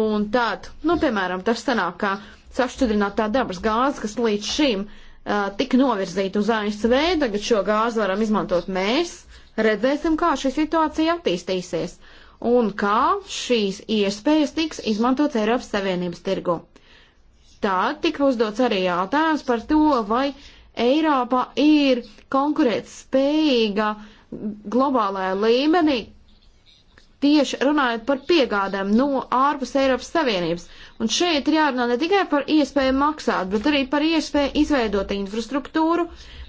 Un tad, nu, piemēram, tas sanāk, ka sašķidrinātā dabas gāze, kas līdz šim uh, uh, tika novirzīta uz ASV, tagad šo gāzi varam izmantot mēs. Redzēsim, kā šī situācija attīstīsies un kā šīs iespējas tiks izmantots Eiropas Savienības tirgu. Tad tika uzdots arī jautājums par to, vai Eiropa ir konkurētspējīga globālajā līmenī, tieši runājot par piegādēm no ārpus Eiropas Savienības. Un šeit ir jārunā ne tikai par iespēju maksāt, bet arī par iespēju izveidot infrastruktūru,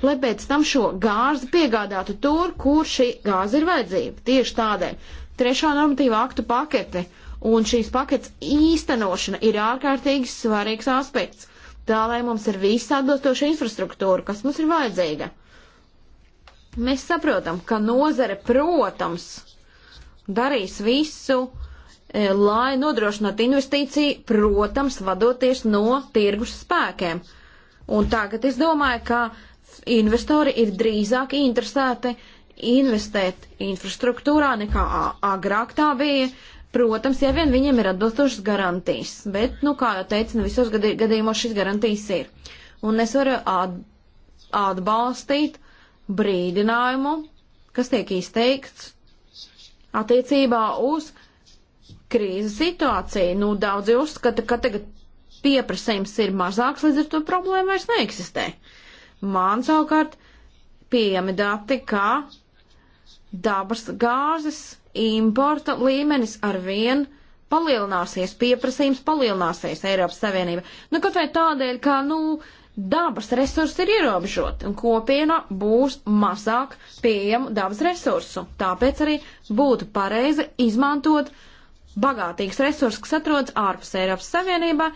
lai pēc tam šo gāzi piegādātu tur, kur šī gāze ir vajadzīga. Tieši tādēļ trešā normatīva aktu pakete un šīs paketes īstenošana ir ārkārtīgi svarīgs aspekts. Tā lai mums ir viss atbilstoša infrastruktūra, kas mums ir vajadzīga. Mēs saprotam, ka nozare, protams, darīs visu, eh, lai nodrošinātu investīciju, protams, vadoties no tirgus spēkiem. Un tagad es domāju, ka investori ir drīzāk interesēti investēt infrastruktūrā nekā agrāk tā bija. Protams, ja vien viņiem ir atbilstošas garantijas, bet, nu, kā jau teicu, ne nu, visos gadījumos šīs garantijas ir. Un es varu atbalstīt brīdinājumu, kas tiek izteikts attiecībā uz krīzes situāciju. Nu, daudzi uzskata, ka tagad pieprasījums ir mazāks, līdz ar to problēma vairs neeksistē. Man savukārt pieejami dati, ka dabas gāzes importa līmenis ar vien palielināsies, pieprasījums palielināsies Eiropas Savienība. Nu, kaut vai tādēļ, ka, nu, uh, dabas resursi ir ierobežoti un kopienā būs mazāk pieejamu dabas resursu. Tāpēc arī būtu pareizi izmantot bagātīgs resursus, kas atrodas ārpus Eiropas Savienībā,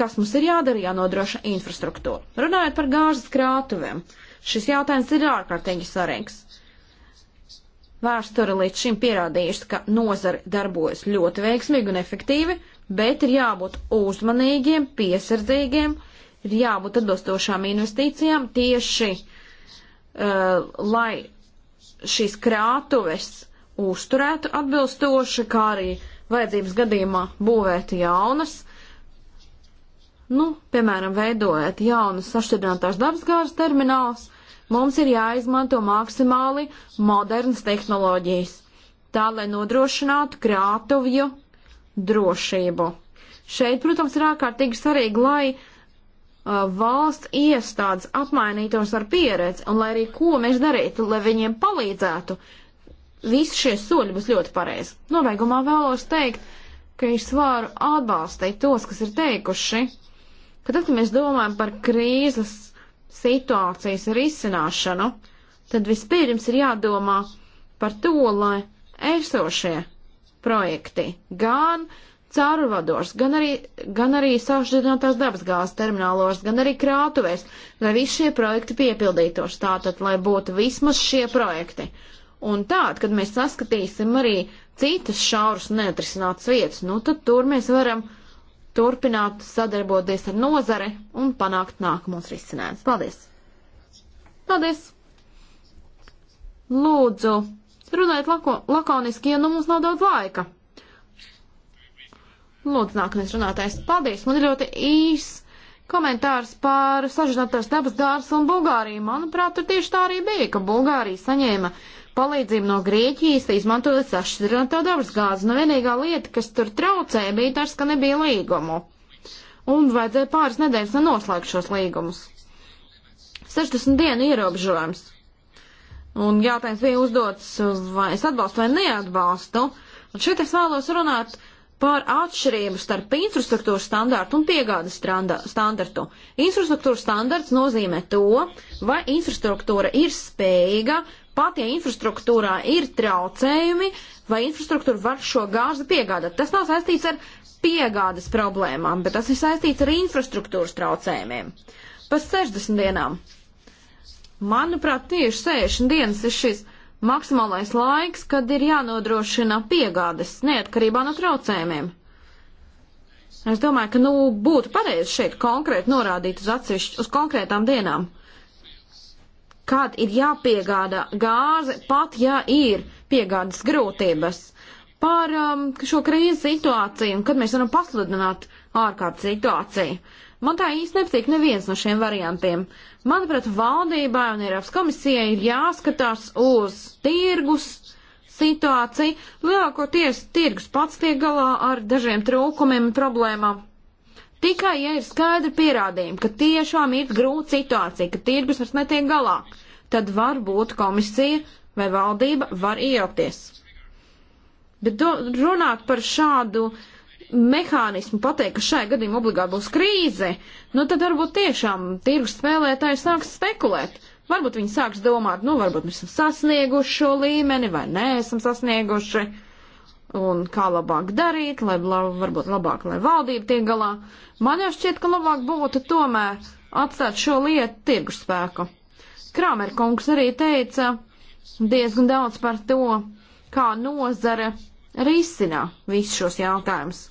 kas mums ir jādara, jānodrošina infrastruktūra. Runājot par gāzes krātuvēm, šis jautājums ir ārkārtīgi svarīgs. Vēsture līdz šim pierādījusi, ka nozare darbojas ļoti veiksmīgi un efektīvi, bet ir jābūt uzmanīgiem, piesardzīgiem ir jābūt atbilstošām investīcijām tieši, uh, lai šīs krātuves uzturētu atbilstoši, kā arī vajadzības gadījumā būvēt jaunas. Nu, piemēram, veidojot jaunas sašķidrinātās dabasgāzes terminālus, mums ir jāizmanto maksimāli modernas tehnoloģijas, tā lai nodrošinātu krātuvju drošību. Šeit, protams, ir ārkārtīgi svarīgi, lai Uh, valsts iestādes apmainītos ar pieredzi, un lai arī ko mēs darītu, lai viņiem palīdzētu, visi šie soļi būs ļoti pareizi. Nobeigumā vēlos teikt, ka es varu atbalstīt tos, kas ir teikuši, ka tad, kad mēs domājam par krīzes situācijas risināšanu, tad vispirms ir jādomā par to, lai esošie projekti gan uh, caurvadors, gan arī, gan arī sašķidrinātās dabasgāzes terminālos, gan arī krātuvēs, lai visi šie projekti piepildītos tātad, lai būtu vismaz šie projekti. Un tātad, kad mēs saskatīsim arī citas šaurus neatrisinātas vietas, nu tad tur mēs varam turpināt sadarboties ar nozare un panākt nākamos risinājumus. Paldies! Paldies! Lūdzu, runājiet lako, lakoniski, ja nu mums nav daudz laika. Lūdzu, nākamais runātājs. Paldies! Man ir ļoti īs komentārs par sažģinātās dabas dārs un Bulgāriju. Manuprāt, tur tieši tā arī bija, ka Bulgārija saņēma palīdzību no Grieķijas, izmantojot sašķidrinātā dabas gāzi. Nu, vienīgā lieta, kas tur traucēja, bija tas, ka nebija līgumu. Un vajadzēja pāris nedēļas, lai noslēgtu šos līgumus. 60 dienu ierobežojums. Un jautājums bija uzdots, vai es atbalstu vai neatbalstu. Un šeit es vēlos runāt par atšķirību starp infrastruktūras standārtu un piegādes standartu. Infrastruktūras standarts nozīmē to, vai infrastruktūra ir spējīga, pat ja infrastruktūrā ir traucējumi, vai infrastruktūra var šo gāzi piegādāt. Tas nav saistīts ar piegādes problēmām, bet tas ir saistīts ar infrastruktūras traucējumiem. Pēc 60 dienām. Manuprāt, tieši 60 dienas ir šis maksimālais laiks, kad ir jānodrošina piegādes neatkarībā no traucējumiem. Es domāju, ka nu, būtu pareizi šeit konkrēti norādīt uz, atsevišķi, uz konkrētām dienām, kad ir jāpiegāda gāze, pat ja ir piegādes grūtības par um, šo krīzes situāciju un kad mēs varam pasludināt ārkārtas situāciju. Man tā īsti nepatīk neviens no šiem variantiem. Manuprāt, valdībai un Eiropas komisijai ir jāskatās uz tirgus situāciju. Lielākoties tirgus pats tiek galā ar dažiem trūkumiem un problēmām. Tikai, ja ir skaidri pierādījumi, ka tiešām ir grūta situācija, ka tirgus vairs netiek galā, tad varbūt komisija vai valdība var iejaukties. Bet do, runāt par šādu uh, mehānismu pateikt, ka šajā gadījumā obligāti būs krīze, nu tad varbūt tiešām tirgus spēlētāji sāks spekulēt. Varbūt viņi sāks domāt, nu varbūt mēs esam sasnieguši šo līmeni vai neesam sasnieguši. Un kā labāk darīt, lai lab, varbūt labāk, lai valdība tiek galā. Man jau šķiet, ka labāk būtu tomēr atstāt šo lietu tirgus spēku. Krāmer kungs arī teica diezgan daudz par to, kā nozare risinā visus šos jautājumus.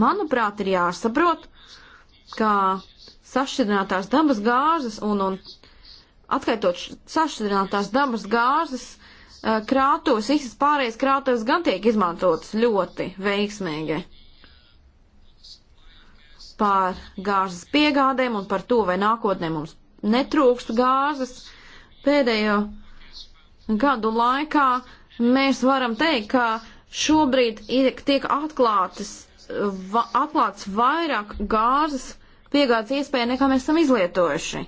Manuprāt, ir jāsaprot, ka sašķidrinātās dabas gāzes un, un atskaitot sašķidrinātās dabas gāzes eh, krātos, visas pārējais krātos gan tiek izmantotas ļoti veiksmīgi par gāzes piegādēm un par to, vai nākotnē mums netrūkst gāzes. Pēdējo gadu laikā mēs varam teikt, ka šobrīd ir, tiek atklātas va, atklāts vairāk gāzes piegādes iespēja nekā mēs esam izlietojuši.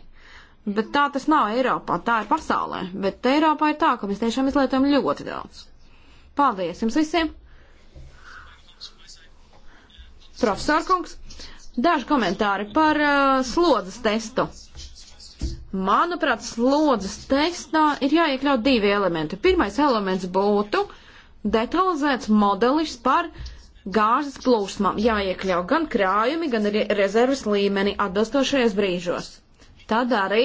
Bet tā tas nav Eiropā, tā ir pasaulē. Bet Eiropā ir tā, ka mēs tiešām izlietojam ļoti daudz. Paldies jums visiem! Profesor Kungs, daži komentāri par uh, slodzes testu. Manuprāt, slodzes testā ir jāiekļaut divi elementi. Pirmais elements būtu detalizēts modelis par uh, gāzes plūsmām jāiekļau gan krājumi, gan arī rezerves līmeni atbilstošajos brīžos. Tad arī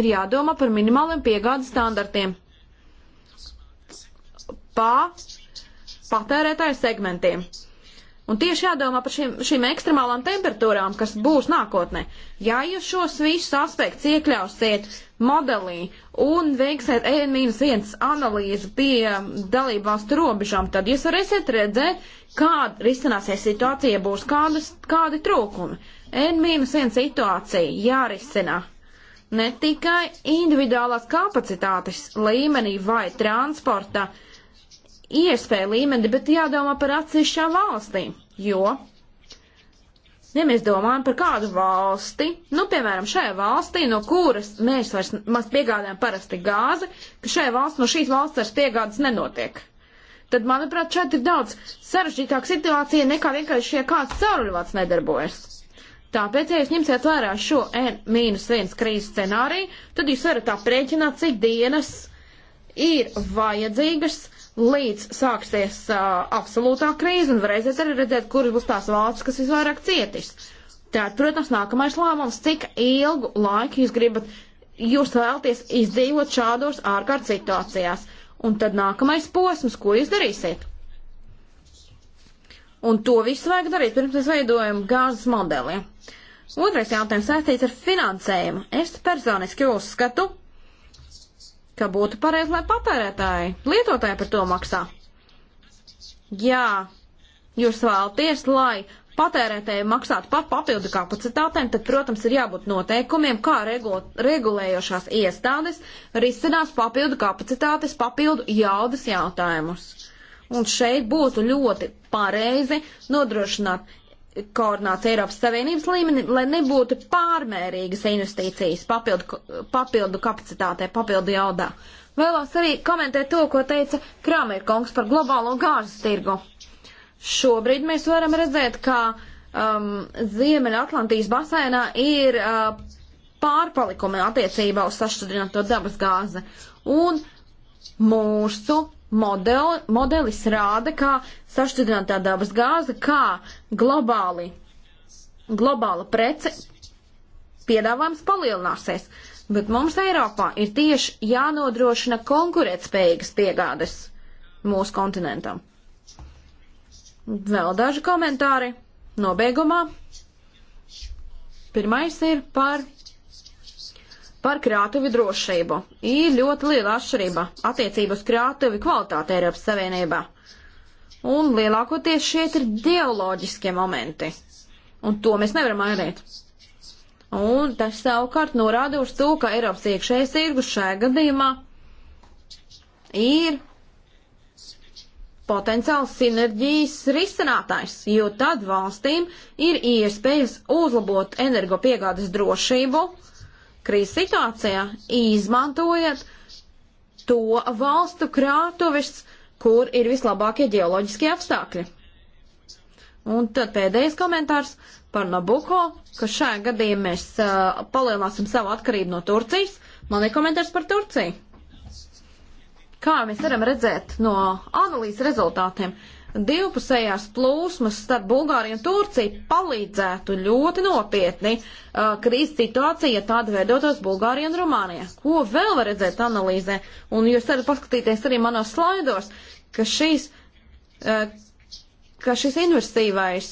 ir jādomā par minimāliem piegādes standartiem pa patērētāju segmentiem. Un tieši jādomā par šiem, šīm ekstremālām temperatūrām, kas būs nākotnē. Ja jūs šos visus aspektus iekļausiet modelī un veiksiet E-1 analīzi pie dalībvalstu robežām, tad jūs varēsiet redzēt, kāda risināsies situācija, būs kādas, kādi trūkumi. N-1 situācija jārisina ne tikai individuālās kapacitātes līmenī vai transporta līmenī, iespēju līmeni, bet jādomā par atsevišķām valstīm, jo, ja mēs domājam par kādu valsti, nu, piemēram, šajā valstī, no kuras mēs vairs maz piegādājam parasti gāzi, ka šajā valsts, no šīs valsts vairs piegādas nenotiek. Tad, manuprāt, šeit ir daudz sarežģītāka situācija nekā vienkārši šie kāds cauruļvāts nedarbojas. Tāpēc, ja jūs ņemsiet vērā šo N-1 krīzes scenāriju, tad jūs varat aprēķināt, cik dienas ir vajadzīgas, līdz sāksies uh, absolūtā krīze, un varēsiet arī redzēt, kuras būs tās valsts, kas visvairāk cietis. Tātad, protams, nākamais lēmums, cik ilgu laiku jūs gribat, jūs vēlties izdzīvot šādos ārkārtas situācijās. Un tad nākamais posms, ko jūs darīsiet? Un to visu vajag darīt, pirms mēs veidojam gāzes modeli. Otrais jautājums saistīts ar finansējumu. Es personiski uzskatu, ka būtu pareizi, lai patērētāji, lietotāji par to maksā. Jā, jūs vēlaties, lai patērētēji maksātu par papildu kapacitātēm, tad, protams, ir jābūt noteikumiem, kā regulot, regulējošās iestādes risinās papildu kapacitātes, papildu jaudas jautājumus. Un šeit būtu ļoti pareizi nodrošināt koordinācija Eiropas Savienības līmenī, lai nebūtu pārmērīgas investīcijas papildu, papildu kapacitātē, papildu jaudā. Vēlos arī komentēt to, ko teica Kramerkungs par globālo gāzes tirgu. Šobrīd mēs varam redzēt, ka um, Ziemeļatlantijas basēnā ir uh, pārpalikumi attiecībā uz sašķidrināto dabas gāzi. Un mūsu model, modelis rāda, kā sašķidrinātā dabas gāze, kā globāli, globāla prece piedāvājums palielināsies. Bet mums Eiropā ir tieši jānodrošina konkurētspējīgas piegādes mūsu kontinentam. Vēl daži komentāri nobeigumā. Pirmais ir par par krātuvi drošību. Ir ļoti liela atšķirība attiecība uz krātuvi kvalitāti Eiropas Savienībā. Un lielākoties šeit ir ideoloģiskie momenti. Un to mēs nevaram mainīt. Un tas savukārt norāda uz to, ka Eiropas iekšējais tirgus šajā gadījumā ir potenciāls sinerģijas risinātājs, jo tad valstīm ir iespējas uzlabot energopiegādes drošību, uh, krīzes situācijā, izmantojiet to valstu krātuvis, kur ir vislabākie ģeoloģiskie apstākļi. Un tad pēdējais komentārs par Nabuko, ka šajā gadījumā mēs uh, palielināsim savu atkarību no Turcijas. Man ir komentārs par Turciju. Kā mēs varam redzēt no analīzes rezultātiem, uh, divpusējās plūsmas starp Bulgāriju un Turciju palīdzētu ļoti nopietni uh, krīzes situācija, ja tāda veidotos Bulgārija un Rumānija. Ko vēl var redzēt analīzē? Un jūs varat paskatīties arī manos slaidos, ka šīs, uh, ka šis investīvais,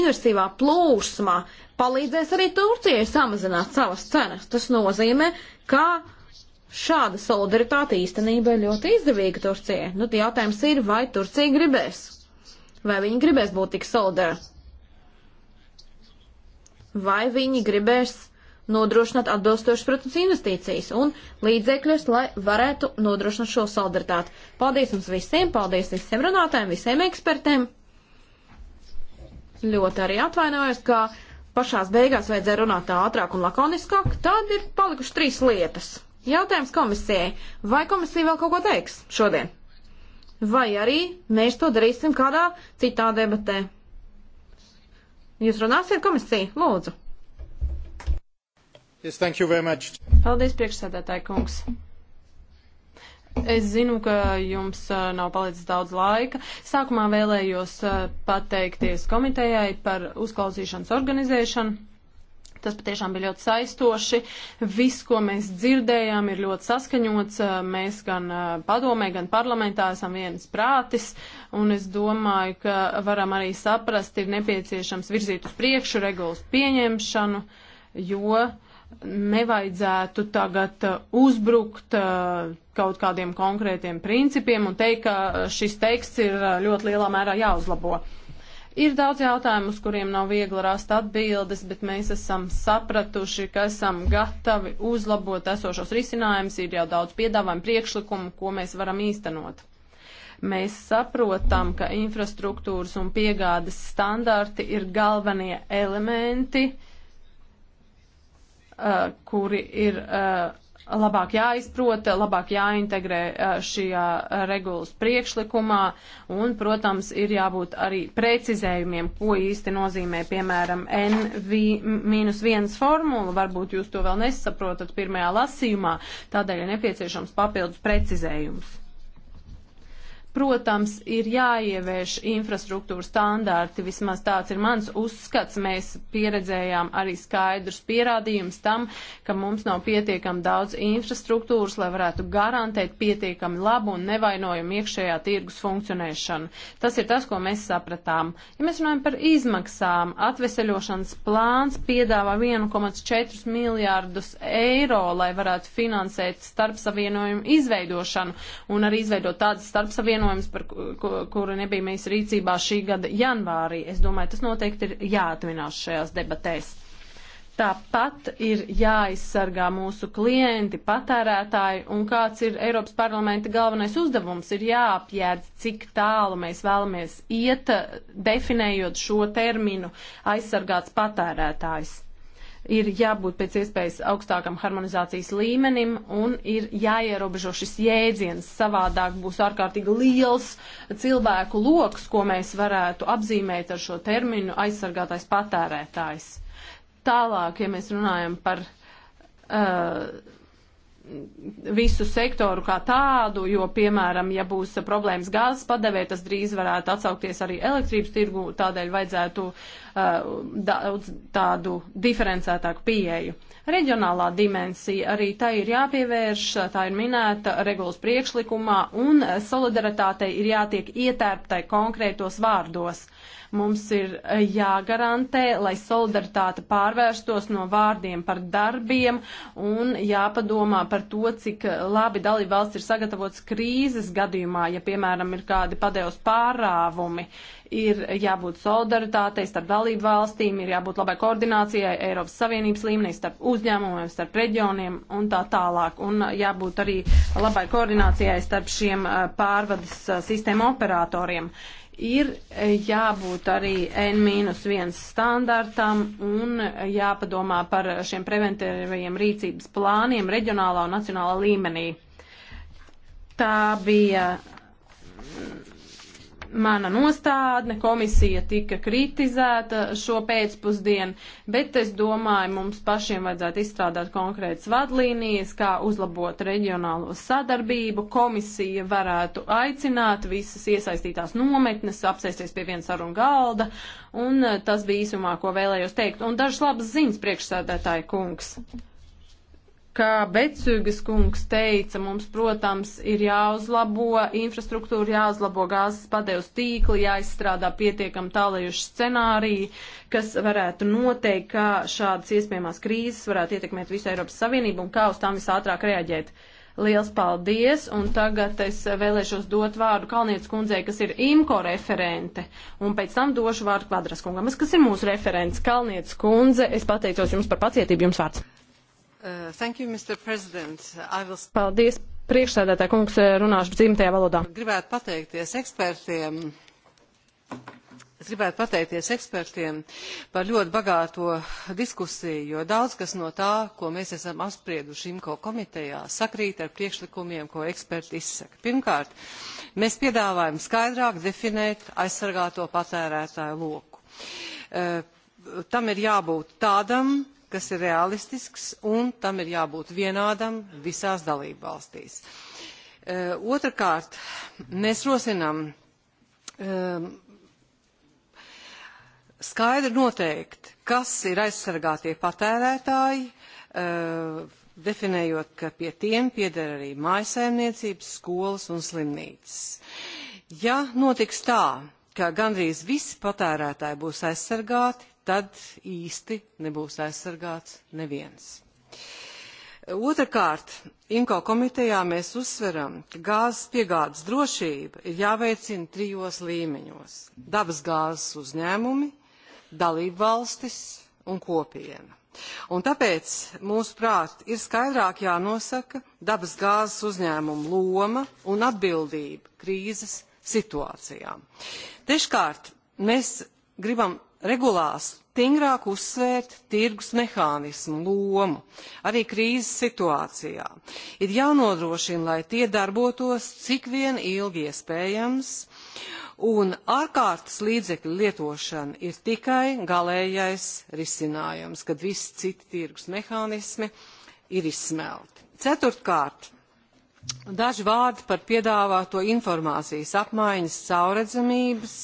investīvā plūsma palīdzēs arī Turcijai samazināt savas cenas. Tas nozīmē, ka Šāda solidaritāte īstenībā ir ļoti izdevīga Turcijai. Nu, jautājums ir, vai Turcija gribēs? Vai viņi gribēs būt tik solidāri? Vai viņi gribēs nodrošināt atbilstošas, protams, investīcijas un līdzekļus, lai varētu nodrošināt šo solidaritāti. Paldies jums visiem, paldies visiem runātājiem, visiem ekspertiem. Ļoti arī atvainojos, ka pašās beigās vajadzēja runāt ātrāk un lakoniskāk. Tad ir palikuši trīs lietas. Jautājums komisijai, vai komisija vēl kaut ko teiks šodien? Vai arī mēs to darīsim kādā citā debatē? Jūs runāsiet komisiju, lūdzu. Yes, thank you very much. Paldies, priekšsēdētāji kungs. Es zinu, ka jums uh, nav palicis daudz laika. Sākumā vēlējos uh, pateikties komitejai par uzklausīšanas organizēšanu. Tas patiešām bija ļoti saistoši. Viss, ko mēs dzirdējām, ir ļoti saskaņots. Eh, mēs gan eh, padomē, gan parlamentā esam vienas prātis. Un es domāju, ka varam arī saprast, ir nepieciešams virzīt uz priekšu regulas pieņemšanu, jo nevajadzētu tagad eh, uzbrukt kaut kādiem konkrētiem principiem un teikt, ka šis teksts ir ļoti lielā mērā jāuzlabo. Ir daudz jautājumu, uz kuriem nav viegli rast atbildes, bet mēs esam sapratuši, ka esam gatavi uzlabot esošos risinājumus, ir jau daudz piedāvājumu priekšlikumu, ko mēs varam īstenot. Mēs saprotam, ka infrastruktūras un piegādes standarti ir galvenie elementi, uh, kuri ir. Uh, labāk jāizprota, labāk jāintegrē šajā regulas priekšlikumā un, protams, ir jābūt arī precizējumiem, ko īsti nozīmē, piemēram, NV-1 formula. Varbūt jūs to vēl nesaprotat pirmajā lasījumā, tādēļ ir nepieciešams papildus precizējums. Protams, ir jāievieš infrastruktūra standārti, vismaz tāds ir mans uzskats. Mēs pieredzējām arī skaidrus pierādījumus tam, ka mums nav pietiekami daudz infrastruktūras, lai varētu garantēt pietiekami labu un nevainojumu iekšējā tirgus funkcionēšanu. Tas ir tas, ko mēs sapratām. Ja mēs runājam par izmaksām, atveseļošanas plāns piedāvā 1,4 miljārdus eiro, lai varētu finansēt starpsavienojumu izveidošanu un arī izveidot tādas starpsavienojumu ziņojums, par kuru kur nebija mēs rīcībā šī gada janvārī. Es domāju, tas noteikti ir jāatminās šajās debatēs. Tāpat ir jāaizsargā mūsu klienti, patērētāji, un kāds ir Eiropas parlamenta galvenais uzdevums, ir jāapjēdz, cik tālu mēs vēlamies iet, definējot šo terminu aizsargāts patērētājs ir jābūt pēc iespējas augstākam harmonizācijas līmenim un ir jāierobežo šis jēdziens. Savādāk būs ārkārtīgi liels cilvēku lokus, ko mēs varētu apzīmēt ar šo terminu aizsargātais patērētājs. Tālāk, ja mēs runājam par. Uh, visu sektoru kā tādu, jo, piemēram, ja būs problēmas gāzes padevē, tas drīz varētu atsaukties arī elektrības tirgu, tādēļ vajadzētu uh, daudz uh, tādu diferencētāku pieeju. Reģionālā dimensija arī tā ir jāpievērš, tā ir minēta regulas priekšlikumā, un solidaritātei ir jātiek ietērptai konkrētos vārdos. Mums ir eh, jāgarantē, lai solidaritāte pārvērstos no vārdiem par darbiem un jāpadomā par to, cik eh, labi dalība valsts ir sagatavots krīzes gadījumā, ja, piemēram, ir kādi padevas pārāvumi. Ir jābūt solidaritātei starp dalību valstīm, ir jābūt labai koordinācijai Eiropas Savienības līmenī starp uzņēmumiem, starp reģioniem un tā tālāk. Un eh, jābūt arī labai koordinācijai starp šiem pārvades sistēmu operatoriem ir jābūt arī N-1 standartam un jāpadomā par šiem preventīvajiem rīcības plāniem reģionālā un nacionālā līmenī. Tā bija mana nostādne, komisija tika kritizēta šo pēcpusdienu, bet es domāju, mums pašiem vajadzētu izstrādāt konkrētas vadlīnijas, kā uzlabot reģionālo sadarbību. Komisija varētu aicināt visas iesaistītās nometnes, apsēsties pie viena saruna galda, un tas bija īsumā, ko vēlējos teikt. Un dažas labas ziņas priekšsēdētāji kungs kā Becūgas kungs teica, mums, protams, ir jāuzlabo infrastruktūra, jāuzlabo gāzes padevs tīkli, jāizstrādā pietiekam tālējuši scenāriji, kas varētu noteikt, kā šādas iespējamās krīzes varētu ietekmēt visu Eiropas Savienību un kā uz tām visātrāk reaģēt. Liels paldies, un tagad es vēlēšos dot vārdu Kalnietes kundzei, kas ir IMCO referente, un pēc tam došu vārdu Kvadras kungam, kas ir mūsu referents Kalnietes kundze. Es pateicos jums par pacietību, jums vārds. Uh, thank you, Mr. President. I will... Paldies, priekšsēdētāja kungs, eh, runāšu dzimtajā valodā. Gribētu pateikties ekspertiem. Es gribētu pateikties ekspertiem par ļoti bagāto diskusiju, jo daudz kas no tā, ko mēs esam apsprieduši IMCO komitejā, sakrīt ar priekšlikumiem, ko eksperti izsaka. Pirmkārt, mēs piedāvājam skaidrāk definēt aizsargāto patērētāju loku. E, tam ir jābūt tādam, kas ir realistisks un tam ir jābūt vienādam visās dalībvalstīs. E, eh, Otrakārt, mēs rosinām e, skaidri noteikt, kas ir aizsargātie patērētāji, e, definējot, ka pie tiem pieder arī mājasēmniecības, skolas un slimnīcas. Ja notiks tā, ka gandrīz visi patērētāji būs aizsargāti, tad īsti nebūs aizsargāts neviens. Otrakārt, IMCO komitejā mēs uzsveram, ka gāzes piegādes drošība ir jāveicina trijos līmeņos - dabas gāzes uzņēmumi, dalību valstis un kopiena. Un tāpēc, mūsuprāt, ir skaidrāk jānosaka dabas gāzes uzņēmumu loma un atbildība krīzes situācijām. Treškārt, mēs gribam regulās stingrāk uzsvērt tirgus mehānismu lomu arī krīzes situācijā. Ir jānodrošina, lai tie darbotos cik vien ilgi iespējams, un ārkārtas līdzekļu lietošana ir tikai galējais risinājums, kad visi citi tirgus mehānismi ir izsmelti. Ceturtkārt, Daži vārdi par piedāvāto informācijas apmaiņas cauredzamības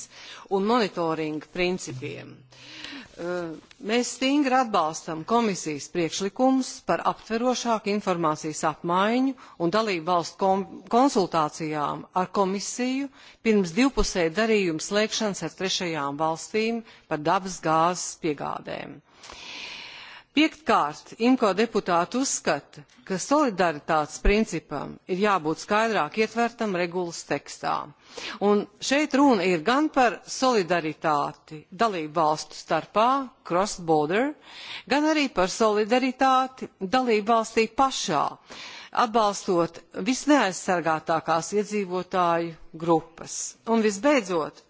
un monitoringa principiem. Uh, mēs stingri atbalstam komisijas priekšlikumus par aptverošāku informācijas apmaiņu un dalību valstu konsultācijām ar komisiju pirms divpusēju darījumu slēgšanas ar trešajām valstīm par dabas gāzes piegādēm. Uh, Piektkārt, IMCO deputāti uzskata, ka solidaritātes principam ir jābūt skaidrāk ietvertam regulas tekstā. Un šeit runa ir gan par solidaritāti dalību valstu starpā, cross-border, gan arī par solidaritāti dalību valstī pašā, atbalstot visneaizsargātākās iedzīvotāju grupas. Un visbeidzot,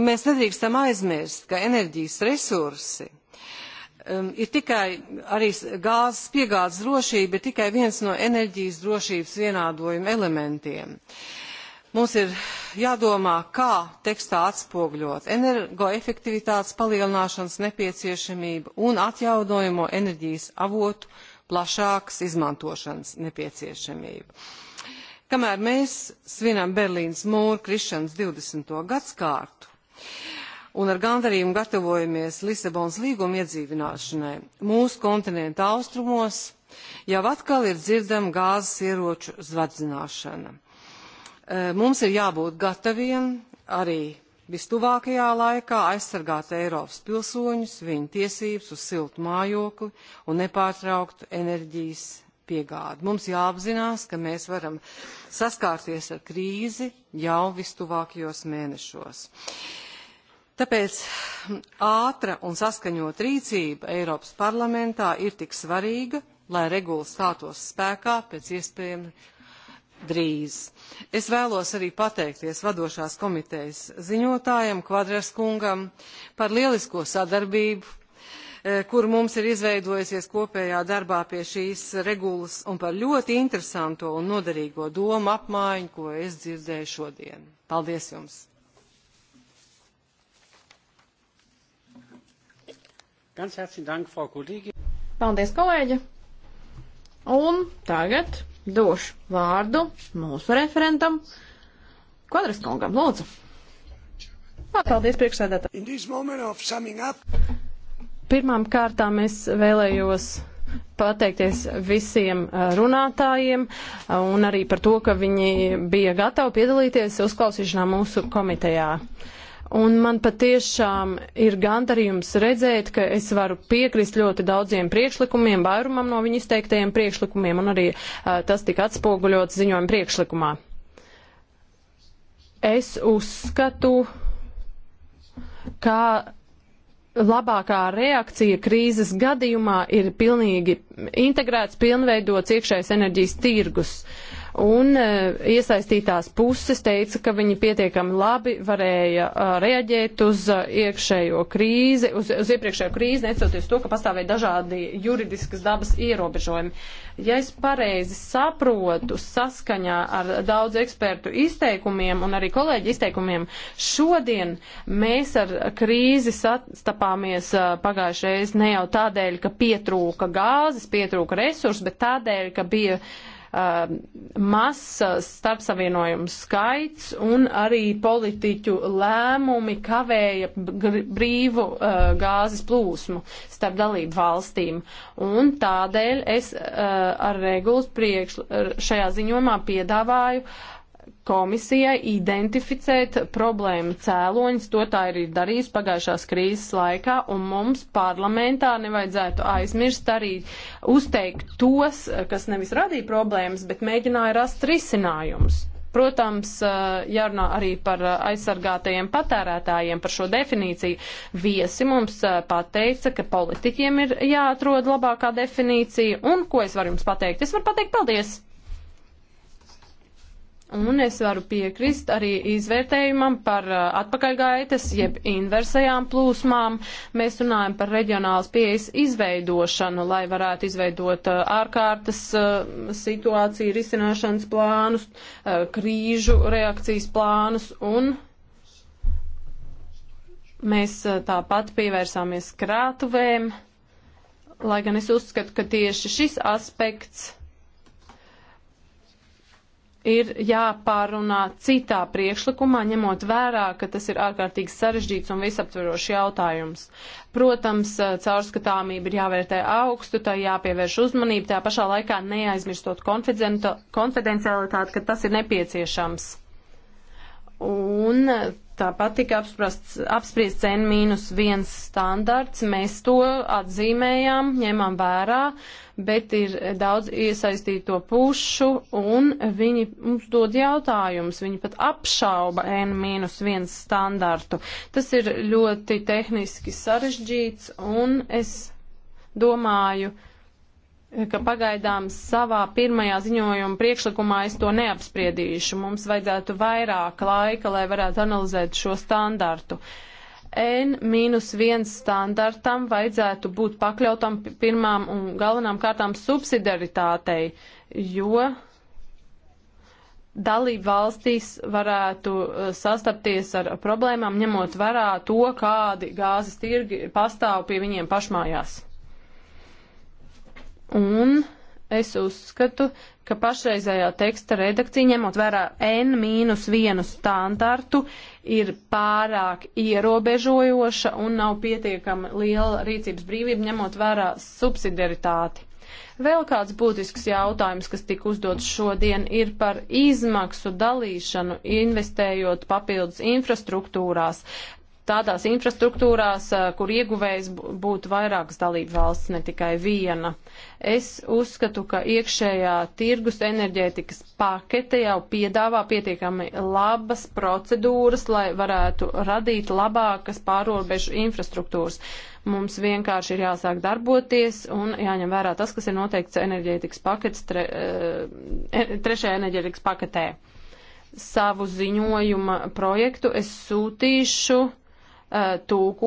mēs nedrīkstam aizmirst, ka enerģijas resursi um, ir tikai arī gāzes piegādes drošība ir tikai viens no enerģijas drošības vienādojuma elementiem. Mums ir jādomā, kā tekstā atspogļot energoefektivitātes palielināšanas nepieciešamību un atjaunojamo enerģijas avotu plašākas izmantošanas nepieciešamību. Kamēr mēs svinam Berlīnas mūru krišanas 20. gadskārtu, uh, un ar gandarījumu gatavojamies Lisabonas līguma iedzīvināšanai. Mūsu kontinenta austrumos jau atkal ir dzirdama gāzes ieroču zvadzināšana. E, mums ir jābūt gataviem arī vistuvākajā laikā aizsargāt Eiropas pilsoņus, viņu tiesības uz siltu mājokli un nepārtrauktu enerģijas piegādi. Mums jāapzinās, ka mēs varam saskārties ar krīzi jau vistuvākajos mēnešos. Uh, Tāpēc hm, ātra un saskaņot rīcība Eiropas parlamentā ir tik svarīga, lai regula stātos spēkā pēc iespējami drīz. Es vēlos arī pateikties vadošās komitejas ziņotājam Kvadras kungam par lielisko sadarbību, e, kur mums ir izveidojusies kopējā darbā pie šīs regulas un par ļoti interesanto un noderīgo domu apmaiņu, ko es dzirdēju šodien. Paldies jums! Ganz herzlichen Dank, Frau Kolēģi. Paldies, kolēģi. Un tagad došu vārdu mūsu referentam Kvadras kungam. Lūdzu. Paldies, priekšsēdētāji. Pirmām kārtām es vēlējos pateikties visiem uh, runātājiem uh, un arī par to, ka viņi bija gatavi piedalīties uzklausīšanā mūsu komitejā. Uh, Un man patiešām ir gandarījums redzēt, ka es varu piekrist ļoti daudziem priekšlikumiem, vairumam no viņu izteiktajiem priekšlikumiem, un arī uh, tas tika atspoguļots ziņojuma priekšlikumā. Es uzskatu, ka labākā reakcija krīzes gadījumā ir pilnīgi integrēts, pilnveidots iekšējais enerģijas tirgus. Uh, un e, iesaistītās puses teica, ka viņi pietiekami labi varēja e, reaģēt uz e, iekšējo krīzi, uz, uz iepriekšējo krīzi, necoties to, ka pastāvēja dažādi juridiskas dabas ierobežojumi. Ja es pareizi saprotu, saskaņā ar daudz ekspertu izteikumiem un arī kolēģi izteikumiem, šodien mēs ar krīzi sastapāmies pagājušajā reizē ne jau tādēļ, ka pietrūka gāzes, pietrūka resursu, bet tādēļ, ka bija uh, uh, um, mazs starpsavienojumu skaits un arī politiķu lēmumi kavēja brīvu uh, gāzes plūsmu starp dalību valstīm. Un tādēļ es uh, ar regulas priekš šajā ziņomā piedāvāju uh, komisijai identificēt problēmu cēloņus. To tā ir darījusi pagājušās krīzes laikā, un mums parlamentā nevajadzētu aizmirst arī uzteikt tos, kas nevis radīja problēmas, bet mēģināja rast risinājumus. Protams, jārunā arī par aizsargātajiem patērētājiem, par šo definīciju. Viesi mums pateica, ka politiķiem ir jāatrod labākā definīcija, un ko es varu jums pateikt? Es varu pateikt paldies! Un es varu piekrist arī izvērtējumam par uh, atpakaļgaitas, jeb inversajām plūsmām. Mēs runājam par reģionālas pieejas izveidošanu, lai varētu izveidot uh, ārkārtas uh, situāciju, risināšanas plānus, krīžu reakcijas plānus un mēs tāpat pievērsāmies krātuvēm, lai gan es uzskatu, ka tieši šis aspekts ir jāpārunā citā priekšlikumā, ņemot vērā, ka tas ir ārkārtīgi sarežģīts un visaptverošs jautājums. Protams, eh, caurskatāmība ir jāvērtē augstu, tai jāpievērš uzmanība, tā pašā laikā neaizmirstot konfidencialitāti, ka tas ir nepieciešams. Un eh, tāpat tika apspriests N-1 standarts, mēs to atzīmējām, ņemam vērā. Uh, bet ir daudz iesaistīto pušu, un viņi mums dod jautājumus, viņi pat apšauba N-1 standartu. Tas ir ļoti tehniski sarežģīts, un es domāju, ka pagaidām savā pirmajā ziņojuma priekšlikumā es to neapspriedīšu. Mums vajadzētu vairāk laika, lai varētu analizēt šo standartu. Uh, N-1 standartam vajadzētu būt pakļautam pirmām un galvenām kārtām subsidiaritātei, jo dalību valstīs varētu eh, sastapties ar problēmām, ņemot vērā to, kādi gāzes tirgi pastāv pie viņiem pašmājās. Un es uzskatu, ka pašreizējā teksta redakcija, ņemot vērā N-1 standartu, uh, ir pārāk ierobežojoša un nav pietiekama liela rīcības brīvība, ņemot vērā subsidiaritāti. Vēl kāds būtisks jautājums, kas tika uzdots šodien, ir par izmaksu dalīšanu, investējot papildus infrastruktūrās tādās infrastruktūrās, eh, kur ieguvējs būtu vairākas dalību valsts, ne tikai viena. Es uzskatu, ka iekšējā tirgus enerģētikas pakete jau piedāvā pietiekami labas procedūras, lai varētu radīt labākas pārobežu infrastruktūras. Mums vienkārši ir jāsāk darboties un jāņem vērā tas, kas ir noteikts enerģētikas paketes, tre, eh, e, trešajā enerģētikas paketē. Savu ziņojuma projektu es sūtīšu Uh, tūko.